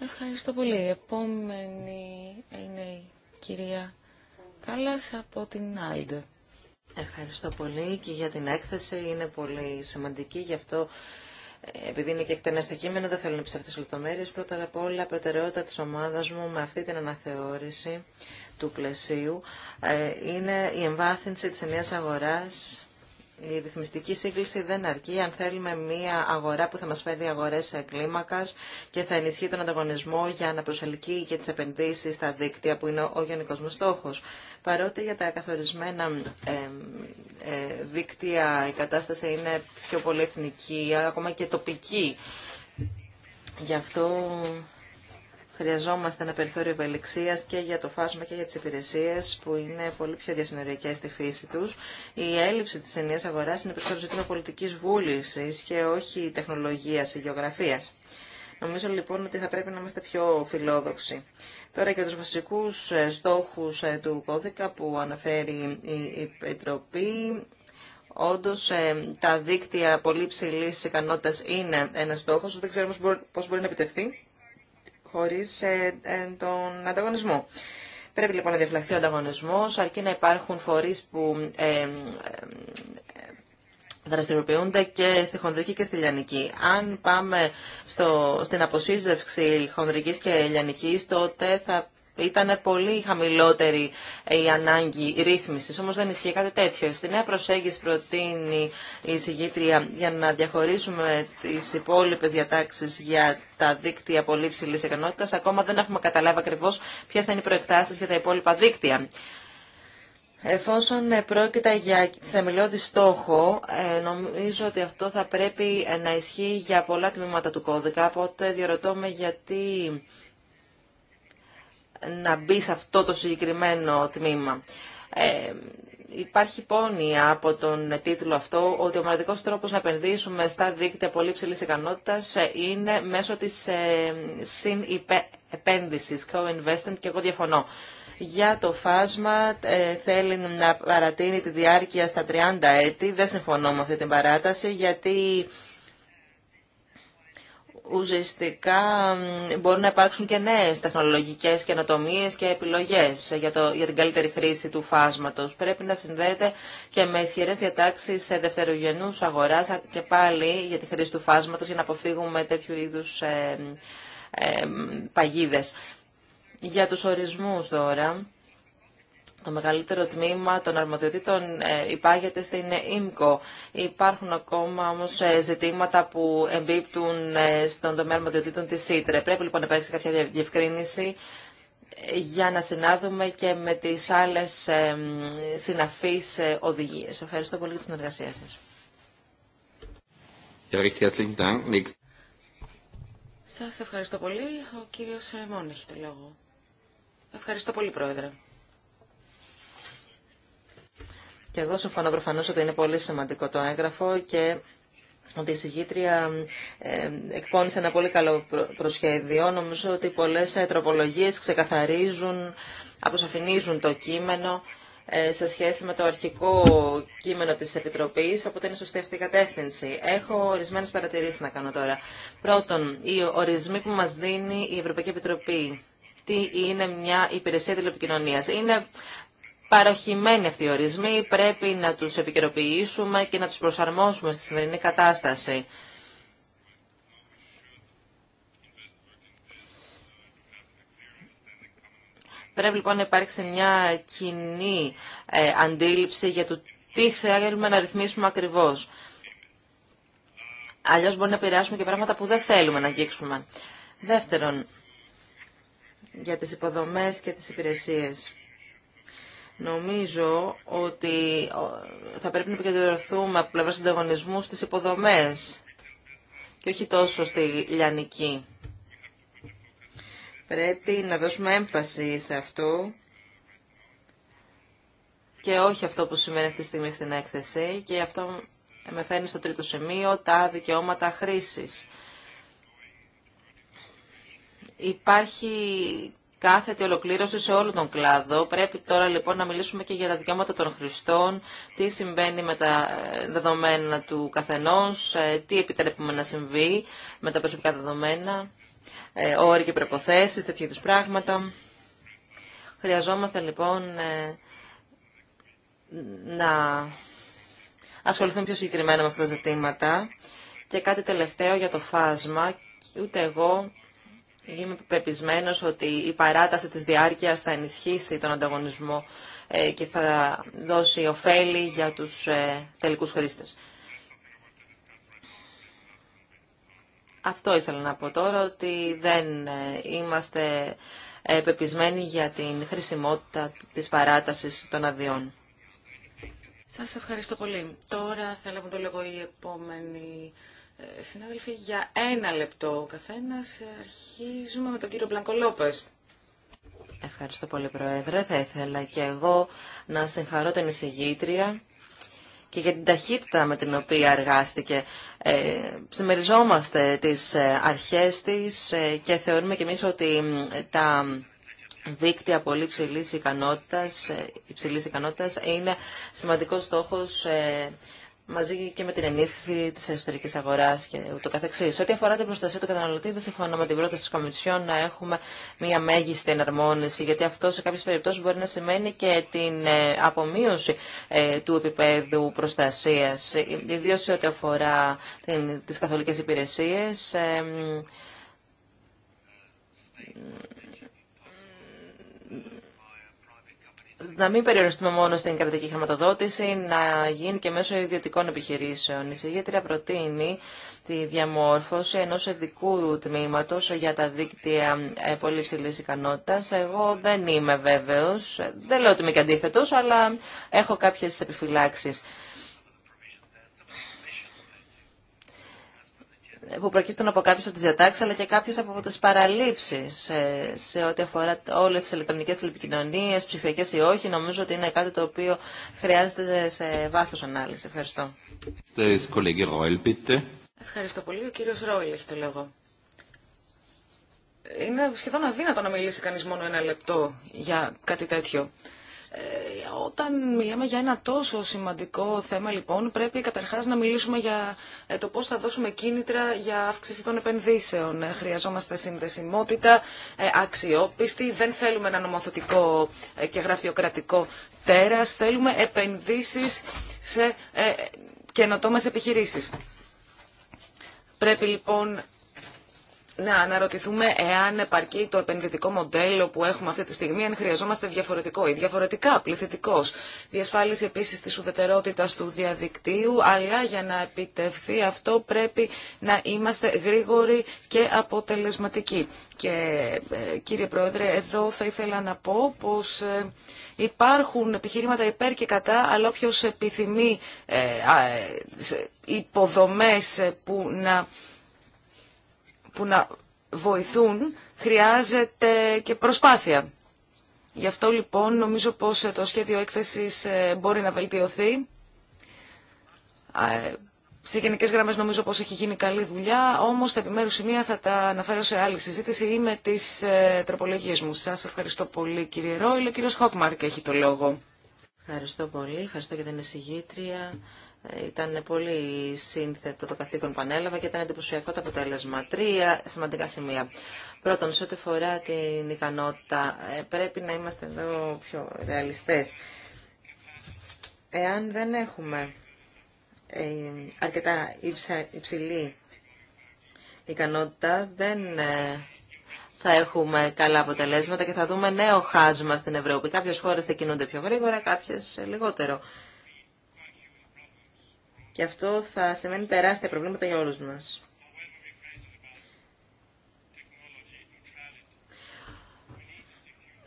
ευχαριστώ πολύ. επόμενη είναι η κυρία Κάλλας από την Άλντε. Ευχαριστώ πολύ και για την έκθεση. Είναι πολύ σημαντική, γι' αυτό επειδή είναι και εκτενές κείμενο, δεν θέλω να επιστρέψω λεπτομέρειε, λεπτομέρειες. Πρώτα απ' όλα, προτεραιότητα της ομάδας μου με αυτή την αναθεώρηση του πλαισίου ε, είναι η εμβάθυνση της ενιαίας αγοράς η ρυθμιστική σύγκληση δεν αρκεί αν θέλουμε μια αγορά που θα μας φέρει αγορές κλίμακας και θα ενισχύει τον ανταγωνισμό για να προσελκύει και τις επενδύσεις στα δίκτυα που είναι ο γενικός μας στόχος. Παρότι για τα καθορισμένα ε, δίκτυα η κατάσταση είναι πιο πολύ εθνική, ακόμα και τοπική. Γι' αυτό Χρειαζόμαστε ένα περιθώριο ευελιξία και για το φάσμα και για τι υπηρεσίε που είναι πολύ πιο διασυνοριακέ στη φύση του. Η έλλειψη τη ενιαία αγορά είναι περισσότερο ζήτημα πολιτική βούληση και όχι τεχνολογία ή γεωγραφία. Νομίζω λοιπόν ότι θα πρέπει να είμαστε πιο φιλόδοξοι. Τώρα για τους βασικούς ε, στόχους ε, του κώδικα που αναφέρει η Επιτροπή, όντω ε, τα δίκτυα πολύ ψηλή ικανότητα είναι ένα στόχο, δεν ξέρουμε πώ μπορεί να επιτευχθεί χωρίς ε, ε, τον ανταγωνισμό. Πρέπει λοιπόν να διαφυλαχθεί ο ανταγωνισμός, αρκεί να υπάρχουν φορείς που ε, δραστηριοποιούνται και στη χονδρική και στη λιανική. Αν πάμε στο, στην αποσύζευξη χονδρικής και λιανική τότε θα ήταν πολύ χαμηλότερη ε, η ανάγκη ρύθμιση. Όμω δεν ισχύει κάτι τέτοιο. Στη νέα προσέγγιση προτείνει η εισηγήτρια για να διαχωρίσουμε τι υπόλοιπε διατάξει για τα δίκτυα πολύ ψηλή ικανότητα. Ακόμα δεν έχουμε καταλάβει ακριβώ ποιε θα είναι οι προεκτάσει για τα υπόλοιπα δίκτυα. Εφόσον ε, πρόκειται για θεμελιώδη στόχο, ε, νομίζω ότι αυτό θα πρέπει να ισχύει για πολλά τμήματα του κώδικα, οπότε διαρωτώ με γιατί να μπει σε αυτό το συγκεκριμένο τμήμα. Ε, υπάρχει πόνοια από τον τίτλο αυτό ότι ο μοναδικό τρόπο να επενδύσουμε στα δίκτυα πολύ ψηλή ικανότητα ε, είναι μέσω τη ε, συνεπένδυση, co-investment, και εγώ διαφωνώ. Για το φάσμα ε, θέλει να παρατείνει τη διάρκεια στα 30 έτη. Δεν συμφωνώ με αυτή την παράταση γιατί ουσιαστικά μπορούν να υπάρξουν και νέες τεχνολογικές καινοτομίες και επιλογές για, για την καλύτερη χρήση του φάσματος. Πρέπει να συνδέεται και με ισχυρέ διατάξεις σε δευτερογενούς αγοράς και πάλι για τη χρήση του φάσματος για να αποφύγουμε τέτοιου είδους ε, ε, παγίδες. Για τους ορισμούς τώρα το μεγαλύτερο τμήμα των αρμοδιοτήτων ε, υπάγεται στην ΙΜΚΟ. Υπάρχουν ακόμα όμως ε, ζητήματα που εμπίπτουν ε, στον τομέα αρμοδιοτήτων της ΣΥΤΡΕ. Πρέπει λοιπόν να υπάρξει κάποια διευκρίνηση για να συνάδουμε και με τις άλλες συναφείς οδηγίες. Ευχαριστώ πολύ για τη συνεργασία σας. Σας ευχαριστώ πολύ. Ο κύριος Σολεμόν έχει το λόγο. Ευχαριστώ πολύ, Πρόεδρε. Και εγώ συμφωνώ προφανώ ότι είναι πολύ σημαντικό το έγγραφο και ότι η συγγήτρια ε, εκπώνησε ένα πολύ καλό προσχέδιο. Νομίζω ότι πολλέ ε, τροπολογίε ξεκαθαρίζουν, αποσαφηνίζουν το κείμενο ε, σε σχέση με το αρχικό κείμενο της Επιτροπής, οπότε είναι σωστή αυτή η κατεύθυνση. Έχω ορισμένε παρατηρήσει να κάνω τώρα. Πρώτον, οι ορισμοί που μα δίνει η Ευρωπαϊκή Επιτροπή. Τι είναι μια υπηρεσία τηλεπικοινωνία. Είναι παροχημένοι αυτοί οι ορισμοί, πρέπει να τους επικαιροποιήσουμε και να τους προσαρμόσουμε στη σημερινή κατάσταση. Πρέπει λοιπόν να υπάρξει μια κοινή ε, αντίληψη για το τι θέλουμε να ρυθμίσουμε ακριβώς. Αλλιώς μπορεί να επηρεάσουμε και πράγματα που δεν θέλουμε να αγγίξουμε. Δεύτερον, για τις υποδομές και τις υπηρεσίες. Νομίζω ότι θα πρέπει να επικεντρωθούμε από πλευρά συνταγωνισμού στις υποδομές και όχι τόσο στη λιανική. Πρέπει να δώσουμε έμφαση σε αυτό και όχι αυτό που σημαίνει αυτή τη στιγμή στην έκθεση και αυτό με φέρνει στο τρίτο σημείο, τα δικαιώματα χρήσης. Υπάρχει κάθετη ολοκλήρωση σε όλο τον κλάδο. Πρέπει τώρα λοιπόν να μιλήσουμε και για τα δικαιώματα των χρηστών, τι συμβαίνει με τα ε, δεδομένα του καθενός, ε, τι επιτρέπουμε να συμβεί με τα προσωπικά δεδομένα, ε, όροι και προποθέσεις, τέτοιου πράγματα. Χρειαζόμαστε λοιπόν να ασχοληθούμε πιο συγκεκριμένα με αυτά τα ζητήματα. Και κάτι τελευταίο για το φάσμα, ούτε εγώ Είμαι πεπισμένο ότι η παράταση της διάρκειας θα ενισχύσει τον ανταγωνισμό ε, και θα δώσει ωφέλη για τους ε, τελικούς χρήστες. Αυτό ήθελα να πω τώρα, ότι δεν ε, είμαστε πεπισμένοι για την χρησιμότητα της παράτασης των αδειών. Σας ευχαριστώ πολύ. Τώρα θα να το λόγο η επόμενη. Ε, συνάδελφοι, για ένα λεπτό ο καθένας. Ε, αρχίζουμε με τον κύριο Μπλανκολόπες. Ευχαριστώ πολύ, Πρόεδρε. Θα ήθελα και εγώ να συγχαρώ την εισηγήτρια και για την ταχύτητα με την οποία εργάστηκε. Ε, συμμεριζόμαστε τις ε, αρχές της και θεωρούμε και εμείς ότι τα δίκτυα πολύ υψηλής ικανότητας, υψηλής ικανότητας είναι σημαντικός στόχος μαζί και με την ενίσχυση τη εσωτερική αγορά και ούτω καθεξή. Ό,τι αφορά την προστασία του καταναλωτή, δεν συμφωνώ με την πρόταση τη Κομισιόν να έχουμε μια μέγιστη εναρμόνιση, γιατί αυτό σε κάποιε περιπτώσει μπορεί να σημαίνει και την ε, απομείωση ε, του επίπεδου προστασία, ιδίω σε ό,τι αφορά τι καθολικέ υπηρεσίε ε, να μην περιοριστούμε μόνο στην κρατική χρηματοδότηση, να γίνει και μέσω ιδιωτικών επιχειρήσεων. Η συγγετρία προτείνει τη διαμόρφωση ενό ειδικού τμήματο για τα δίκτυα ε, πολύ υψηλή ικανότητα. Εγώ δεν είμαι βέβαιο. δεν λέω ότι είμαι και αντίθετο, αλλά έχω κάποιες επιφυλάξει. που προκύπτουν από κάποιες από τις διατάξεις, αλλά και κάποιες από τις παραλήψεις σε ό,τι αφορά όλες τις ηλεκτρονικές τηλεπικοινωνίες, ψηφιακές ή όχι. Νομίζω ότι είναι κάτι το οποίο χρειάζεται σε βάθος ανάλυση. Ευχαριστώ. Ευχαριστώ πολύ. Ο κύριος Ρόιλ έχει το λόγο. Είναι σχεδόν αδύνατο να μιλήσει κανείς μόνο ένα λεπτό για κάτι τέτοιο. Ε, όταν μιλάμε για ένα τόσο σημαντικό θέμα, λοιπόν, πρέπει καταρχάς να μιλήσουμε για ε, το πώς θα δώσουμε κίνητρα για αύξηση των επενδύσεων. Ε, χρειαζόμαστε συνδεσιμότητα, αξιόπιστη. Δεν θέλουμε ένα νομοθετικό και γραφειοκρατικό τέρας. Θέλουμε επενδύσεις σε καινοτόμες επιχειρήσεις. Πρέπει, λοιπόν, να αναρωτηθούμε εάν επαρκεί το επενδυτικό μοντέλο που έχουμε αυτή τη στιγμή, αν χρειαζόμαστε διαφορετικό ή διαφορετικά πληθυντικό. Διασφάλιση επίση τη ουδετερότητα του διαδικτύου, αλλά για να επιτευχθεί αυτό πρέπει να είμαστε γρήγοροι και αποτελεσματικοί. Και ε, κύριε Πρόεδρε, εδώ θα ήθελα να πω πως ε, υπάρχουν επιχειρήματα υπέρ και κατά, αλλά όποιο επιθυμεί ε, υποδομέ που να που να βοηθούν χρειάζεται και προσπάθεια. Γι' αυτό λοιπόν νομίζω πως ε, το σχέδιο έκθεσης ε, μπορεί να βελτιωθεί. Ε, σε γενικέ γραμμέ νομίζω πω έχει γίνει καλή δουλειά, όμω τα επιμέρου σημεία θα τα αναφέρω σε άλλη συζήτηση ή με τι ε, τροπολογίε μου. Σα ευχαριστώ πολύ, κύριε Ρόιλ. Ο κύριο Χόκμαρκ έχει το λόγο. Ευχαριστώ πολύ. Ευχαριστώ για την εισηγήτρια. Ήταν πολύ σύνθετο το καθήκον που ανέλαβα και ήταν εντυπωσιακό το αποτέλεσμα. Τρία σημαντικά σημεία. Πρώτον, σε ό,τι φορά την ικανότητα, ε, πρέπει να είμαστε εδώ πιο ρεαλιστές. Εάν δεν έχουμε ε, αρκετά υψηλή ικανότητα, δεν ε, θα έχουμε καλά αποτελέσματα και θα δούμε νέο χάσμα στην Ευρώπη. Κάποιες χώρες θα κινούνται πιο γρήγορα, κάποιες λιγότερο και αυτό θα σημαίνει τεράστια προβλήματα για όλους μας.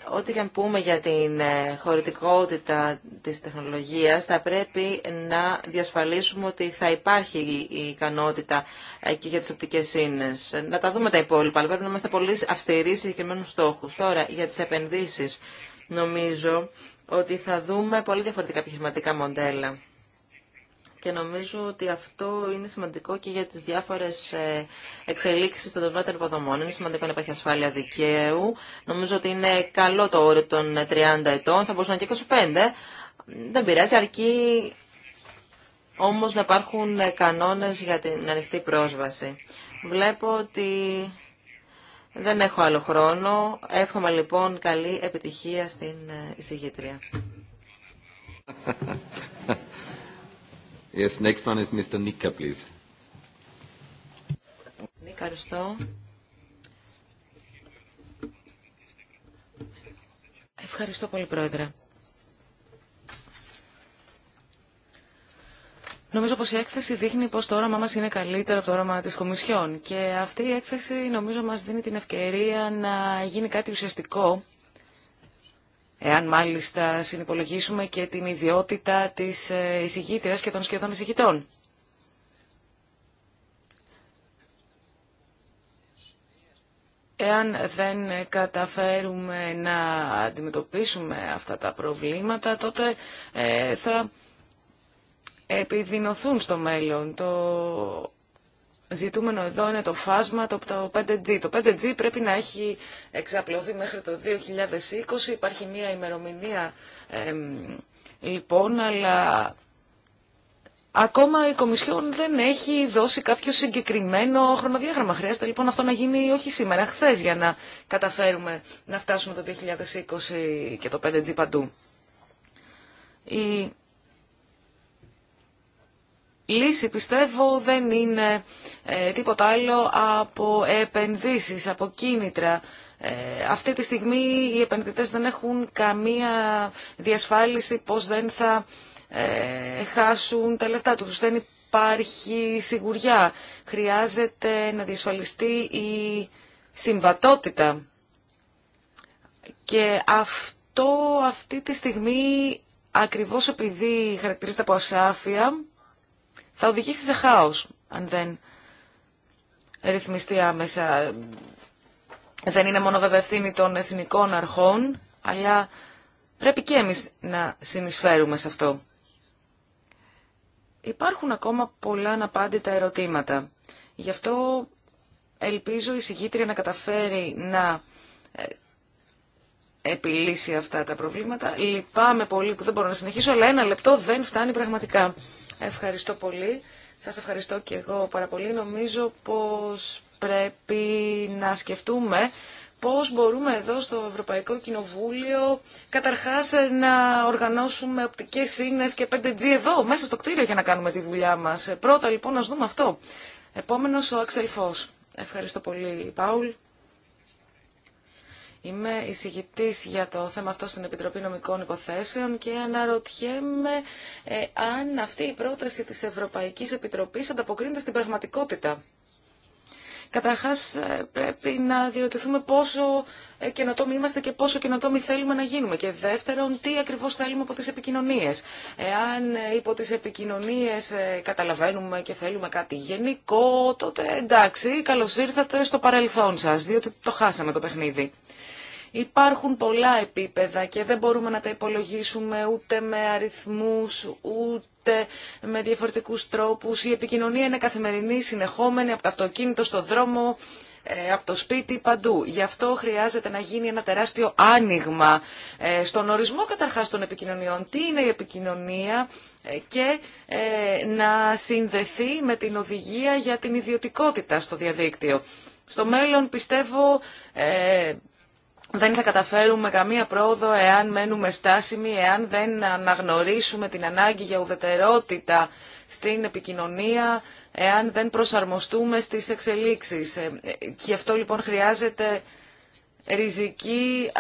Ό,τι και αν πούμε για την ε, χωρητικότητα της τεχνολογίας, θα πρέπει να διασφαλίσουμε ότι θα υπάρχει η ικανότητα και για τις οπτικές σύνες. Να τα δούμε τα υπόλοιπα, αλλά πρέπει να είμαστε πολύ αυστηροί σε συγκεκριμένους στόχους. Τώρα, για τις επενδύσεις, νομίζω ότι θα δούμε πολύ διαφορετικά επιχειρηματικά μοντέλα και νομίζω ότι αυτό είναι σημαντικό και για τις διάφορες ε, εξελίξεις των τομέα υποδομών. Είναι σημαντικό να υπάρχει ασφάλεια δικαίου. Νομίζω ότι είναι καλό το όριο των 30 ετών, θα μπορούσαν και 25. Δεν πειράζει, αρκεί όμως να υπάρχουν κανόνες για την ανοιχτή πρόσβαση. Βλέπω ότι δεν έχω άλλο χρόνο. Εύχομαι λοιπόν καλή επιτυχία στην ε, εισηγήτρια. Ευχαριστώ. πολύ, Πρόεδρε. Νομίζω πως η έκθεση δείχνει πως το όραμά μας είναι καλύτερο από το όραμα της Κομισιόν και αυτή η έκθεση νομίζω μας δίνει την ευκαιρία να γίνει κάτι ουσιαστικό Εάν μάλιστα συνυπολογίσουμε και την ιδιότητα της ε, εισηγήτριας και των σχεδόν εισηγητών. Εάν δεν καταφέρουμε να αντιμετωπίσουμε αυτά τα προβλήματα, τότε ε, θα επιδεινωθούν στο μέλλον. Το ζητούμενο εδώ είναι το φάσμα, το, 5G. Το 5G πρέπει να έχει εξαπλωθεί μέχρι το 2020. Υπάρχει μία ημερομηνία λοιπόν, αλλά ακόμα η Κομισιόν δεν έχει δώσει κάποιο συγκεκριμένο χρονοδιάγραμμα. Χρειάζεται λοιπόν αυτό να γίνει όχι σήμερα, χθε για να καταφέρουμε να φτάσουμε το 2020 και το 5G παντού. Η λύση πιστεύω δεν είναι ε, τίποτα άλλο από επενδύσεις, από κίνητρα. Ε, αυτή τη στιγμή οι επενδυτές δεν έχουν καμία διασφάλιση πως δεν θα ε, χάσουν τα λεφτά τους. Δεν υπάρχει σιγουριά. Χρειάζεται να διασφαλιστεί η συμβατότητα. Και αυτό αυτή τη στιγμή ακριβώς επειδή χαρακτηρίζεται από ασάφεια θα οδηγήσει σε χάος αν δεν ρυθμιστεί άμεσα. Δεν είναι μόνο βέβαια ευθύνη των εθνικών αρχών, αλλά πρέπει και εμείς να συνεισφέρουμε σε αυτό. Υπάρχουν ακόμα πολλά αναπάντητα ερωτήματα. Γι' αυτό ελπίζω η συγκήτρια να καταφέρει να ε, επιλύσει αυτά τα προβλήματα. Λυπάμαι πολύ που δεν μπορώ να συνεχίσω, αλλά ένα λεπτό δεν φτάνει πραγματικά. Ευχαριστώ πολύ. Σας ευχαριστώ και εγώ πάρα πολύ. Νομίζω πως πρέπει να σκεφτούμε πώς μπορούμε εδώ στο Ευρωπαϊκό Κοινοβούλιο καταρχάς να οργανώσουμε οπτικές σύνες και 5G εδώ, μέσα στο κτίριο για να κάνουμε τη δουλειά μας. Πρώτα λοιπόν να δούμε αυτό. Επόμενος ο Αξελφός. Ευχαριστώ πολύ Πάουλ. Είμαι εισηγητή για το θέμα αυτό στην Επιτροπή Νομικών Υποθέσεων και αναρωτιέμαι ε, αν αυτή η πρόταση της Ευρωπαϊκής Επιτροπής ανταποκρίνεται στην πραγματικότητα. Καταρχάς ε, πρέπει να διερωτηθούμε πόσο ε, καινοτόμοι είμαστε και πόσο καινοτόμοι θέλουμε να γίνουμε. Και δεύτερον, τι ακριβώς θέλουμε από τις επικοινωνίες. Εάν υπό τις επικοινωνίες καταλαβαίνουμε και θέλουμε κάτι γενικό, τότε εντάξει, καλώς ήρθατε στο παρελθόν σας, διότι το χάσαμε το παιχνίδι. Υπάρχουν πολλά επίπεδα και δεν μπορούμε να τα υπολογίσουμε ούτε με αριθμούς, ούτε με διαφορετικούς τρόπους. Η επικοινωνία είναι καθημερινή, συνεχόμενη, από το αυτοκίνητο, στο δρόμο, ε, από το σπίτι, παντού. Γι' αυτό χρειάζεται να γίνει ένα τεράστιο άνοιγμα ε, στον ορισμό καταρχάς των επικοινωνιών. Τι είναι η επικοινωνία ε, και να συνδεθεί με την οδηγία για την ιδιωτικότητα στο διαδίκτυο. Στο μέλλον πιστεύω δεν θα καταφέρουμε καμία πρόοδο εάν μένουμε στάσιμοι, εάν δεν αναγνωρίσουμε την ανάγκη για ουδετερότητα στην επικοινωνία, εάν δεν προσαρμοστούμε στις εξελίξεις. Ε, και αυτό λοιπόν χρειάζεται ριζική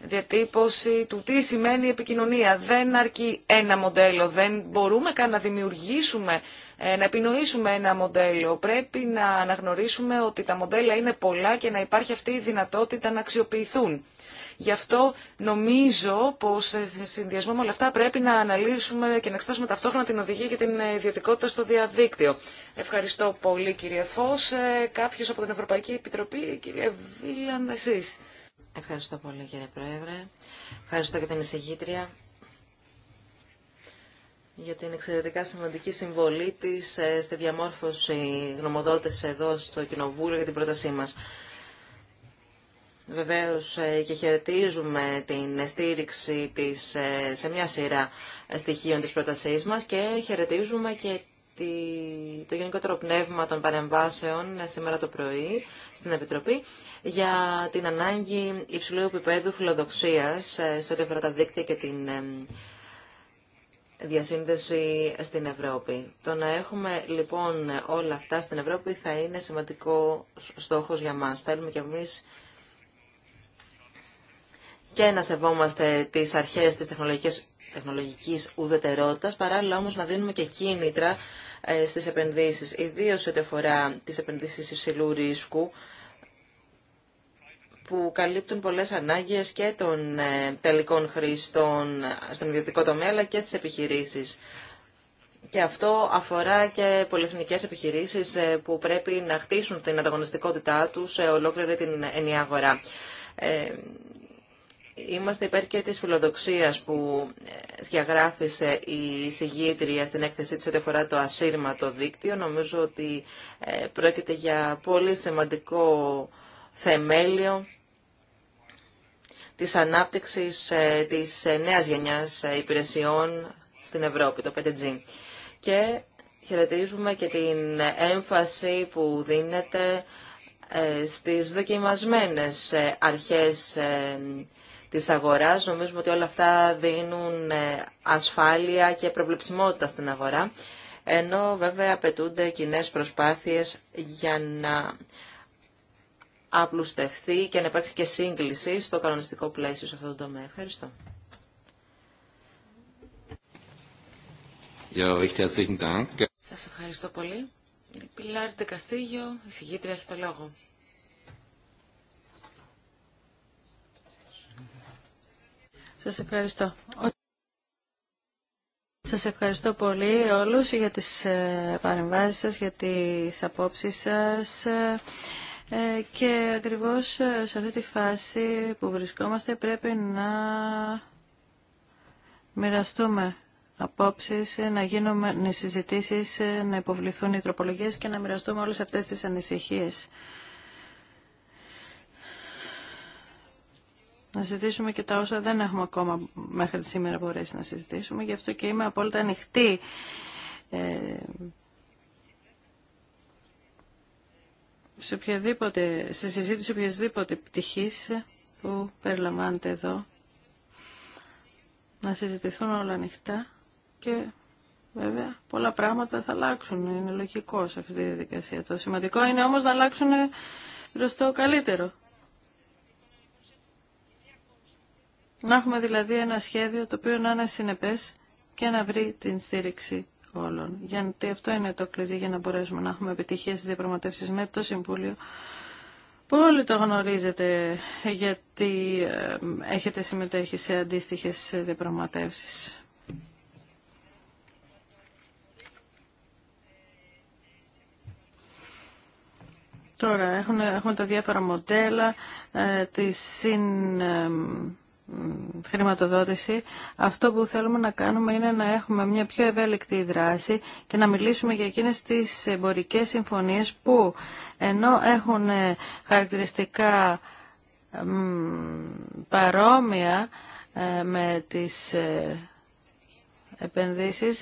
αναδιατύπωση του τι σημαίνει επικοινωνία. Δεν αρκεί ένα μοντέλο, δεν μπορούμε καν να δημιουργήσουμε ε, να επινοήσουμε ένα μοντέλο. Πρέπει να αναγνωρίσουμε ότι τα μοντέλα είναι πολλά και να υπάρχει αυτή η δυνατότητα να αξιοποιηθούν. Γι' αυτό νομίζω πω σε συνδυασμό με όλα αυτά πρέπει να αναλύσουμε και να εξετάσουμε ταυτόχρονα την οδηγία για την ιδιωτικότητα στο διαδίκτυο. Ευχαριστώ πολύ κύριε Φω. Ε, Κάποιο από την Ευρωπαϊκή Επιτροπή, κύριε Βίλαν, εσεί. Ευχαριστώ πολύ κύριε Πρόεδρε. Ευχαριστώ και την εισηγήτρια για την εξαιρετικά σημαντική συμβολή της ε, στη διαμόρφωση γνωμοδότη εδώ στο Κοινοβούλιο για την πρότασή μας. Βεβαίως ε, και χαιρετίζουμε την στήριξη της ε, σε μια σειρά στοιχείων της πρότασή μα και χαιρετίζουμε και το γενικότερο πνεύμα των παρεμβάσεων σήμερα το πρωί στην Επιτροπή για την ανάγκη υψηλού επίπεδου φιλοδοξίας σε ό,τι αφορά τα δίκτυα και την διασύνδεση στην Ευρώπη. Το να έχουμε λοιπόν όλα αυτά στην Ευρώπη θα είναι σημαντικό στόχος για μας. Θέλουμε κι εμείς και να σεβόμαστε τις αρχές της τεχνολογικής, τεχνολογικής ουδετερότητας, παράλληλα όμως να δίνουμε και κίνητρα ε, στις επενδύσεις, ιδίως ό,τι αφορά τις επενδύσεις υψηλού ρίσκου, που καλύπτουν πολλές ανάγκες και των ε, τελικών χρηστών στον ιδιωτικό τομέα αλλά και στις επιχειρήσεις. Και αυτό αφορά και πολυεθνικές επιχειρήσεις ε, που πρέπει να χτίσουν την ανταγωνιστικότητά τους σε ολόκληρη την ενιαία αγορά. Ε, είμαστε υπέρ και της φιλοδοξίας που σκιαγράφησε η συγγήτρια στην έκθεσή της ότι αφορά το ασύρματο δίκτυο. Νομίζω ότι πρόκειται για πολύ σημαντικό θεμέλιο της ανάπτυξης ε, της ε, νέας γενιάς ε, υπηρεσιών στην Ευρώπη, το 5G. Και χαιρετίζουμε και την έμφαση που δίνεται στις δοκιμασμένες αρχές της αγοράς. Νομίζουμε ότι όλα αυτά δίνουν ασφάλεια και προβλεψιμότητα στην αγορά, ενώ βέβαια απαιτούνται κοινέ προσπάθειες για να απλούστευθεί και να υπάρξει και σύγκληση στο κανονιστικό πλαίσιο σε αυτό το τομέα. Ευχαριστώ. Σας ευχαριστώ πολύ. Πιλάρη Τεκαστήγιο, η συγγήτρια έχει το λόγο. Σας ευχαριστώ. Σας ευχαριστώ πολύ όλους για τις ε, παρεμβάσεις σας, για τις απόψεις σας. Ε, και ακριβώς ε, σε αυτή τη φάση που βρισκόμαστε πρέπει να μοιραστούμε απόψεις, ε, να να συζητήσεις, να υποβληθούν οι τροπολογίες και να μοιραστούμε όλες αυτές τις ανησυχίες. Να συζητήσουμε και τα όσα δεν έχουμε ακόμα μέχρι σήμερα μπορέσει να συζητήσουμε. Γι' αυτό και είμαι απόλυτα ανοιχτή σε οποιαδήποτε, συζήτηση οποιασδήποτε πτυχής που περιλαμβάνεται εδώ, να συζητηθούν όλα ανοιχτά και βέβαια πολλά πράγματα θα αλλάξουν, είναι λογικό σε αυτή τη διαδικασία. Το σημαντικό είναι όμως να αλλάξουν προς το καλύτερο. Να έχουμε δηλαδή ένα σχέδιο το οποίο να είναι συνεπές και να βρει την στήριξη όλων. Γιατί αυτό είναι το κλειδί για να μπορέσουμε να έχουμε επιτυχία στις διαπραγματεύσεις με το Συμβούλιο. Πολύ το γνωρίζετε γιατί ε, έχετε συμμετέχει σε αντίστοιχες διαπραγματεύσεις. Τώρα έχουμε, τα διάφορα μοντέλα, ε, τη συν, ε, χρηματοδότηση, αυτό που θέλουμε να κάνουμε είναι να έχουμε μια πιο ευέλικτη δράση και να μιλήσουμε για εκείνες τις εμπορικές συμφωνίες που ενώ έχουν ε, χαρακτηριστικά παρόμοια ε, με τις ε, επενδύσεις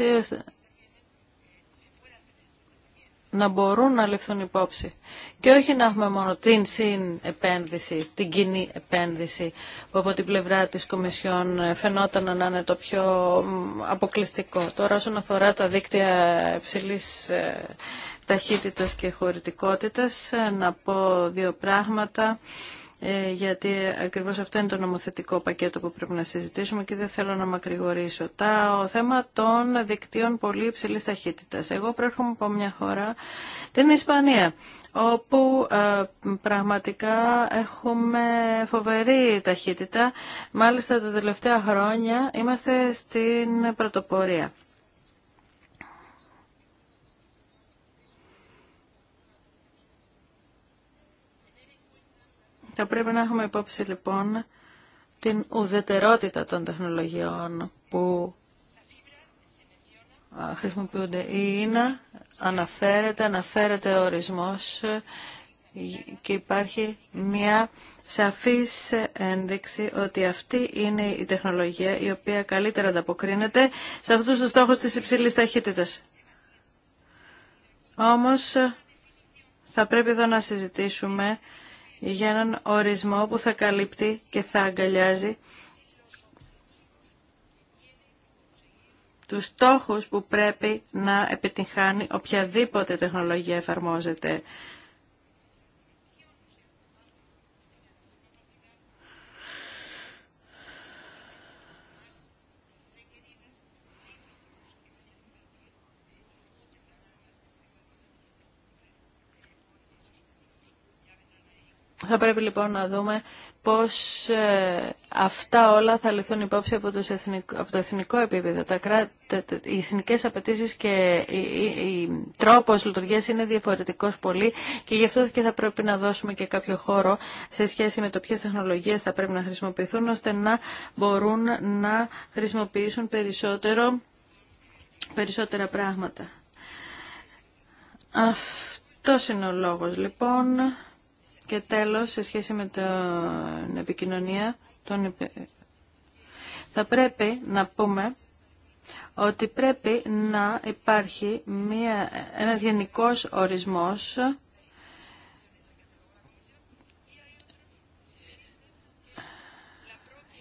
να μπορούν να ληφθούν υπόψη. Και όχι να έχουμε μόνο την συν επένδυση, την κοινή επένδυση, που από την πλευρά της Κομισιόν φαινόταν να είναι το πιο αποκλειστικό. Τώρα όσον αφορά τα δίκτυα υψηλής ε, ταχύτητας και χωρητικότητας, ε, να πω δύο πράγματα. Ε, γιατί ακριβώς αυτό είναι το νομοθετικό πακέτο που πρέπει να συζητήσουμε και δεν θέλω να μακρηγορήσω. Τα, ο θέμα των δικτύων πολύ υψηλής ταχύτητας. Εγώ προέρχομαι από μια χώρα, την Ισπανία, όπου ε, πραγματικά έχουμε φοβερή ταχύτητα. Μάλιστα τα τελευταία χρόνια είμαστε στην πρωτοπορία. Θα πρέπει να έχουμε υπόψη λοιπόν την ουδετερότητα των τεχνολογιών που χρησιμοποιούνται. Η ίνα αναφέρεται, αναφέρεται ο ορισμός και υπάρχει μια σαφής ένδειξη ότι αυτή είναι η τεχνολογία η οποία καλύτερα ανταποκρίνεται σε αυτούς τους στόχους της υψηλής ταχύτητας. Όμως θα πρέπει εδώ να συζητήσουμε για έναν ορισμό που θα καλύπτει και θα αγκαλιάζει τους στόχους που πρέπει να επιτυγχάνει οποιαδήποτε τεχνολογία εφαρμόζεται. Θα πρέπει λοιπόν να δούμε πώς ε, αυτά όλα θα ληφθούν υπόψη από, το εθνικό, από το εθνικό επίπεδο. Τα κράτη, οι εθνικές απαιτήσεις και η, τρόπος λειτουργίας είναι διαφορετικός πολύ και γι' αυτό και θα πρέπει να δώσουμε και κάποιο χώρο σε σχέση με το ποιες τεχνολογίες θα πρέπει να χρησιμοποιηθούν ώστε να μπορούν να χρησιμοποιήσουν περισσότερο, περισσότερα πράγματα. Αυτός είναι ο λόγος λοιπόν. Και τέλος, σε σχέση με την επικοινωνία, τον... θα πρέπει να πούμε ότι πρέπει να υπάρχει μια, ένας γενικός ορισμός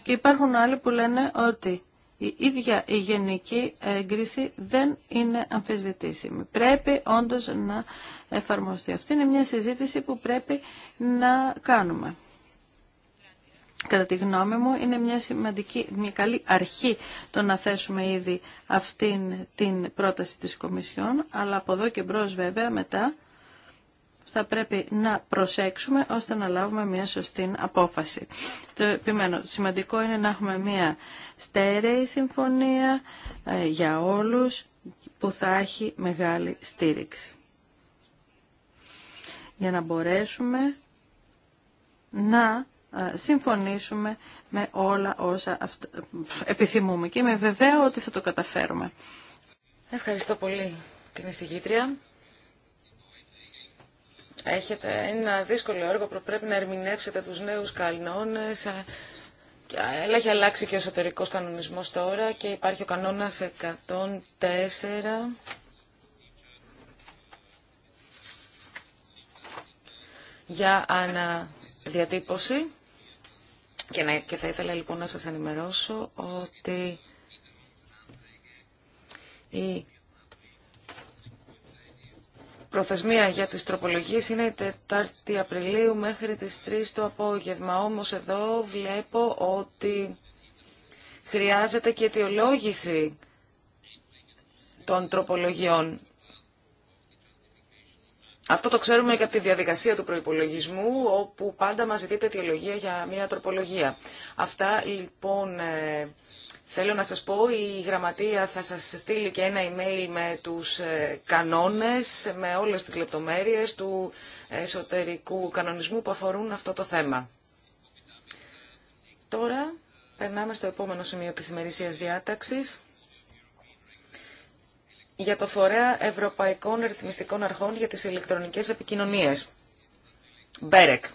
και υπάρχουν άλλοι που λένε ότι η ίδια η γενική έγκριση δεν είναι αμφισβητήσιμη. Πρέπει όντως να εφαρμοστεί. Αυτή είναι μια συζήτηση που πρέπει να κάνουμε. Κατά τη γνώμη μου είναι μια σημαντική, μια καλή αρχή το να θέσουμε ήδη αυτήν την πρόταση της Κομισιόν, αλλά από εδώ και μπρος βέβαια μετά θα πρέπει να προσέξουμε ώστε να λάβουμε μια σωστή απόφαση. Το επιμένω, σημαντικό είναι να έχουμε μια στέρεη συμφωνία ε, για όλους που θα έχει μεγάλη στήριξη. Για να μπορέσουμε να ε, συμφωνήσουμε με όλα όσα επιθυμούμε και είμαι βεβαία ότι θα το καταφέρουμε. Ευχαριστώ πολύ την εισηγήτρια. Έχετε ένα δύσκολο έργο που πρέπει να ερμηνεύσετε τους νέους κανόνες, έχει αλλάξει και ο εσωτερικός κανονισμός τώρα και υπάρχει ο κανόνας 104. για αναδιατύπωση και, να, και θα ήθελα λοιπόν να σας ενημερώσω ότι η προθεσμία για τις τροπολογίες είναι η 4η Απριλίου μέχρι τις 3 το απόγευμα. Όμως εδώ βλέπω ότι χρειάζεται και αιτιολόγηση των τροπολογιών. Αυτό το ξέρουμε και από τη διαδικασία του προϋπολογισμού, όπου πάντα μας ζητείται αιτιολογία για μια τροπολογία. Αυτά λοιπόν... Ε, Θέλω να σας πω, η γραμματεία θα σας στείλει και ένα email με τους ε, κανόνες, με όλες τις λεπτομέρειες του εσωτερικού κανονισμού που αφορούν αυτό το θέμα. Τώρα περνάμε στο επόμενο σημείο της ημερησίας διάταξης για το Φορέα Ευρωπαϊκών Ρυθμιστικών Αρχών για τις ηλεκτρονικές επικοινωνίες. Μπέρεκ.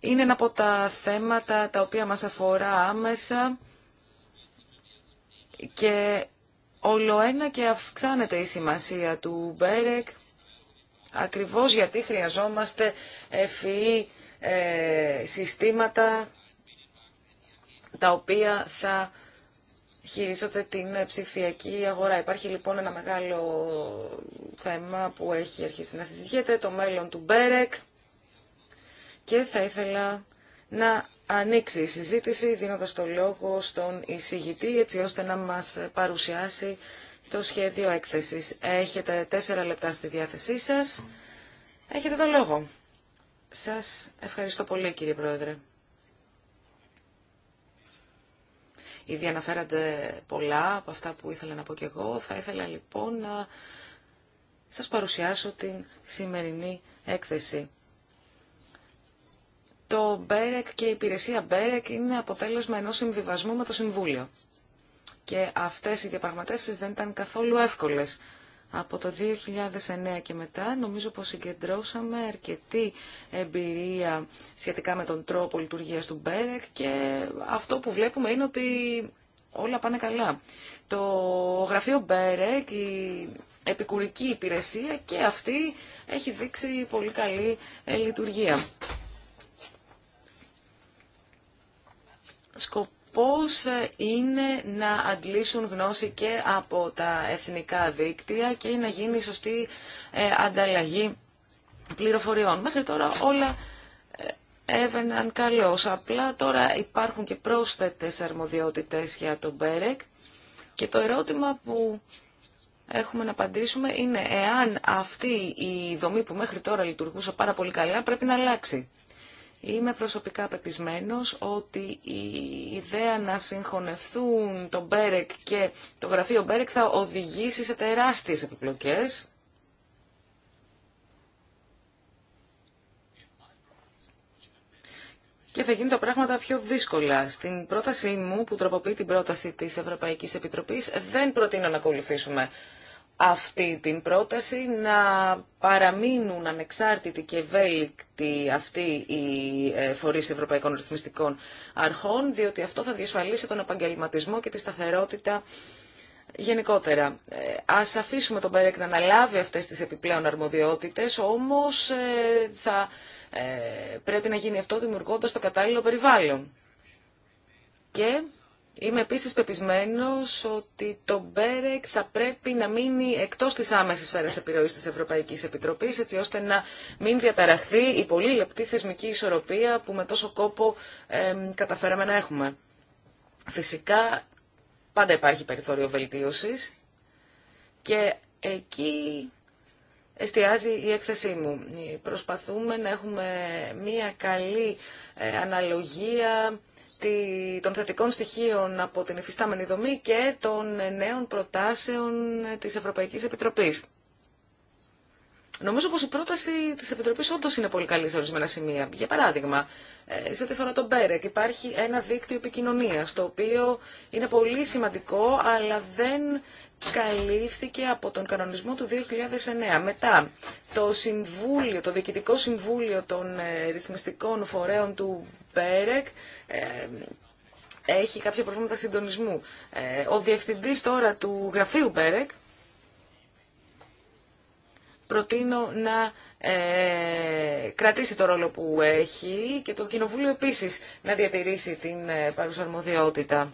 είναι ένα από τα θέματα τα οποία μας αφορά άμεσα και όλο ένα και αυξάνεται η σημασία του Μπέρεκ ακριβώς γιατί χρειαζόμαστε e ευφυή συστήματα τα οποία θα χειρίζονται την ψηφιακή αγορά. Υπάρχει λοιπόν ένα μεγάλο θέμα που έχει αρχίσει να συζητιέται, το μέλλον του Μπέρεκ και θα ήθελα να ανοίξει η συζήτηση δίνοντας το λόγο στον εισηγητή έτσι ώστε να μας παρουσιάσει το σχέδιο έκθεσης. Έχετε τέσσερα λεπτά στη διάθεσή σας. Έχετε το λόγο. Σας ευχαριστώ πολύ κύριε Πρόεδρε. Ήδη αναφέρατε πολλά από αυτά που ήθελα να πω και εγώ. Θα ήθελα λοιπόν να σας παρουσιάσω την σημερινή έκθεση το Μπέρεκ και η υπηρεσία Μπέρεκ είναι αποτέλεσμα ενός συμβιβασμού με το Συμβούλιο. Και αυτές οι διαπραγματεύσεις δεν ήταν καθόλου εύκολες. Από το 2009 και μετά νομίζω πως συγκεντρώσαμε αρκετή εμπειρία σχετικά με τον τρόπο λειτουργίας του Μπέρεκ και αυτό που βλέπουμε είναι ότι όλα πάνε καλά. Το γραφείο Μπέρεκ, η επικουρική υπηρεσία και αυτή έχει δείξει πολύ καλή ε, λειτουργία. Σκοπός ε, είναι να αντλήσουν γνώση και από τα εθνικά δίκτυα και να γίνει σωστή ε, ανταλλαγή πληροφοριών. Μέχρι τώρα όλα ε, έβαιναν καλώς. Απλά τώρα υπάρχουν και πρόσθετες αρμοδιότητες για τον Μπέρεκ και το ερώτημα που έχουμε να απαντήσουμε είναι εάν αυτή η δομή που μέχρι τώρα λειτουργούσε πάρα πολύ καλά πρέπει να αλλάξει. Είμαι προσωπικά πεπισμένος ότι η ιδέα να συγχωνευτούν το Μπέρεκ και το γραφείο Μπέρεκ θα οδηγήσει σε τεράστιες επιπλοκές. Και θα γίνουν τα πράγματα πιο δύσκολα. Στην πρότασή μου που τροποποιεί την πρόταση της Ευρωπαϊκής Επιτροπής δεν προτείνω να ακολουθήσουμε αυτή την πρόταση να παραμείνουν ανεξάρτητοι και ευέλικτοι αυτοί οι ε, φορείς ευρωπαϊκών ρυθμιστικών αρχών, διότι αυτό θα διασφαλίσει τον επαγγελματισμό και τη σταθερότητα γενικότερα. Ε, ας αφήσουμε τον ΠΕΡΕΚ να αναλάβει αυτές τις επιπλέον αρμοδιότητες, όμως ε, θα πρέπει να γίνει αυτό δημιουργώντας το κατάλληλο περιβάλλον. Και Είμαι επίσης πεπισμένος ότι το Μπέρεκ θα πρέπει να μείνει εκτός της άμεσης σφαίρας επιρροής της Ευρωπαϊκής Επιτροπής, έτσι ώστε να μην διαταραχθεί η πολύ λεπτή θεσμική ισορροπία που με τόσο κόπο καταφέραμε να έχουμε. Φυσικά, πάντα υπάρχει περιθώριο βελτίωσης και εκεί εστιάζει η έκθεσή μου. Προσπαθούμε να έχουμε μία καλή ε, αναλογία των θετικών στοιχείων από την εφιστάμενη δομή και των νέων προτάσεων της Ευρωπαϊκής Επιτροπής. Νομίζω πως η πρόταση της Επιτροπής όντως είναι πολύ καλή σε ορισμένα σημεία. Για παράδειγμα, ε, σε ό,τι φορά τον Μπέρεκ υπάρχει ένα δίκτυο επικοινωνίας, το οποίο είναι πολύ σημαντικό, αλλά δεν καλύφθηκε από τον κανονισμό του 2009. Μετά, το, συμβούλιο, το Διοικητικό Συμβούλιο των ε, Ρυθμιστικών Φορέων του ΠΕΡΕΚ ε, έχει κάποια προβλήματα συντονισμού. Ε, ο διευθυντής τώρα του γραφείου ΠΕΡΕΚ προτείνω να κρατήσει το ρόλο που έχει και το Κοινοβούλιο επίσης να διατηρήσει την ε, παρουσαρμοδιότητα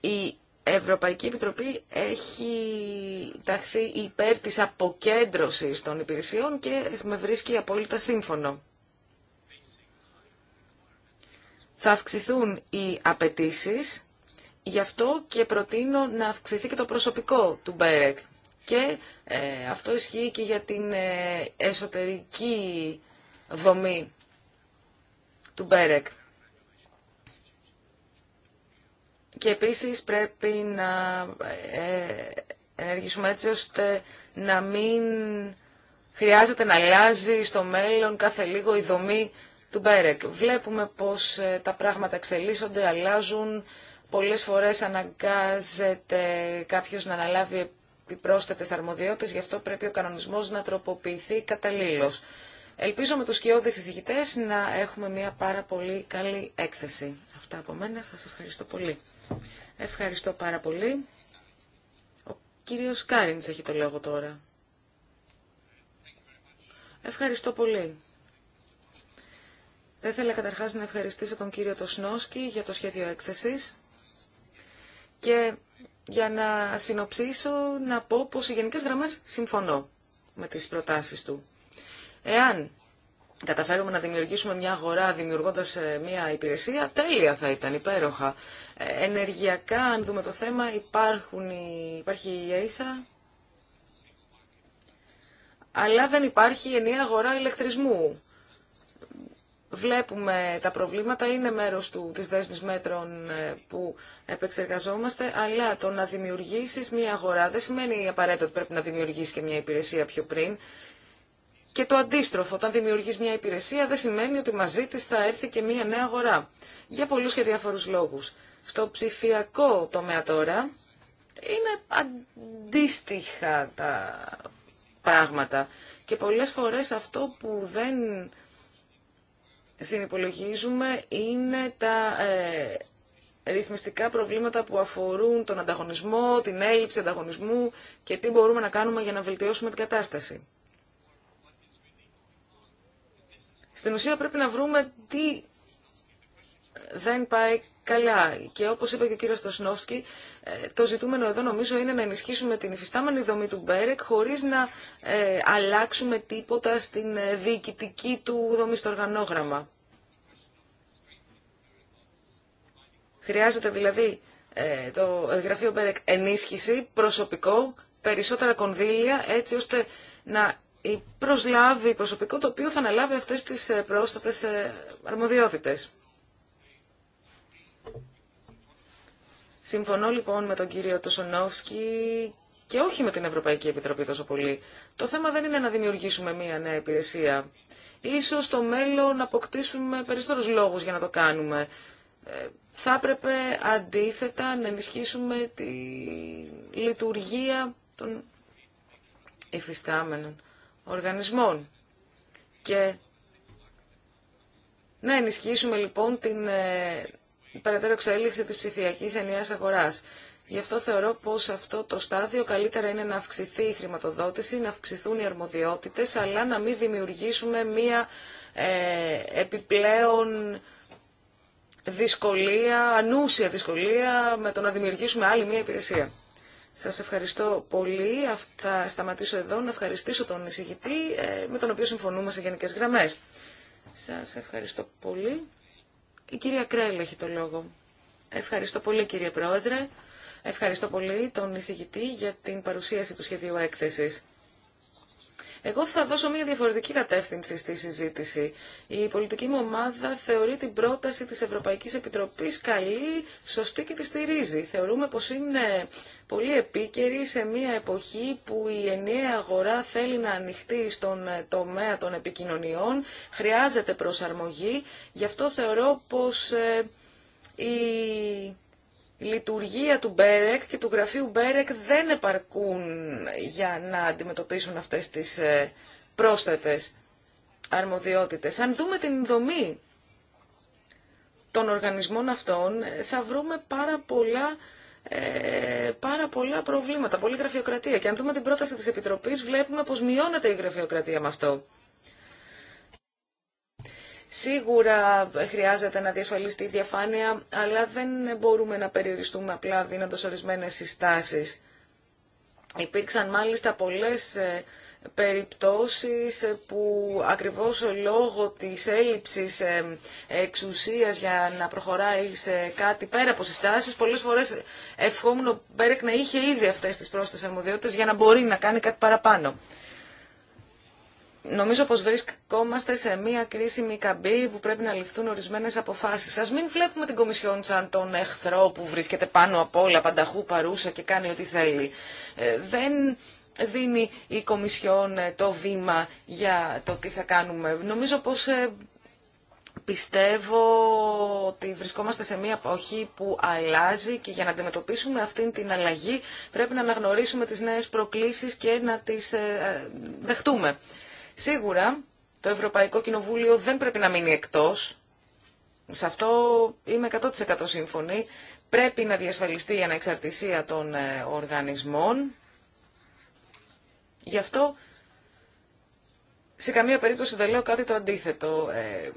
η Ευρωπαϊκή Επιτροπή έχει ταχθεί υπέρ της αποκέντρωσης των υπηρεσιών και με βρίσκει απόλυτα σύμφωνο. Θα αυξηθούν οι απαιτήσει, γι' αυτό και προτείνω να αυξηθεί και το προσωπικό του Μπέρεκ. Και ε, αυτό ισχύει και για την ε, εσωτερική δομή του Μπέρεκ. Και επίσης πρέπει να ε, ενεργήσουμε έτσι ώστε να μην χρειάζεται να αλλάζει στο μέλλον κάθε λίγο η δομή του Μπέρεκ. Βλέπουμε πως ε, τα πράγματα εξελίσσονται, αλλάζουν. Πολλές φορές αναγκάζεται κάποιος να αναλάβει επιπρόσθετες αρμοδιότητες, γι' αυτό πρέπει ο κανονισμός να τροποποιηθεί καταλήλως. Ελπίζω με τους σκιώδες συζητητέ να έχουμε μια πάρα πολύ καλή έκθεση. Αυτά από μένα. Σας ευχαριστώ πολύ. Ευχαριστώ πάρα πολύ. Ο κύριος Κάριντς έχει το λόγο τώρα. Ευχαριστώ πολύ. Θα ήθελα καταρχάς να ευχαριστήσω τον κύριο Τοσνόσκι για το σχέδιο έκθεσης και για να συνοψίσω να πω πως οι γενικές γραμμές συμφωνώ με τις προτάσεις του. Εάν καταφέρουμε να δημιουργήσουμε μια αγορά δημιουργώντας ε, μια υπηρεσία, τέλεια θα ήταν, υπέροχα. Ε, ενεργειακά, αν δούμε το θέμα, υπάρχουν, υπάρχει η αίσα, αλλά δεν υπάρχει ενιαία αγορά ηλεκτρισμού. Βλέπουμε τα προβλήματα, είναι μέρος του, της δέσμης μέτρων ε, που επεξεργαζόμαστε, αλλά το να δημιουργήσεις μια αγορά δεν σημαίνει απαραίτητο ότι πρέπει να δημιουργήσεις και μια υπηρεσία πιο πριν. Και το αντίστροφο, όταν δημιουργείς μια υπηρεσία δεν σημαίνει ότι μαζί της θα έρθει και μια νέα αγορά. Για πολλούς και διάφορους λόγους. Στο ψηφιακό τομέα τώρα είναι αντίστοιχα τα πράγματα. Και πολλές φορές αυτό που δεν συνυπολογίζουμε είναι τα ε, ρυθμιστικά προβλήματα που αφορούν τον ανταγωνισμό, την έλλειψη ανταγωνισμού και τι μπορούμε να κάνουμε για να βελτιώσουμε την κατάσταση. Στην ουσία πρέπει να βρούμε τι δεν πάει καλά. Και όπως είπε και ο κύριος Στοσνόφσκι, ε, το ζητούμενο εδώ νομίζω είναι να ενισχύσουμε την υφιστάμενη δομή του Μπέρεκ χωρίς να ε, αλλάξουμε τίποτα στην ε, διοικητική του δομή στο οργανόγραμμα. Χρειάζεται δηλαδή το γραφείο Μπέρεκ ενίσχυση, προσωπικό, περισσότερα κονδύλια έτσι ώστε να η προσλάβει προσωπικό το οποίο θα αναλάβει αυτές τις ε, πρόσθετες ε, αρμοδιότητες. Συμφωνώ λοιπόν με τον κύριο Τσονόφσκι και όχι με την Ευρωπαϊκή Επιτροπή τόσο πολύ. Το θέμα δεν είναι να δημιουργήσουμε μία νέα υπηρεσία. Ίσως στο μέλλον να αποκτήσουμε περισσότερους λόγους για να το κάνουμε. Ε, θα έπρεπε αντίθετα να ενισχύσουμε τη λειτουργία των υφιστάμενων οργανισμών. Και να ενισχύσουμε λοιπόν την ε, περαιτέρω εξέλιξη της ψηφιακής ενιαίας αγοράς. Γι' αυτό θεωρώ πως σε αυτό το στάδιο καλύτερα είναι να αυξηθεί η χρηματοδότηση, να αυξηθούν οι αρμοδιότητες, αλλά να μην δημιουργήσουμε μία ε, επιπλέον δυσκολία, ανούσια δυσκολία με το να δημιουργήσουμε άλλη μία υπηρεσία. Σας ευχαριστώ πολύ. Θα σταματήσω εδώ να ευχαριστήσω τον εισηγητή ε, με τον οποίο συμφωνούμε σε γενικές γραμμές. Σας ευχαριστώ πολύ. Η κυρία Κρέλ έχει το λόγο. Ευχαριστώ πολύ κύριε Πρόεδρε. Ευχαριστώ πολύ τον εισηγητή για την παρουσίαση του σχεδίου έκθεσης. Εγώ θα δώσω μια διαφορετική κατεύθυνση στη συζήτηση. Η πολιτική μου ομάδα θεωρεί την πρόταση της Ευρωπαϊκής Επιτροπής καλή, σωστή και τη στηρίζει. Θεωρούμε πως είναι πολύ επίκαιρη σε μια εποχή που η ενιαία αγορά θέλει να ανοιχτεί στον τομέα των επικοινωνιών, χρειάζεται προσαρμογή, γι' αυτό θεωρώ πως ε, η η λειτουργία του Μπέρεκ και του γραφείου Μπέρεκ δεν επαρκούν για να αντιμετωπίσουν αυτές τις ε, πρόσθετες αρμοδιότητες. Αν δούμε την δομή των οργανισμών αυτών ε, θα βρούμε πάρα πολλά, ε, πάρα πολλά προβλήματα, πολλή γραφειοκρατία. Και αν δούμε την πρόταση της Επιτροπής βλέπουμε πως μειώνεται η γραφειοκρατία με αυτό. Σίγουρα χρειάζεται να διασφαλιστεί η διαφάνεια, αλλά δεν μπορούμε να περιοριστούμε απλά δίνοντα ορισμένες συστάσεις. Υπήρξαν μάλιστα πολλές ε, περιπτώσεις ε, που ακριβώς λόγω της έλλειψης ε, εξουσίας για να προχωράει σε κάτι πέρα από συστάσεις, πολλές φορές ευχόμουν ο Μπέρεκ να είχε ήδη αυτές τις πρόσθετες αρμοδιότητες για να μπορεί να κάνει κάτι παραπάνω. Νομίζω πως βρισκόμαστε σε μια κρίσιμη καμπή που πρέπει να ληφθούν ορισμένες αποφάσεις. Ας μην βλέπουμε την Κομισιόν σαν τον εχθρό που βρίσκεται πάνω απ' όλα, πανταχού παρούσα και κάνει ό,τι θέλει. Ε, δεν δίνει η Κομισιόν ε, το βήμα για το τι θα κάνουμε. Νομίζω πως ε, πιστεύω ότι βρισκόμαστε σε μια εποχή που αλλάζει και για να αντιμετωπίσουμε αυτήν την αλλαγή πρέπει να αναγνωρίσουμε τις νέες προκλήσεις και να τις δεχτούμε. Σίγουρα το Ευρωπαϊκό Κοινοβούλιο δεν πρέπει να μείνει εκτός. Σε αυτό είμαι 100% σύμφωνη. Πρέπει να διασφαλιστεί η ανεξαρτησία των ε, οργανισμών. Γι' αυτό σε καμία περίπτωση δεν λέω κάτι το αντίθετο. Ε,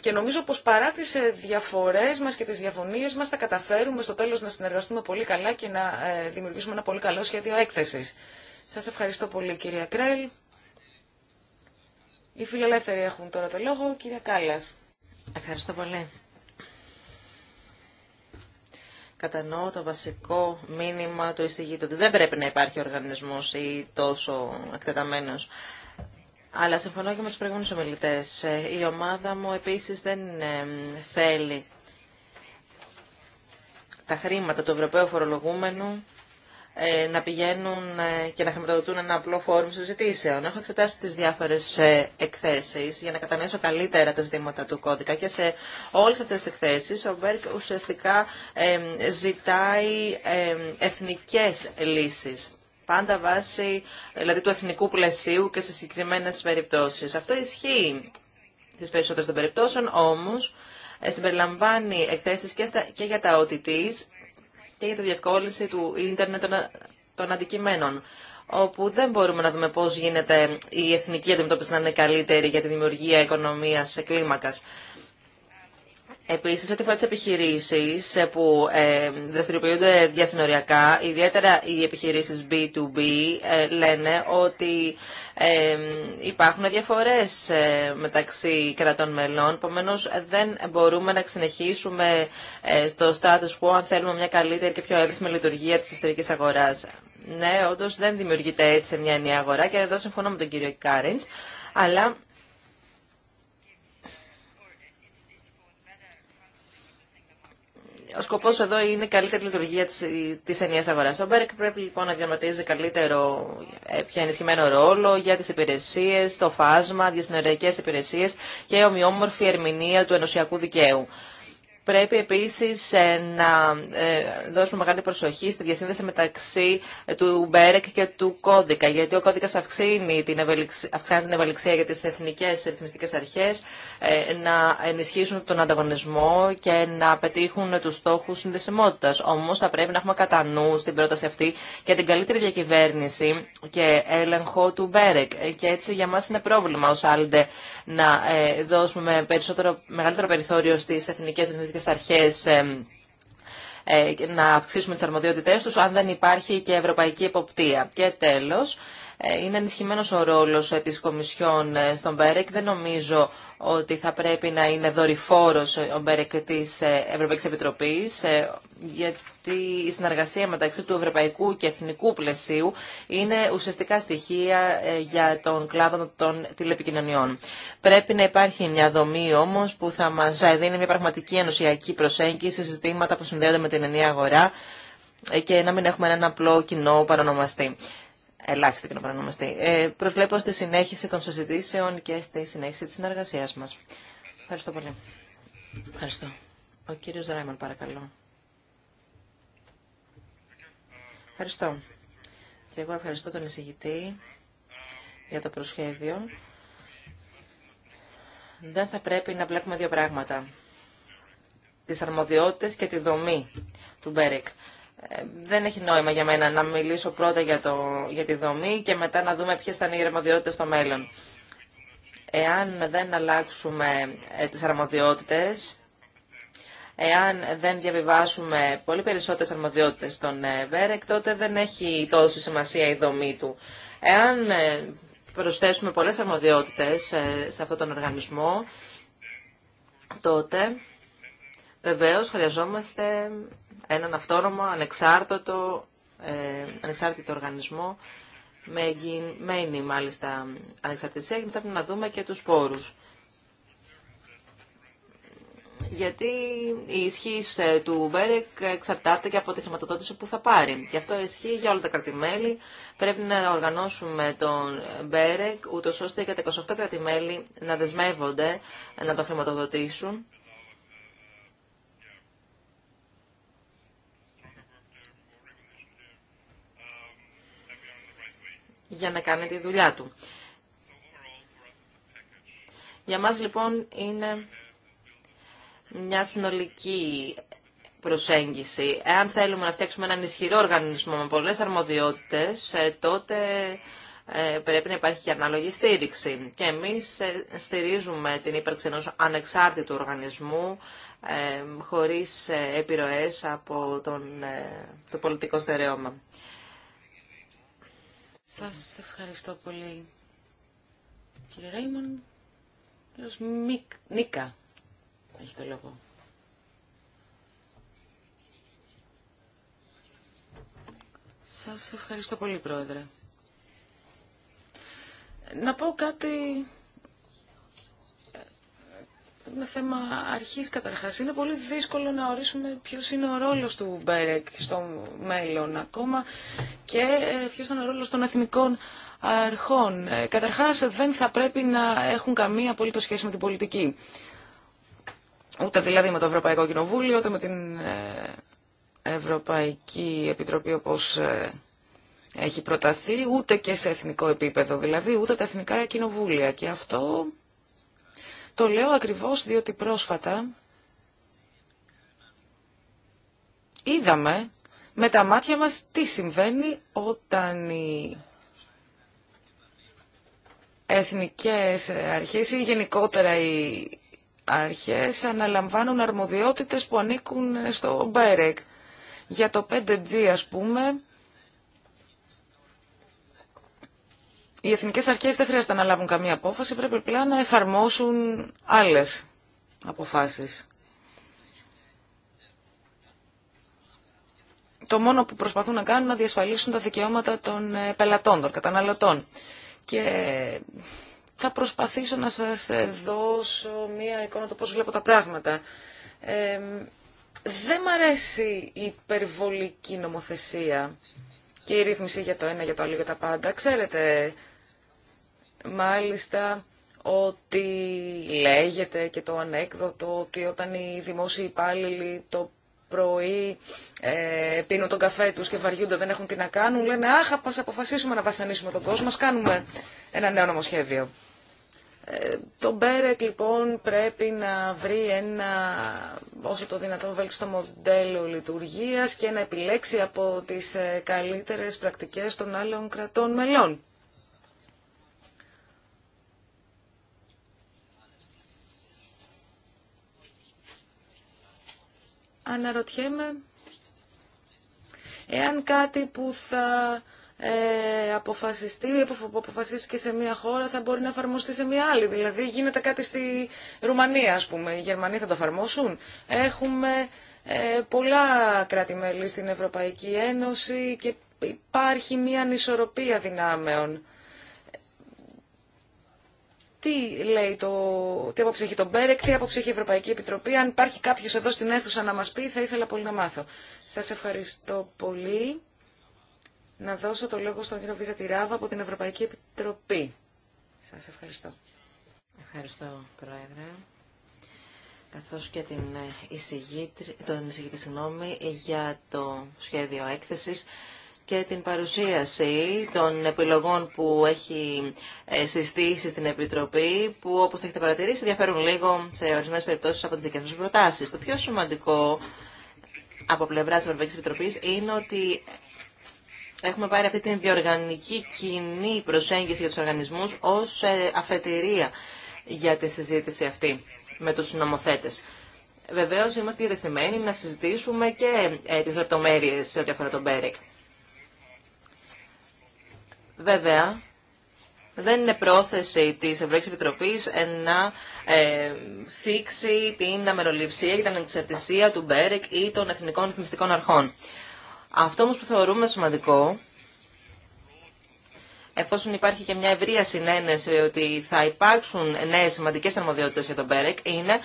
και νομίζω πως παρά τις ε, διαφορές μας και τις διαφωνίες μας θα καταφέρουμε στο τέλος να συνεργαστούμε πολύ καλά και να δημιουργήσουμε ένα πολύ καλό σχέδιο έκθεσης. Σας ευχαριστώ πολύ κυρία Κρέλ. Οι φιλελεύθεροι έχουν τώρα το λόγο. Κύριε Κάλλας. Ευχαριστώ πολύ. Κατανοώ το βασικό μήνυμα του εισηγήτου ότι δεν πρέπει να υπάρχει οργανισμός ή τόσο εκτεταμένος. Αλλά συμφωνώ και με τους προηγούμενους ομιλητές. Η ομάδα μου επίσης δεν θέλει τα χρήματα του Ευρωπαίου Φορολογούμενου ε, να πηγαίνουν ε, και να χρηματοδοτούν ένα απλό φόρουμ συζητήσεων. Έχω εξετάσει τις διάφορες ε, εκθέσεις για να κατανοήσω καλύτερα τα ζητήματα του κώδικα και σε όλες αυτές τις εκθέσεις ο Μπέρκ ουσιαστικά ζητάει εθνικές λύσεις. Πάντα βάσει δηλαδή, του εθνικού πλαισίου και σε συγκεκριμένες περιπτώσεις. Αυτό ισχύει στις περισσότερες των περιπτώσεων, όμως συμπεριλαμβάνει εκθέσεις και, και για τα OTTs και για τη διευκόλυνση του ίντερνετ των αντικειμένων όπου δεν μπορούμε να δούμε πώς γίνεται η εθνική αντιμετώπιση να είναι καλύτερη για τη δημιουργία οικονομίας κλίμακας. Επίσης, ό,τι φορά τις επιχειρήσεις ε, που ε, δραστηριοποιούνται διασυνοριακά, ιδιαίτερα οι επιχειρήσεις B2B ε, λένε ότι υπάρχουν διαφορές μεταξύ κρατών μελών, επομένω δεν μπορούμε να συνεχίσουμε στο status quo αν θέλουμε μια καλύτερη και πιο εύρυθμη λειτουργία της ιστορικής αγοράς. Ναι, όντω δεν δημιουργείται έτσι μια νέα αγορά και εδώ συμφωνώ με τον κύριο Κάριντς, αλλά Ο σκοπό εδώ είναι η καλύτερη λειτουργία τη ενιαία αγορά. Ο Μπέρεκ πρέπει λοιπόν να διαματίζει καλύτερο, ε, πιο ενισχυμένο ρόλο για τι υπηρεσίε, το φάσμα, διασυνοριακέ υπηρεσίε και ομοιόμορφη ερμηνεία του ενωσιακού δικαίου. Πρέπει επίση ε, να ε, δώσουμε μεγάλη προσοχή στη διασύνδεση μεταξύ ε, του Μπέρεκ και του κώδικα, γιατί ο κώδικα αυξάνει την ευελιξία για τι εθνικέ ρυθμιστικέ αρχέ, να ενισχύσουν τον ανταγωνισμό και να πετύχουν του στόχου συνδεσιμότητα. Όμω θα πρέπει να έχουμε κατά νου στην πρόταση αυτή και την καλύτερη διακυβέρνηση και έλεγχο του Μπέρεκ. Και έτσι για μα είναι πρόβλημα ω Άλντε να δώσουμε περισσότερο, μεγαλύτερο περιθώριο στι εθνικέ ρυθμιστικέ στι αρχές ε, να αυξήσουμε τις αρμοδιότητές του, αν δεν υπάρχει και ευρωπαϊκή εποπτεία. Και τέλος, ε, είναι ενισχυμένο ο ρόλο ε, τη Κομισιόν ε, στον ΜΠΕΡΕΚ. Δεν νομίζω ότι θα πρέπει να είναι δορυφόρο ο ΜΠΕΡΕΚ τη Ευρωπαϊκή Επιτροπή, γιατί η συνεργασία μεταξύ του ευρωπαϊκού και εθνικού πλαισίου είναι ουσιαστικά στοιχεία για τον κλάδο των τηλεπικοινωνιών. Πρέπει να υπάρχει μια δομή όμω που θα μα δίνει μια πραγματική ενωσιακή προσέγγιση σε ζητήματα που συνδέονται με την ενιαία αγορά και να μην έχουμε έναν απλό κοινό παρανομαστή ελάχιστο να να Ε, προσβλέπω στη συνέχιση των συζητήσεων και στη συνέχιση της συνεργασίας μας. Ευχαριστώ πολύ. Ευχαριστώ. Ο κύριος Ράιμαν, παρακαλώ. Ευχαριστώ. Και εγώ ευχαριστώ τον εισηγητή για το προσχέδιο. Δεν θα πρέπει να βλέπουμε δύο πράγματα. Τις αρμοδιότητες και τη δομή του Μπέρικ δεν έχει νόημα για μένα να μιλήσω πρώτα για, το, για τη δομή και μετά να δούμε ποιες θα είναι οι αρμοδιότητες στο μέλλον. Εάν δεν αλλάξουμε ε, τις αρμοδιότητες, εάν δεν διαβιβάσουμε πολύ περισσότερες αρμοδιότητες στον ε, ΒΕΡΕΚ, τότε δεν έχει τόση σημασία η δομή του. Εάν ε, προσθέσουμε πολλές αρμοδιότητες σε αυτόν τον οργανισμό, τότε βεβαίως χρειαζόμαστε έναν αυτόνομο, ανεξάρτητο, ε, ανεξάρτητο οργανισμό με εγγυημένη μάλιστα ανεξαρτησία και μετά πρέπει να δούμε και τους πόρους. Γιατί η ισχύ ε, του Μπέρεκ εξαρτάται και από τη χρηματοδότηση που θα πάρει. Και αυτό ισχύει για όλα τα κρατημέλη. Πρέπει να οργανώσουμε τον Μπέρεκ, ούτω ώστε και τα 28 κρατημέλη να δεσμεύονται να το χρηματοδοτήσουν. για να κάνει τη δουλειά του. Για μας λοιπόν είναι μια συνολική προσέγγιση. Εάν θέλουμε να φτιάξουμε έναν ισχυρό οργανισμό με πολλές αρμοδιότητες, ε, τότε ε, πρέπει να υπάρχει και ανάλογη στήριξη. Και εμείς ε, στηρίζουμε την ύπαρξη ενός ανεξάρτητου οργανισμού χωρίς επιρροές από τον, το πολιτικό στερεόμα. Σας ευχαριστώ πολύ, κύριε Ρέιμον. Κύριος Μικ... Νίκα έχει το λόγο. Σας ευχαριστώ πολύ, Πρόεδρε. Να πω κάτι είναι θέμα αρχή καταρχάς. Είναι πολύ δύσκολο να ορίσουμε ποιο είναι ο ρόλος του Μπέρεκ στο μέλλον ακόμα και ε, ποιο είναι ο ρόλος των εθνικών αρχών. Ε, καταρχάς δεν θα πρέπει να έχουν καμία απολύτω σχέση με την πολιτική. Ούτε δηλαδή με το Ευρωπαϊκό Κοινοβούλιο, ούτε με την ε, Ευρωπαϊκή Επιτροπή όπως έχει προταθεί, ούτε και σε εθνικό επίπεδο δηλαδή, ούτε τα εθνικά κοινοβούλια. Και αυτό το λέω ακριβώς διότι πρόσφατα είδαμε με τα μάτια μας τι συμβαίνει όταν οι εθνικές αρχές ή γενικότερα οι αρχές αναλαμβάνουν αρμοδιότητες που ανήκουν στο Μπέρεκ. Για το 5G ας πούμε οι εθνικέ αρχέ δεν χρειάζεται να λάβουν καμία απόφαση, πρέπει απλά να εφαρμόσουν άλλε αποφάσει. Το μόνο που προσπαθούν να κάνουν είναι να διασφαλίσουν τα δικαιώματα των ε, πελατών, των καταναλωτών. Και θα προσπαθήσω να σας ε, δώσω μία εικόνα το πώς βλέπω τα πράγματα. Ε, δεν μ' αρέσει η υπερβολική νομοθεσία και η ρύθμιση για το ένα, για το άλλο, για τα πάντα. Ξέρετε Μάλιστα ότι λέγεται και το ανέκδοτο ότι όταν οι δημόσιοι υπάλληλοι το πρωί ε, πίνουν τον καφέ τους και βαριούνται, δεν έχουν τι να κάνουν, λένε «Αχ, ας αποφασίσουμε να βασανίσουμε τον κόσμο, ας κάνουμε ένα νέο νομοσχέδιο». Ε, το Μπέρεκ λοιπόν πρέπει να βρει ένα όσο το δυνατόν βέλτιστο μοντέλο λειτουργίας και να επιλέξει από τις ε, καλύτερες πρακτικές των άλλων κρατών μελών. αναρωτιέμαι εάν κάτι που θα ε, αποφασιστεί, που αποφασίστηκε σε μία χώρα θα μπορεί να εφαρμοστεί σε μία άλλη. Δηλαδή γίνεται κάτι στη Ρουμανία, ας πούμε. Οι Γερμανοί θα το εφαρμόσουν. Έχουμε ε, πολλά κράτη-μέλη στην Ευρωπαϊκή Ένωση και υπάρχει μία ανισορροπία δυνάμεων τι λέει το, τι άποψη έχει το Μπέρεκ, τι άποψη έχει η Ευρωπαϊκή Επιτροπή. Αν υπάρχει κάποιο εδώ στην αίθουσα να μα πει, θα ήθελα πολύ να μάθω. Σα ευχαριστώ πολύ. Να δώσω το λόγο στον κύριο Βίζα Τυράβα από την Ευρωπαϊκή Επιτροπή. Σα ευχαριστώ. Ευχαριστώ, Πρόεδρε. Καθώς και την τον εισηγητή για το σχέδιο έκθεση και την παρουσίαση των επιλογών που έχει ε, συστήσει στην Επιτροπή, που όπως θα έχετε παρατηρήσει διαφέρουν λίγο σε ορισμένες περιπτώσεις από τις δικές μας προτάσεις. Το πιο σημαντικό από πλευρά της Ευρωπαϊκής Επιτροπής είναι ότι έχουμε πάρει αυτή την διοργανική κοινή προσέγγιση για τους οργανισμούς ως ε, αφετηρία για τη συζήτηση αυτή με τους νομοθέτε. Βεβαίως είμαστε διατεθειμένοι να συζητήσουμε και ε, τις λεπτομέρειες σε ό,τι αφορά τον Μπέρεκ. Βέβαια, δεν είναι πρόθεση της Ευρωπαϊκής Επιτροπής ε, να ε, θίξει την αμεροληψία και την ανεξαρτησία του Μπέρεκ ή των εθνικών ρυθμιστικών αρχών. Αυτό όμως που θεωρούμε σημαντικό, εφόσον υπάρχει και μια ευρεία συνένεση ότι θα υπάρξουν νέες σημαντικές αρμοδιότητες για τον Μπέρεκ, είναι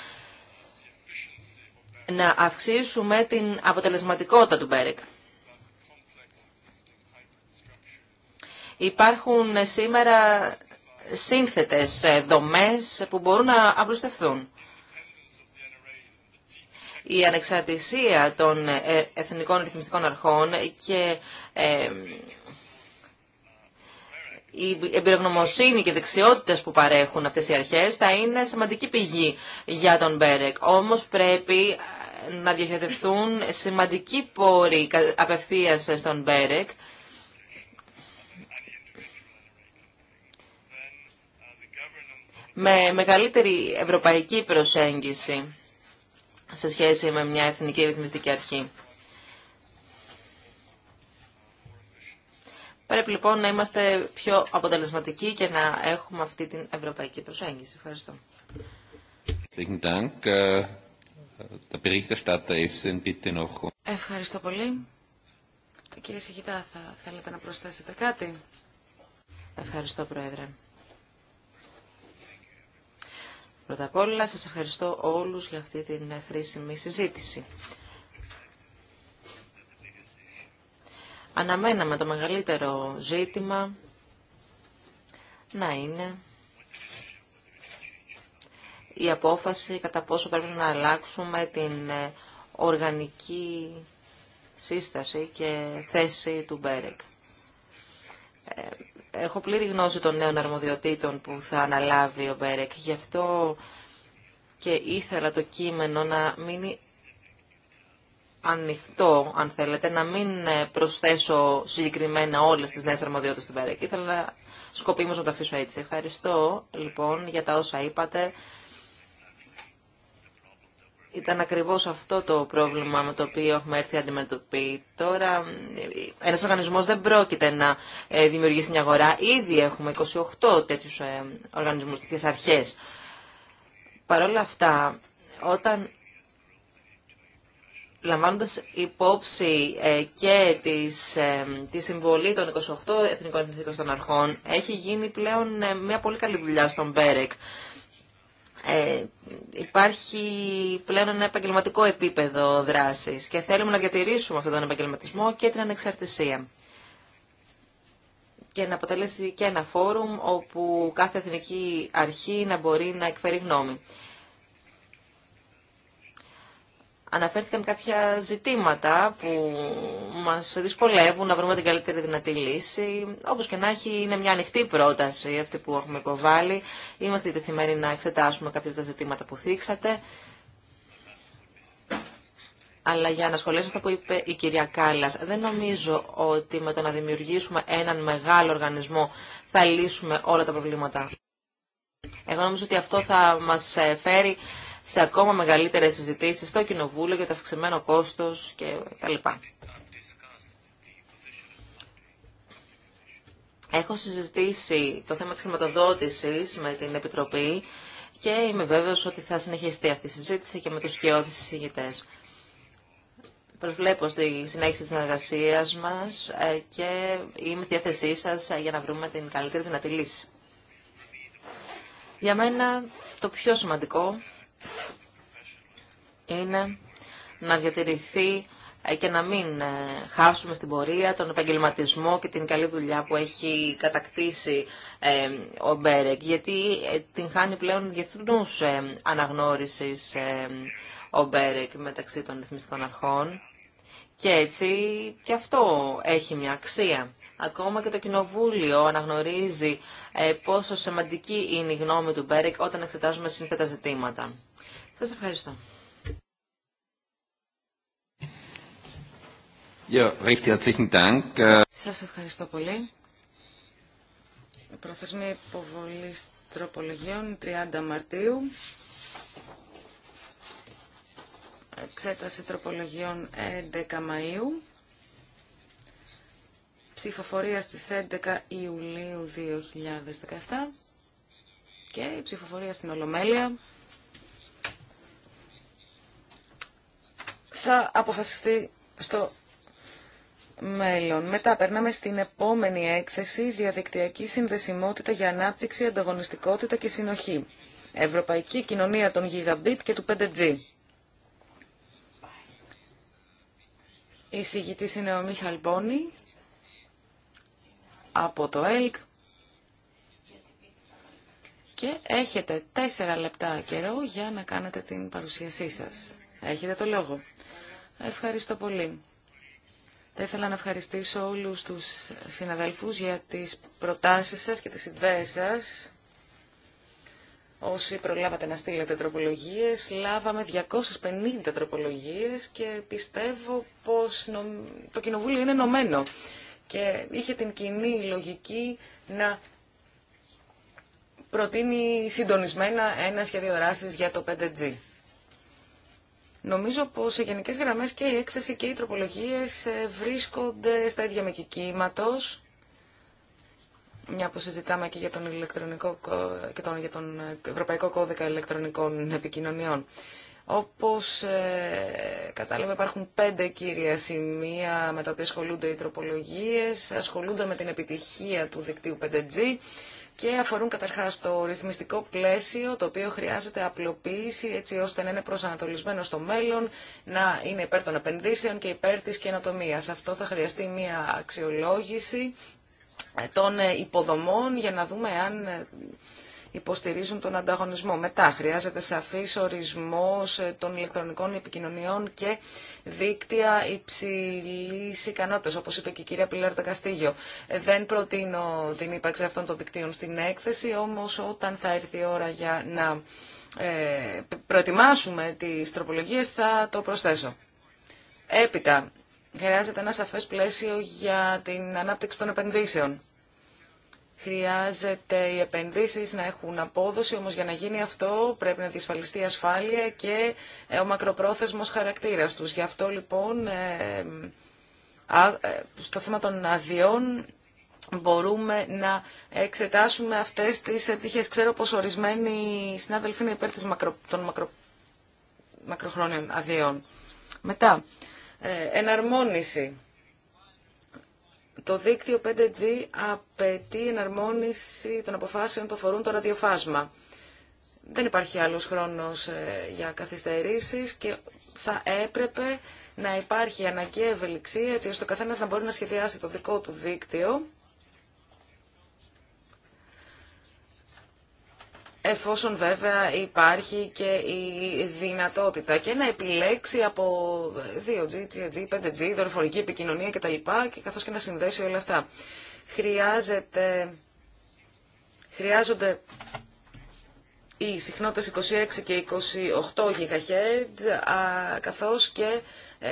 να αυξήσουμε την αποτελεσματικότητα του Μπέρεκ. Υπάρχουν σήμερα σύνθετες δομές που μπορούν να απλουστευθούν. Η ανεξαρτησία των ε, εθνικών ρυθμιστικών αρχών και ε, η εμπειρογνωμοσύνη και δεξιότητες που παρέχουν αυτές οι αρχές θα είναι σημαντική πηγή για τον Μπέρεκ. Όμως πρέπει ε, να διαχειριστούν σημαντικοί πόροι απευθείας στον Μπέρεκ με μεγαλύτερη ευρωπαϊκή προσέγγιση σε σχέση με μια εθνική ρυθμιστική αρχή. Πρέπει λοιπόν να είμαστε πιο αποτελεσματικοί και να έχουμε αυτή την ευρωπαϊκή προσέγγιση. Ευχαριστώ. Äh, Ευχαριστώ πολύ. Κύριε Σιγητά, θα θέλετε να προσθέσετε κάτι. Ευχαριστώ, Πρόεδρε. Πρώτα απ' όλα σας ευχαριστώ όλους για αυτή την χρήσιμη συζήτηση. Αναμέναμε το μεγαλύτερο ζήτημα να είναι η απόφαση κατά πόσο πρέπει να αλλάξουμε την ε, οργανική σύσταση και θέση του Μπέρεκ. Ε, έχω πλήρη γνώση των νέων αρμοδιοτήτων που θα αναλάβει ο Μπέρεκ. Γι' αυτό και ήθελα το κείμενο να μείνει ανοιχτό, αν θέλετε, να μην ε, προσθέσω συγκεκριμένα όλες τις νέες αρμοδιότητες του Μπέρεκ. Ήθελα σκοπίμως να το αφήσω έτσι. Ευχαριστώ, λοιπόν, για τα όσα είπατε. Ήταν ακριβώς αυτό το πρόβλημα με το οποίο έχουμε έρθει να αντιμετωπί. Τώρα ένας οργανισμός δεν πρόκειται να ε, δημιουργήσει μια αγορά. Ήδη έχουμε 28 τέτοιους ε, οργανισμούς, τέτοιες αρχές. Παρ' όλα αυτά, όταν λαμβάνοντας υπόψη ε, και τη συμβολή των 28 Εθνικών Εθνικών Αρχών, έχει γίνει πλέον μια πολύ καλή δουλειά στον Μπέρεκ ε, υπάρχει πλέον ένα επαγγελματικό επίπεδο δράσης και θέλουμε να διατηρήσουμε αυτόν τον επαγγελματισμό και την ανεξαρτησία. Και να αποτελέσει και ένα φόρουμ όπου κάθε εθνική αρχή να μπορεί να εκφέρει γνώμη αναφέρθηκαν κάποια ζητήματα που μας δυσκολεύουν να βρούμε την καλύτερη δυνατή λύση. Όπως και να έχει, είναι μια ανοιχτή πρόταση αυτή που έχουμε υποβάλει. Είμαστε διεθυμένοι να εξετάσουμε κάποια από τα ζητήματα που θίξατε. Αλλά για να σχολιάσω αυτό που είπε η κυρία Κάλλας, δεν νομίζω ότι με το να δημιουργήσουμε έναν μεγάλο οργανισμό θα λύσουμε όλα τα προβλήματα. Εγώ νομίζω ότι αυτό θα μας φέρει σε ακόμα μεγαλύτερες συζητήσεις στο Κοινοβούλιο για το αυξημένο κόστος και τα λοιπά. Έχω συζητήσει το θέμα της χρηματοδότησης με την Επιτροπή και είμαι βέβαιος ότι θα συνεχιστεί αυτή η συζήτηση και με τους σκιώδεις συζητητές. Προσβλέπω στη συνέχιση της συνεργασίας μας ε, και είμαι στη διάθεσή σας ε, για να βρούμε την καλύτερη δυνατή λύση. Για μένα το πιο σημαντικό είναι να διατηρηθεί και να μην ε, χάσουμε στην πορεία τον επαγγελματισμό και την καλή δουλειά που έχει κατακτήσει ε, ο Μπέρεκ, γιατί ε, την χάνει πλέον διεθνούς αναγνώρισης ο Μπέρεκ μεταξύ των ρυθμιστικών αρχών και έτσι και αυτό έχει μια αξία. Ακόμα και το Κοινοβούλιο αναγνωρίζει πόσο σημαντική είναι η γνώμη του Μπέρεκ όταν εξετάζουμε σύνθετα ζητήματα. Σας ευχαριστώ. Σας ευχαριστώ πολύ. Προθεσμή υποβολή τροπολογιών 30 Μαρτίου. Εξέταση τροπολογιών 11 Μαΐου. Ψηφοφορία στις 11 Ιουλίου 2017. Και η ψηφοφορία στην Ολομέλεια θα αποφασιστεί στο μέλλον. Μετά περνάμε στην επόμενη έκθεση «Διαδικτυακή συνδεσιμότητα για ανάπτυξη, ανταγωνιστικότητα και συνοχή. Ευρωπαϊκή κοινωνία των Gigabit και του 5G». Η συγκητή είναι ο Μίχαλ Μπόνι από το ΕΛΚ και έχετε τέσσερα λεπτά καιρό για να κάνετε την παρουσίασή σας. Έχετε το λόγο. Ευχαριστώ πολύ. Θα ήθελα να ευχαριστήσω όλους τους συναδέλφους για τις προτάσεις σας και τις ιδέες σας. Όσοι προλάβατε να στείλετε τροπολογίες, λάβαμε 250 τροπολογίες και πιστεύω πως το Κοινοβούλιο είναι ενωμένο και είχε την κοινή λογική να προτείνει συντονισμένα ένα σχέδιο δράσης για το 5G. Νομίζω πως σε γενικές γραμμές και η έκθεση και οι τροπολογίε ε, βρίσκονται στα ίδια με κυκλήματος. Μια που συζητάμε και για τον, ηλεκτρονικό, και τον, για τον ε, Ευρωπαϊκό Κώδικα Ελεκτρονικών Επικοινωνιών. Όπως ε, κατάλαβα υπάρχουν πέντε κύρια σημεία με τα οποία ασχολούνται οι τροπολογίε, ασχολούνται με την επιτυχία του δικτύου 5G, και αφορούν καταρχάς το ρυθμιστικό πλαίσιο το οποίο χρειάζεται απλοποίηση έτσι ώστε να είναι προσανατολισμένο στο μέλλον, να είναι υπέρ των επενδύσεων και υπέρ της καινοτομίας. Αυτό θα χρειαστεί μια αξιολόγηση ε, των ε, υποδομών για να δούμε αν ε, υποστηρίζουν τον ανταγωνισμό. Μετά χρειάζεται σαφής ορισμός ε, των ηλεκτρονικών επικοινωνιών και δίκτυα υψηλής ικανότητας, όπως είπε και η κυρία Πιλάρτα Καστίγιο. Ε, δεν προτείνω την ύπαρξη αυτών των δικτύων στην έκθεση, όμως όταν θα έρθει η ώρα για να ε, προετοιμάσουμε τις τροπολογίες θα το προσθέσω. Έπειτα, χρειάζεται ένα σαφές πλαίσιο για την ανάπτυξη των επενδύσεων. Χρειάζεται οι επενδύσεις να έχουν απόδοση, όμως για να γίνει αυτό πρέπει να διασφαλιστεί ασφάλεια και ε, ο μακροπρόθεσμος χαρακτήρας τους. Γι' αυτό λοιπόν ε, ε, στο θέμα των αδειών μπορούμε να εξετάσουμε αυτές τις επιτυχίες. Ξέρω πως ορισμένοι συνάδελφοι είναι υπέρ των μακρο... μακροχρόνιων αδειών. Μετά, εναρμόνιση το δίκτυο 5G απαιτεί εναρμόνιση των αποφάσεων που αφορούν το ραδιοφάσμα. Δεν υπάρχει άλλος χρόνος ε, για καθυστερήσεις και θα έπρεπε να υπάρχει αναγκαία ευελιξία έτσι ώστε ο καθένας να μπορεί να σχεδιάσει το δικό του δίκτυο εφόσον βέβαια υπάρχει και η δυνατότητα και να επιλέξει από 2G, 3G, 5G, δορυφορική επικοινωνία κτλ. Και καθώς και να συνδέσει όλα αυτά. Χρειάζεται, χρειάζονται οι συχνότητες 26 και 28 GHz, α, καθώς, και, ε,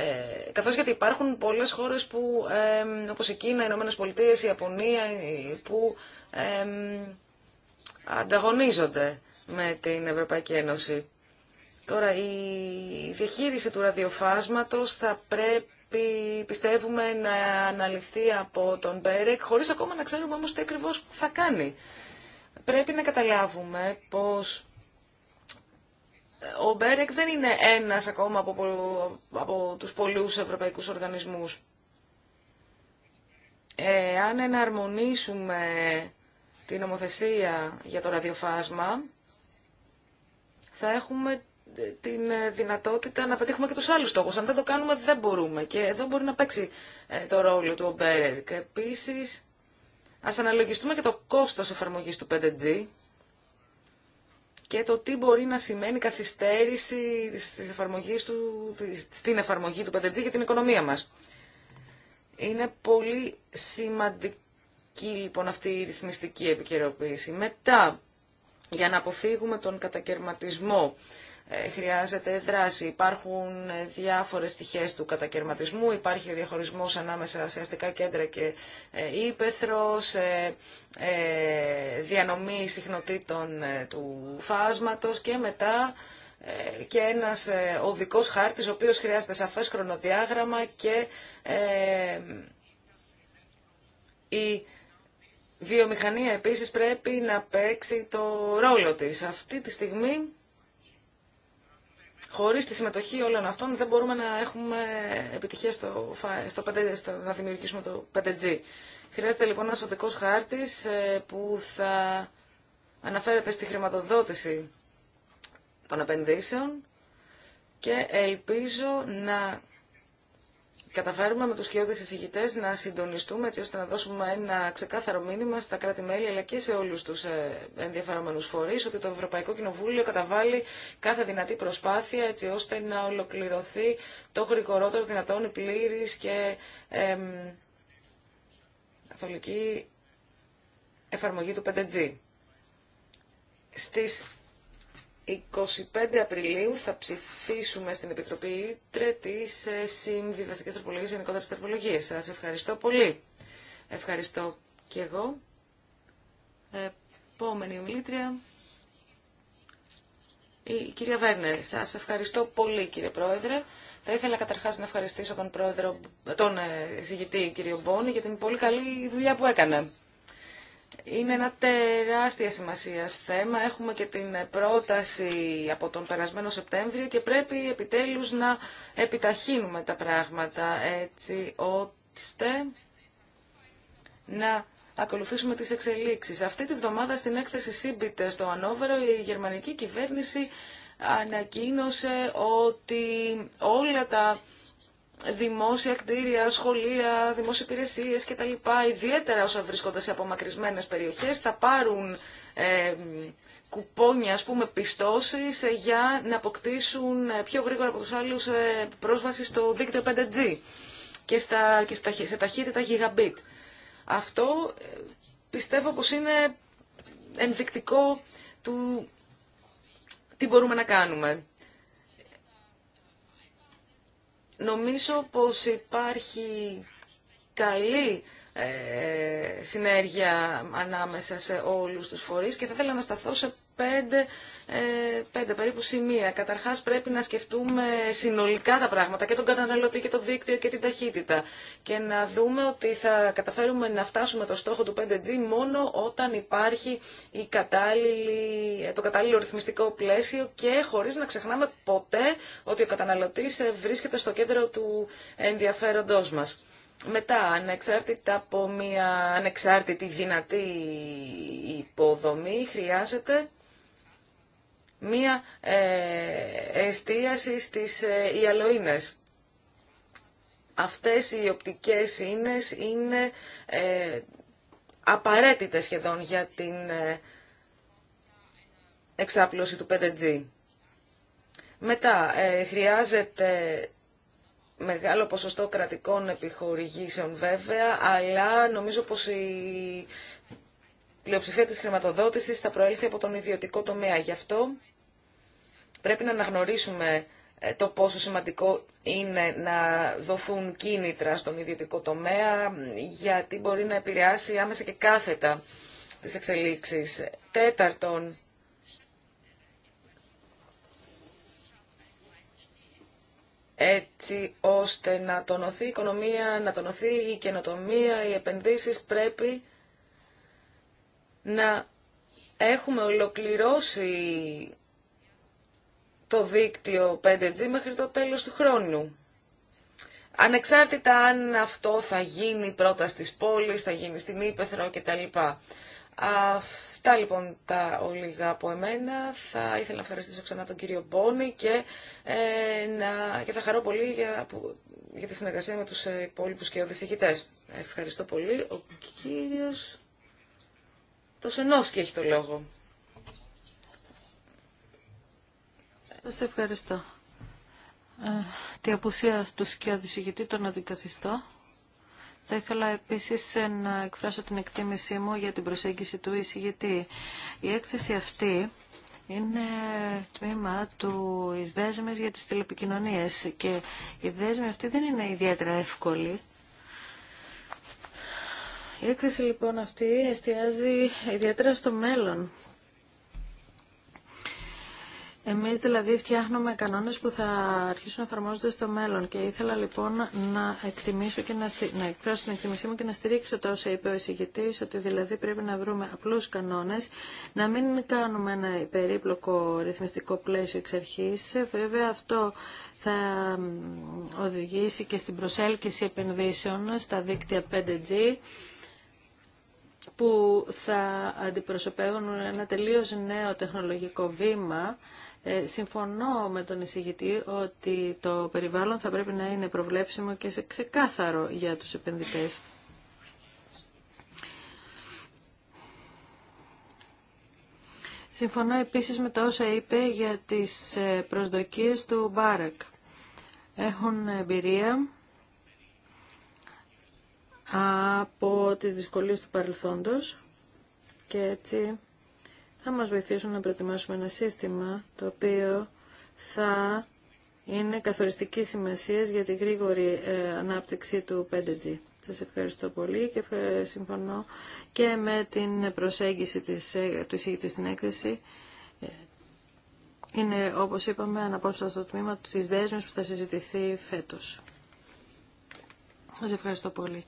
καθώς γιατί υπάρχουν πολλές χώρες που, ε, όπως η Κίνα, οι Ηνωμένες Πολιτείες, η Ιαπωνία, ε, που... Ε, ανταγωνίζονται με την Ευρωπαϊκή Ένωση. Τώρα, η διαχείριση του ραδιοφάσματος θα πρέπει, πιστεύουμε, να αναλυφθεί από τον Μπέρεκ, χωρίς ακόμα να ξέρουμε όμως τι ακριβώς θα κάνει. Πρέπει να καταλάβουμε πως ο Μπέρεκ δεν είναι ένας ακόμα από, από τους πολλούς ευρωπαϊκούς οργανισμούς. Ε, αν εναρμονίσουμε την νομοθεσία για το ραδιοφάσμα, θα έχουμε ε, την ε, δυνατότητα να πετύχουμε και τους άλλους στόχους. Αν δεν το κάνουμε δεν μπορούμε και εδώ μπορεί να παίξει ε, το ρόλο του ο και Επίσης, ας αναλογιστούμε και το κόστος εφαρμογής του 5G και το τι μπορεί να σημαίνει καθυστέρηση της εφαρμογής του, στην εφαρμογή του 5G για την οικονομία μας. Είναι πολύ σημαντικό Εκεί λοιπόν αυτή η ρυθμιστική επικαιροποίηση. Μετά, για να αποφύγουμε τον κατακαιρματισμό, ε, χρειάζεται δράση. Υπάρχουν διάφορες πτυχές του κατακαιρματισμού, υπάρχει ο διαχωρισμός ανάμεσα σε αστικά κέντρα και ε, ύπεθρο, σε ε, διανομή συχνοτήτων του φάσματος και μετά και ένας οδικός χάρτης, ο οποίος χρειάζεται σαφές χρονοδιάγραμμα και η βιομηχανία επίσης πρέπει να παίξει το ρόλο της. Αυτή τη στιγμή, χωρίς τη συμμετοχή όλων αυτών, δεν μπορούμε να έχουμε επιτυχία στο, στο, στο να δημιουργήσουμε το 5G. Χρειάζεται λοιπόν ένας οδικός χάρτης ε, που θα αναφέρεται στη χρηματοδότηση των επενδύσεων και ελπίζω να καταφέρουμε με τους κοιότητες εισηγητές να συντονιστούμε έτσι ώστε να δώσουμε ένα ξεκάθαρο μήνυμα στα κράτη-μέλη αλλά και σε όλους τους ε, ενδιαφερόμενους φορείς ότι το Ευρωπαϊκό Κοινοβούλιο καταβάλει κάθε δυνατή προσπάθεια έτσι ώστε να ολοκληρωθεί το χρηγορότερο δυνατόν η και εμ, καθολική εφαρμογή του 5G. Στις 25 Απριλίου θα ψηφίσουμε στην Επιτροπή Ήτρε τη ε, συμβιβαστικές τροπολογίες γενικότερα τη τροπολογίες. Σας ευχαριστώ πολύ. Ευχαριστώ και εγώ. Επόμενη ομιλήτρια, η κυρία Βέρνερ. Σας ευχαριστώ πολύ κύριε Πρόεδρε. Θα ήθελα καταρχάς να ευχαριστήσω τον, πρόεδρο, τον ε, εισηγητή κύριο Μπόνι για την πολύ καλή δουλειά που έκανε είναι ένα τεράστια σημασία θέμα. Έχουμε και την πρόταση από τον περασμένο Σεπτέμβριο και πρέπει επιτέλους να επιταχύνουμε τα πράγματα έτσι ώστε να ακολουθήσουμε τις εξελίξεις. Αυτή τη βδομάδα στην έκθεση ΣΥΜΠΙΤΕ στο Ανόβερο η γερμανική κυβέρνηση ανακοίνωσε ότι όλα τα δημόσια κτίρια, σχολεία, δημόσιες υπηρεσίες και τα λοιπά, ιδιαίτερα όσα βρίσκονται σε απομακρυσμένες περιοχές, θα πάρουν ε, κουπόνια, ας πούμε, πιστώσεις ε, για να αποκτήσουν ε, πιο γρήγορα από τους άλλους ε, πρόσβαση στο δίκτυο 5G και, στα, και στα, σε ταχύτητα gigabit. Αυτό πιστεύω πως είναι ενδεικτικό του τι μπορούμε να κάνουμε. Νομίζω πως υπάρχει καλή ε, συνέργεια ανάμεσα σε όλους τους φορείς και θα ήθελα να σταθώ σε πέντε, ε, πέντε περίπου σημεία. Καταρχά πρέπει να σκεφτούμε συνολικά τα πράγματα και τον καταναλωτή και το δίκτυο και την ταχύτητα και να δούμε ότι θα καταφέρουμε να φτάσουμε το στόχο του 5G μόνο όταν υπάρχει η κατάλληλη, το κατάλληλο ρυθμιστικό πλαίσιο και χωρί να ξεχνάμε ποτέ ότι ο καταναλωτή ε, βρίσκεται στο κέντρο του ενδιαφέροντό μα. Μετά, ανεξάρτητα από μια ανεξάρτητη δυνατή υποδομή, χρειάζεται μία ε, εστίαση στις ε, ιαλοίνες. Αυτές οι οπτικές ίνες είναι ε, απαραίτητες σχεδόν για την εξάπλωση του 5G. Μετά, χρειάζεται μεγάλο ποσοστό κρατικών επιχορηγήσεων βέβαια, αλλά νομίζω πως η πλειοψηφία της χρηματοδότησης θα προέλθει από τον ιδιωτικό τομέα. Γι' αυτό Πρέπει να αναγνωρίσουμε ε, το πόσο σημαντικό είναι να δοθούν κίνητρα στον ιδιωτικό τομέα, γιατί μπορεί να επηρεάσει άμεσα και κάθετα τις εξελίξεις. Τέταρτον, έτσι ώστε να τονωθεί η οικονομία, να τονωθεί η καινοτομία, οι επενδύσεις πρέπει να έχουμε ολοκληρώσει το δίκτυο 5G μέχρι το τέλος του χρόνου. Ανεξάρτητα αν αυτό θα γίνει πρώτα στις πόλεις, θα γίνει στην Ήπεθρο κτλ. Αυτά λοιπόν τα ολίγα από εμένα. Θα ήθελα να ευχαριστήσω ξανά τον κύριο Μπόνη και, ε, να, και θα χαρώ πολύ για, για τη συνεργασία με τους υπόλοιπους και οδησυχητές. Ευχαριστώ πολύ. Ο κύριος Τοσενόφσκι έχει το λόγο. Σα ευχαριστώ. Ε, τη απουσία του σκιαδησηγητή τον αντικαθιστώ. Θα ήθελα επίσης να εκφράσω την εκτίμησή μου για την προσέγγιση του εισηγητή. Η έκθεση αυτή είναι τμήμα του ισδέσμες για τις τηλεπικοινωνίες και η δέσμη αυτή δεν είναι ιδιαίτερα εύκολη. Η έκθεση λοιπόν αυτή εστιάζει ιδιαίτερα στο μέλλον Εμεί δηλαδή φτιάχνουμε κανόνε που θα αρχίσουν να εφαρμόζονται στο μέλλον και ήθελα λοιπόν να εκτιμήσω και να, να εκφράσω την εκτιμήσή μου και να στηρίξω το όσα είπε ο εισηγητή, ότι δηλαδή πρέπει να βρούμε απλού κανόνε να μην κάνουμε ένα περίπλοκο ρυθμιστικό πλαίσιο εξ αρχή. Βέβαια αυτό θα οδηγήσει και στην προσέλκυση επενδύσεων στα δίκτυα 5G που θα αντιπροσωπεύουν ένα τελείως νέο τεχνολογικό βήμα ε, συμφωνώ με τον εισηγητή ότι το περιβάλλον θα πρέπει να είναι προβλέψιμο και σε ξεκάθαρο για τους επενδυτές. Συμφωνώ επίσης με το όσα είπε για τις ε, προσδοκίες του Μπάρακ. Έχουν εμπειρία από τις δυσκολίες του παρελθόντος και έτσι θα μας βοηθήσουν να προετοιμάσουμε ένα σύστημα το οποίο θα είναι καθοριστική σημασία για την γρήγορη ε, ανάπτυξη του 5G. Σας ευχαριστώ πολύ και συμφωνώ και με την προσέγγιση της, ε, του εισηγητή στην έκθεση. Ε, είναι, όπως είπαμε, αναπόσπαστο στο τμήμα της δέσμης που θα συζητηθεί φέτος. Σας ευχαριστώ πολύ.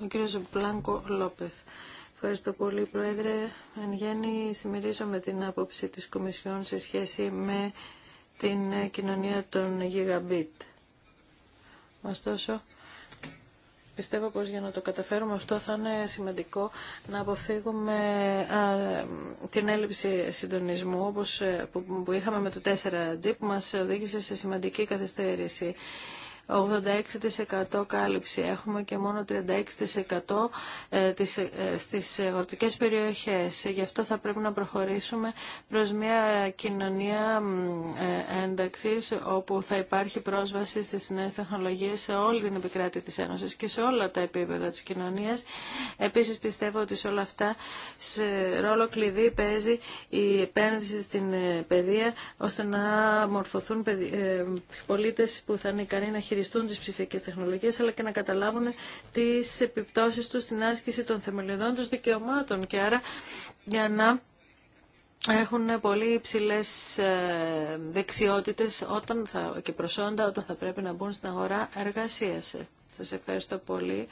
Ο κύριος Πλάνκο Λόπεθ. Ευχαριστώ πολύ, Πρόεδρε. Εν γέννη, συμμερίζομαι την άποψη της Κομισιόν σε σχέση με την κοινωνία των Gigabit. Ωστόσο, Πιστεύω πως για να το καταφέρουμε αυτό θα είναι σημαντικό να αποφύγουμε την έλλειψη συντονισμού όπως ε, που, είχαμε με το 4G που μας οδήγησε σε σημαντική καθυστέρηση. 86% κάλυψη. Έχουμε και μόνο 36% ε, ε, στις χορτικές περιοχές. Γι' αυτό θα πρέπει να προχωρήσουμε προς μια κοινωνία ε, ένταξης όπου θα υπάρχει πρόσβαση στις νέες τεχνολογίες σε όλη την επικράτη της Ένωσης και σε όλα τα επίπεδα της κοινωνίας. Επίσης πιστεύω ότι σε όλα αυτά σε ρόλο κλειδί παίζει η επένδυση στην παιδεία ώστε να μορφωθούν πολίτες που θα είναι ικανοί να χειριστούν διαχειριστούν τις ψηφιακές τεχνολογίες, αλλά και να καταλάβουν τις επιπτώσεις τους στην άσκηση των θεμελιωδών τους δικαιωμάτων και άρα για να έχουν πολύ υψηλέ ε, δεξιότητες όταν και προσόντα όταν θα πρέπει να μπουν στην αγορά εργασίας. Σα ευχαριστώ πολύ.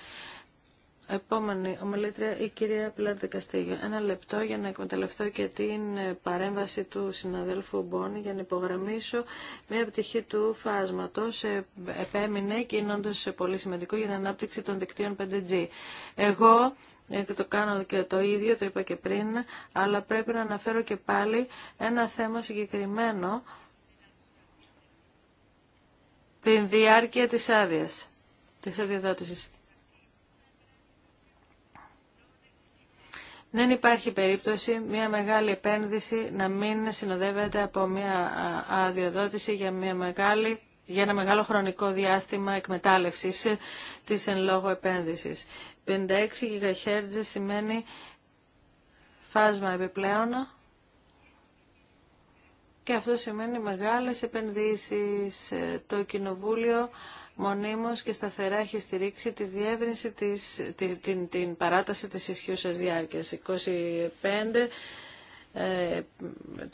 Επόμενη ομιλήτρια, η κυρία Πιλάρντε Καστίγιο. Ένα λεπτό για να εκμεταλλευτώ και την ε, παρέμβαση του συναδέλφου Μπόνι για να υπογραμμίσω μια πτυχή του φάσματος. Ε, επέμεινε και είναι όντως πολύ σημαντικό για την ανάπτυξη των δικτύων 5G. Εγώ ε, το κάνω και το ίδιο, το είπα και πριν, αλλά πρέπει να αναφέρω και πάλι ένα θέμα συγκεκριμένο, την διάρκεια της άδειας, της αδειοδότησης. Δεν υπάρχει περίπτωση μια μεγάλη επένδυση να μην συνοδεύεται από μια αδειοδότηση για, μια μεγάλη, για ένα μεγάλο χρονικό διάστημα εκμετάλλευσης της εν λόγω επένδυσης. 56 GHz σημαίνει φάσμα επιπλέον και αυτό σημαίνει μεγάλες επενδύσεις. Ε, το Κοινοβούλιο μονίμως και σταθερά έχει στηρίξει τη διεύρυνση της, την, την παράταση της ισχύουσας διάρκειας. 25,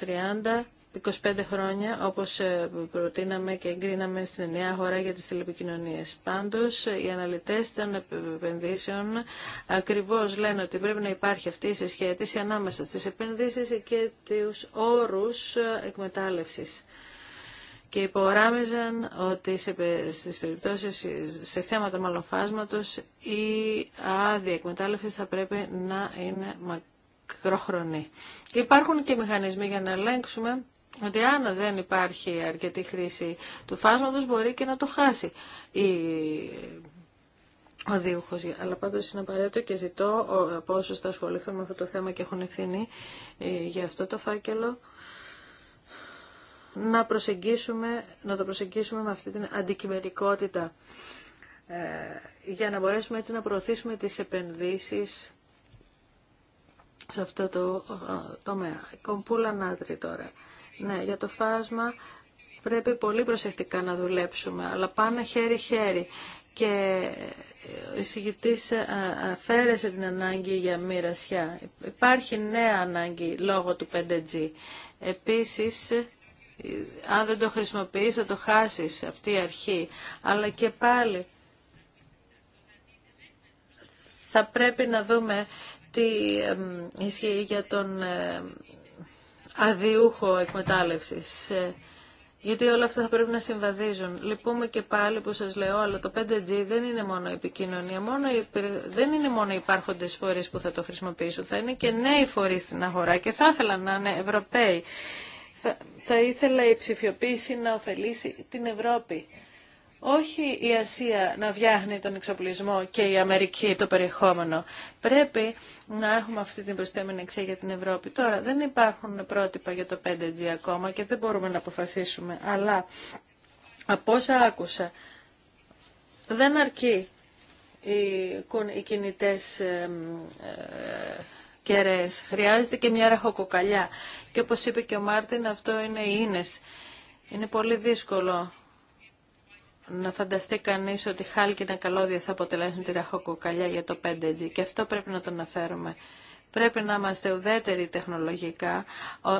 30, 25 χρόνια, όπως ε, προτείναμε και εγκρίναμε στην νέα χώρα για τις τηλεπικοινωνίες. Πάντως, οι αναλυτές των επενδύσεων ακριβώς λένε ότι πρέπει να υπάρχει αυτή η συσχέτιση ανάμεσα στις επενδύσεις και τους όρους ε, εκμετάλλευσης και υπογράμμιζαν ότι σε, στις περιπτώσεις, σε θέματα μαλλοφάσματος η άδεια εκμετάλλευση θα πρέπει να είναι μακρόχρονη. Και υπάρχουν και μηχανισμοί για να ελέγξουμε ότι αν δεν υπάρχει αρκετή χρήση του φάσματος μπορεί και να το χάσει η ο δίουχος. Αλλά πάντως είναι απαραίτητο και ζητώ από όσους θα ασχοληθούν με αυτό το θέμα και έχουν ευθύνη ε, για αυτό το φάκελο να, προσεγγίσουμε, να το προσεγγίσουμε με αυτή την αντικειμενικότητα ε, για να μπορέσουμε έτσι να προωθήσουμε τις επενδύσεις σε αυτό το ε, τομέα. Κομπούλα νάτρι τώρα. Ναι, για το φάσμα πρέπει πολύ προσεκτικά να δουλέψουμε, αλλά πάνε χέρι-χέρι. Και ε, ο εισηγητής αφαίρεσε την ανάγκη για μοιρασιά. Υπάρχει νέα ανάγκη λόγω του 5G. Επίσης, αν δεν το χρησιμοποιείς θα το χάσεις αυτή η αρχή. Αλλά και πάλι θα πρέπει να δούμε τι ισχύει για τον αδιούχο εκμετάλλευσης. Ε, γιατί όλα αυτά θα πρέπει να συμβαδίζουν. Λυπούμε και πάλι που σας λέω, αλλά το 5G δεν είναι μόνο η επικοινωνία, μόνο δεν είναι μόνο οι υπάρχοντες φορείς που θα το χρησιμοποιήσουν. Θα είναι και νέοι φορείς στην αγορά και θα ήθελαν να είναι Ευρωπαίοι θα, θα ήθελα η ψηφιοποίηση να ωφελήσει την Ευρώπη. Όχι η Ασία να βιάχνει τον εξοπλισμό και η Αμερική το περιεχόμενο. Πρέπει να έχουμε αυτή την προστέμενη αξία για την Ευρώπη. Τώρα δεν υπάρχουν πρότυπα για το 5G ακόμα και δεν μπορούμε να αποφασίσουμε. Αλλά από όσα άκουσα δεν αρκεί οι, οι κινητές ε, κεραίες. Χρειάζεται και μια ραχοκοκαλιά. Και όπως είπε και ο Μάρτιν, αυτό είναι οι Ίνες. Είναι πολύ δύσκολο να φανταστεί κανεί ότι χάλκινα καλώδια θα αποτελέσουν τη ραχοκοκαλιά για το 5G. Και αυτό πρέπει να το αναφέρουμε. Πρέπει να είμαστε ουδέτεροι τεχνολογικά,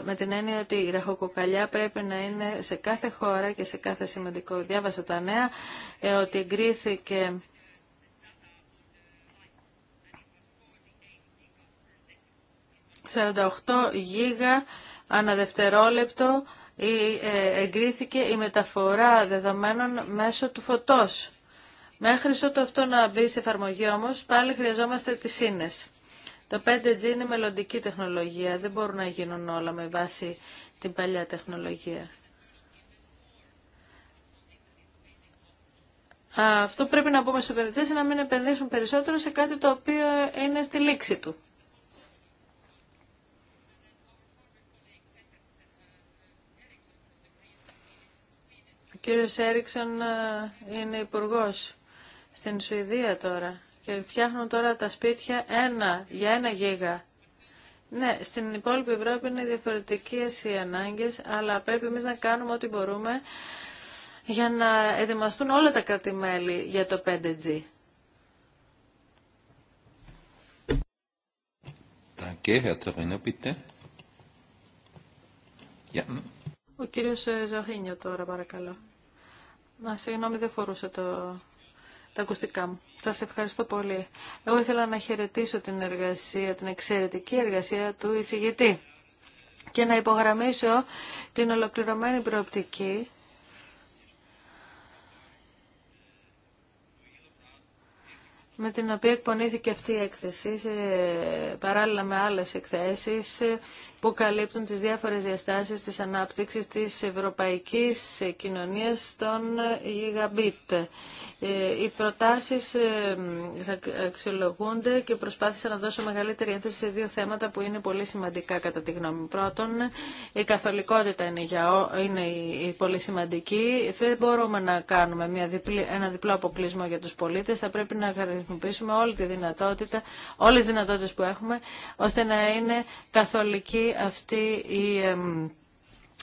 με την έννοια ότι η ραχοκοκαλιά πρέπει να είναι σε κάθε χώρα και σε κάθε σημαντικό. Διάβασα τα νέα ε, ότι εγκρίθηκε 48 γίγα αναδευτερόλεπτο ε, εγκρίθηκε η μεταφορά δεδομένων μέσω του φωτός. Μέχρι ότου αυτό να μπει σε εφαρμογή όμως, πάλι χρειαζόμαστε τις σύνες. Το 5G είναι μελλοντική τεχνολογία, δεν μπορούν να γίνουν όλα με βάση την παλιά τεχνολογία. Αυτό πρέπει να πούμε στους επενδυτές είναι να μην επενδύσουν περισσότερο σε κάτι το οποίο είναι στη λήξη του. κύριος Έριξον ε, είναι υπουργό στην Σουηδία τώρα και φτιάχνουν τώρα τα σπίτια ένα, για ένα γίγα. Ναι, στην υπόλοιπη Ευρώπη είναι διαφορετικέ οι ανάγκε, αλλά πρέπει εμεί να κάνουμε ό,τι μπορούμε για να ετοιμαστούν όλα τα κρατημέλη για το 5G. Ο κύριος Ζαχίνιο ε, τώρα παρακαλώ. Να, συγγνώμη, δεν φορούσα το, τα ακουστικά μου. Σα ευχαριστώ πολύ. Εγώ ήθελα να χαιρετήσω την εργασία, την εξαιρετική εργασία του εισηγητή και να υπογραμμίσω την ολοκληρωμένη προοπτική με την οποία εκπονήθηκε αυτή η έκθεση, παράλληλα με άλλες εκθέσεις ε, που καλύπτουν τις διάφορες διαστάσεις της ανάπτυξης της ευρωπαϊκής κοινωνίας των γιγαμπίτ. Ε, ε, οι προτάσεις ε, θα αξιολογούνται και προσπάθησα να δώσω μεγαλύτερη έμφαση σε δύο θέματα που είναι πολύ σημαντικά κατά τη γνώμη μου. Πρώτον, η καθολικότητα είναι, για, είναι η πολύ σημαντική. Δεν μπορούμε να κάνουμε μια διπλή, ένα διπλό αποκλεισμό για τους πολίτες. Θα πρέπει να χρησιμοποιήσουμε όλη τη δυνατότητα, όλες τις δυνατότητες που έχουμε, ώστε να είναι καθολική αυτή η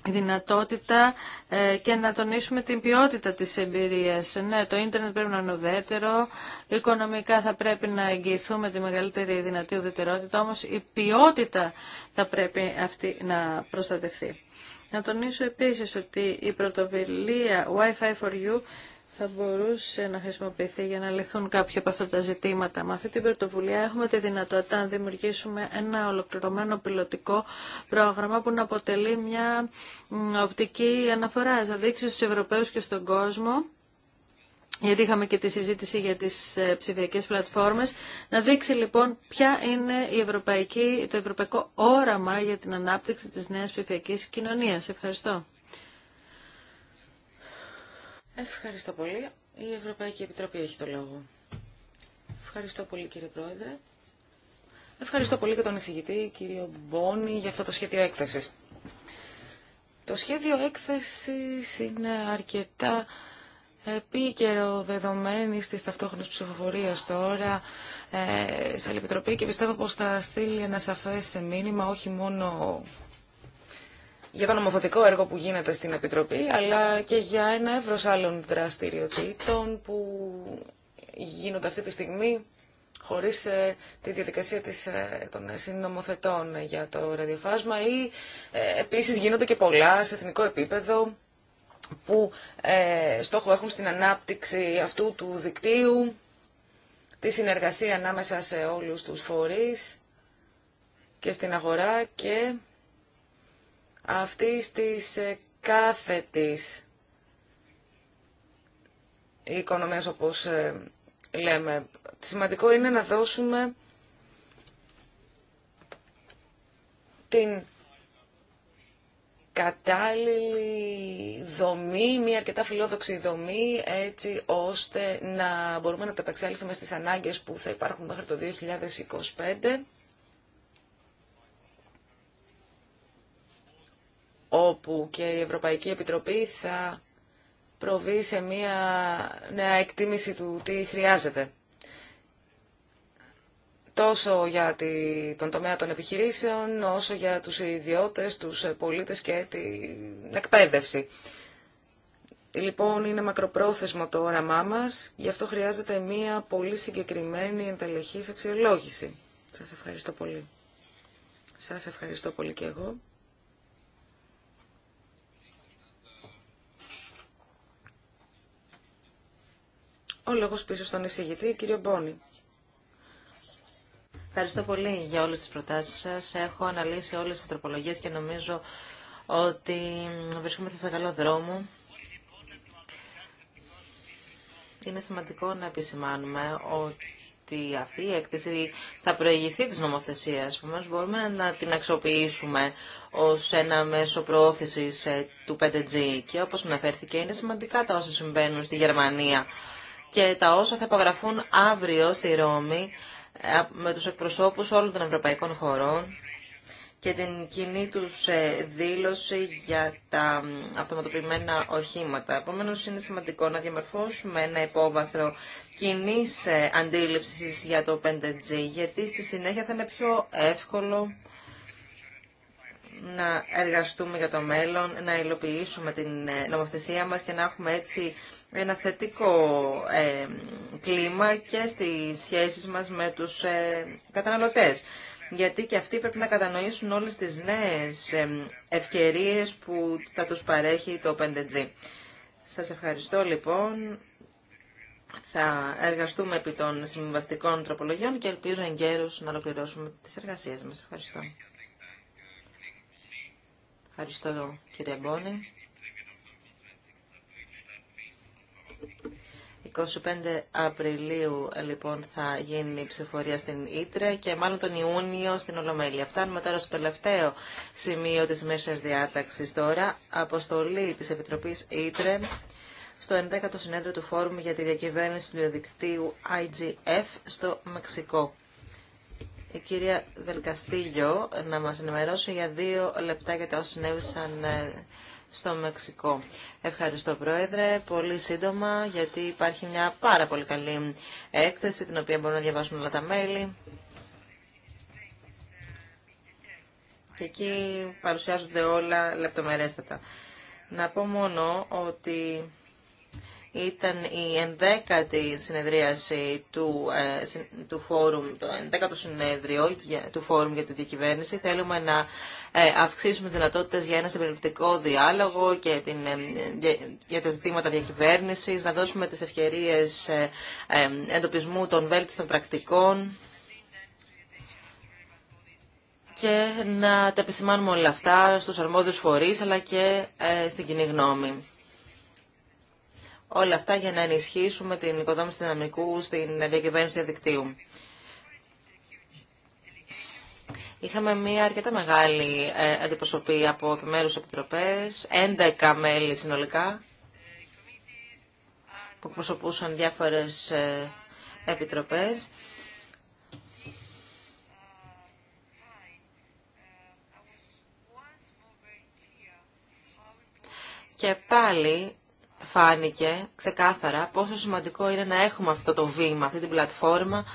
δυνατότητα ε, και να τονίσουμε την ποιότητα της εμπειρίας. Ναι, το ίντερνετ πρέπει να είναι ουδέτερο, οικονομικά θα πρέπει να εγγυηθούμε τη μεγαλύτερη δυνατή ουδετερότητα, όμως η ποιότητα θα πρέπει αυτή να προστατευτεί. Να τονίσω επίσης ότι η πρωτοβουλία Wi-Fi for You θα μπορούσε να χρησιμοποιηθεί για να λυθούν κάποια από αυτά τα ζητήματα. Με αυτή την πρωτοβουλία έχουμε τη δυνατότητα να δημιουργήσουμε ένα ολοκληρωμένο πιλωτικό πρόγραμμα που να αποτελεί μια οπτική αναφορά, να δείξει στους Ευρωπαίους και στον κόσμο γιατί είχαμε και τη συζήτηση για τις ε, ψηφιακές πλατφόρμες, να δείξει λοιπόν ποια είναι η ευρωπαϊκή, το ευρωπαϊκό όραμα για την ανάπτυξη της νέας ψηφιακής κοινωνίας. Ευχαριστώ. Ευχαριστώ πολύ. Η Ευρωπαϊκή Επιτροπή έχει το λόγο. Ευχαριστώ πολύ κύριε Πρόεδρε. Ευχαριστώ πολύ και τον εισηγητή κύριο Μπόνι για αυτό το σχέδιο έκθεσης. Το σχέδιο έκθεσης είναι αρκετά επίκαιρο δεδομένη της ταυτόχρονης ψηφοφορίας τώρα ε, σε Επιτροπή και πιστεύω πως θα στείλει ένα σαφές μήνυμα όχι μόνο για το νομοθετικό έργο που γίνεται στην Επιτροπή, αλλά και για ένα εύρος άλλων δραστηριοτήτων που γίνονται αυτή τη στιγμή χωρίς ε, τη διαδικασία της, ε, των συνομοθετών για το ραδιοφάσμα ή ε, επίσης γίνονται και πολλά σε εθνικό επίπεδο που στόχο έχουν στην ανάπτυξη αυτού του δικτύου, τη συνεργασία ανάμεσα σε όλους τους φορείς και στην αγορά και αυτής της ε, κάθετη οικονομία, όπως ε, λέμε. Σημαντικό είναι να δώσουμε την κατάλληλη δομή, μια αρκετά φιλόδοξη δομή, έτσι ώστε να μπορούμε να τα επεξέλθουμε στις ανάγκες που θα υπάρχουν μέχρι το 2025 όπου και η Ευρωπαϊκή Επιτροπή θα προβεί σε μια νέα εκτίμηση του τι χρειάζεται. Τόσο για τον τομέα των επιχειρήσεων, όσο για τους ιδιώτες, τους πολίτες και την εκπαίδευση. Λοιπόν, είναι μακροπρόθεσμο το όραμά μας, γι' αυτό χρειάζεται μια πολύ συγκεκριμένη εντελεχής αξιολόγηση. Σας ευχαριστώ πολύ. Σας ευχαριστώ πολύ και εγώ. Ο λόγος πίσω στον εισηγητή, κύριο Μπόνη. Ευχαριστώ πολύ για όλες τις προτάσεις σας. Έχω αναλύσει όλες τις τροπολογίες και νομίζω ότι βρισκόμαστε σε καλό δρόμο. Είναι σημαντικό να επισημάνουμε ότι αυτή η έκθεση θα προηγηθεί της νομοθεσίας. Επομένως μπορούμε να την αξιοποιήσουμε ως ένα μέσο προώθησης ε, του 5G. Και όπως αναφέρθηκε είναι σημαντικά τα όσα συμβαίνουν στη Γερμανία και τα όσα θα υπογραφούν αύριο στη Ρώμη ε, με τους εκπροσώπους όλων των ευρωπαϊκών χωρών και την κοινή τους ε, δήλωση για τα αυτοματοποιημένα οχήματα. Επομένως, είναι σημαντικό να διαμορφώσουμε ένα υπόβαθρο κοινή ε, αντίληψης για το 5G, γιατί στη συνέχεια θα είναι πιο εύκολο να εργαστούμε για το μέλλον, να υλοποιήσουμε την ε, νομοθεσία μας και να έχουμε έτσι ένα θετικό ε, κλίμα και στις σχέσεις μας με τους ε, καταναλωτές. Γιατί και αυτοί πρέπει να κατανοήσουν όλες τις νέες ε, ευκαιρίες που θα τους παρέχει το 5G. Σας ευχαριστώ λοιπόν. Θα εργαστούμε επί των συμβαστικών τροπολογιών και ελπίζω εγκαίρως να ολοκληρώσουμε τις εργασίες μας. Ευχαριστώ. Ευχαριστώ κύριε Μπόνη. 25 Απριλίου λοιπόν θα γίνει η ψηφορία στην Ήτρε και μάλλον τον Ιούνιο στην Ολομέλεια. Φτάνουμε τώρα στο τελευταίο σημείο της μέσης διάταξης τώρα, αποστολή της Επιτροπής Ήτρε στο 11ο συνέδριο του Φόρουμ για τη διακυβέρνηση του διαδικτύου IGF στο Μεξικό η κυρία Δελκαστήλιο να μας ενημερώσει για δύο λεπτά για τα όσα συνέβησαν ε, στο Μεξικό. Ευχαριστώ Πρόεδρε, πολύ σύντομα γιατί υπάρχει μια πάρα πολύ καλή έκθεση την οποία μπορούν να διαβάσουν όλα τα μέλη. Και εκεί παρουσιάζονται όλα λεπτομερέστατα. Να πω μόνο ότι ήταν η ενδέκατη συνεδρίαση του, ε, του φόρουμ, το ενδέκατο συνέδριο του φόρουμ για τη διακυβέρνηση. Θέλουμε να ε, αυξήσουμε τι δυνατότητε για ένα συμπεριληπτικό διάλογο και την, ε, για, για τα ζητήματα διακυβέρνηση, να δώσουμε τις ευκαιρίες εντοπισμού των βέλτιστων πρακτικών και να τα επισημάνουμε όλα αυτά στους αρμόδιους φορείς αλλά και στην κοινή γνώμη. Όλα αυτά για να ενισχύσουμε την οικοδόμηση δυναμικού στην διακυβέρνηση διαδικτύου. Είχαμε μια αρκετά μεγάλη ε, αντιπροσωπή από επιμέρους επιτροπές, 11 μέλη συνολικά, που εκπροσωπούσαν διάφορες ε, επιτροπές. Και πάλι φάνηκε ξεκάθαρα πόσο σημαντικό είναι να έχουμε αυτό το βήμα, αυτή την πλατφόρμα,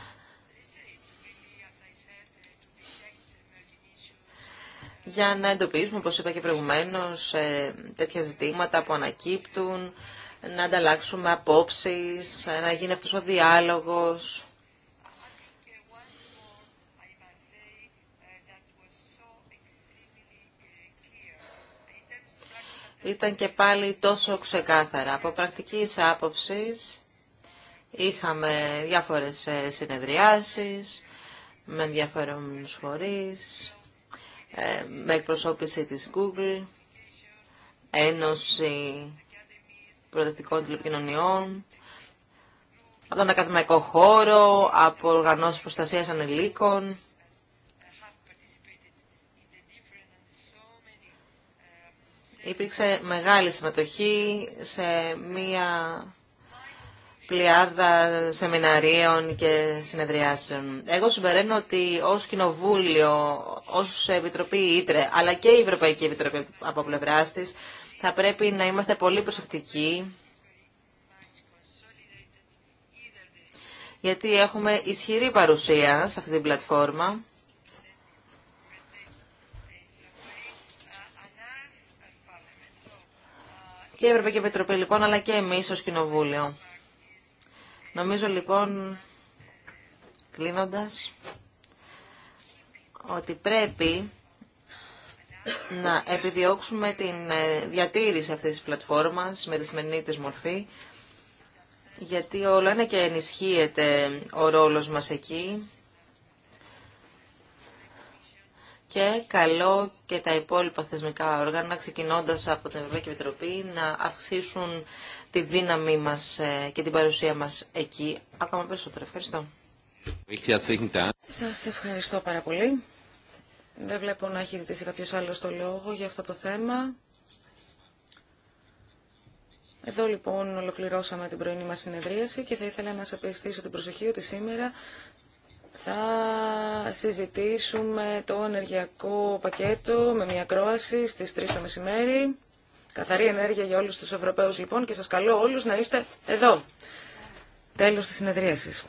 για να εντοπίσουμε, όπως είπα και προηγουμένως, ε, τέτοια ζητήματα που ανακύπτουν, να ανταλλάξουμε απόψεις, ε, να γίνει αυτός ο διάλογος ήταν και πάλι τόσο ξεκάθαρα. Από πρακτικής άποψης είχαμε διάφορες ε, συνεδριάσεις με ενδιαφέρονους φορείς, ε, με εκπροσώπηση της Google, Ένωση Προοδευτικών Τηλεπικοινωνιών, από τον ακαδημαϊκό χώρο, από οργανώσεις προστασίας ανηλίκων, Υπήρξε μεγάλη συμμετοχή σε μία πλειάδα σεμιναρίων και συνεδριάσεων. Εγώ συμπεραίνω ότι ως Κοινοβούλιο, ως Επιτροπή Ήτρε, αλλά και η Ευρωπαϊκή Επιτροπή από πλευρά τη, θα πρέπει να είμαστε πολύ προσεκτικοί γιατί έχουμε ισχυρή παρουσία σε αυτή την πλατφόρμα Και η Ευρωπαϊκή Επιτροπή λοιπόν, αλλά και εμείς ως Κοινοβούλιο. Νομίζω λοιπόν, κλείνοντας, ότι πρέπει να επιδιώξουμε την ε, διατήρηση αυτής της πλατφόρμας με τη σημερινή της μορφή, γιατί όλο ένα και ενισχύεται ο ρόλος μας εκεί και καλό και τα υπόλοιπα θεσμικά όργανα, ξεκινώντας από την Ευρωπαϊκή Επιτροπή, να αυξήσουν τη δύναμή μας ε, και την παρουσία μας εκεί. Ακόμα περισσότερο. Ευχαριστώ. Σας ευχαριστώ πάρα πολύ. Δεν βλέπω να έχει ζητήσει κάποιο άλλο το λόγο για αυτό το θέμα. Εδώ λοιπόν ολοκληρώσαμε την πρωινή μας συνεδρίαση και θα ήθελα να σας επιστήσω την προσοχή ότι σήμερα θα συζητήσουμε το ενεργειακό πακέτο με μια κρόαση στις 3 το μεσημέρι. Καθαρή ενέργεια για όλους τους Ευρωπαίους λοιπόν και σας καλώ όλους να είστε εδώ. Τέλος της συνεδρίασης.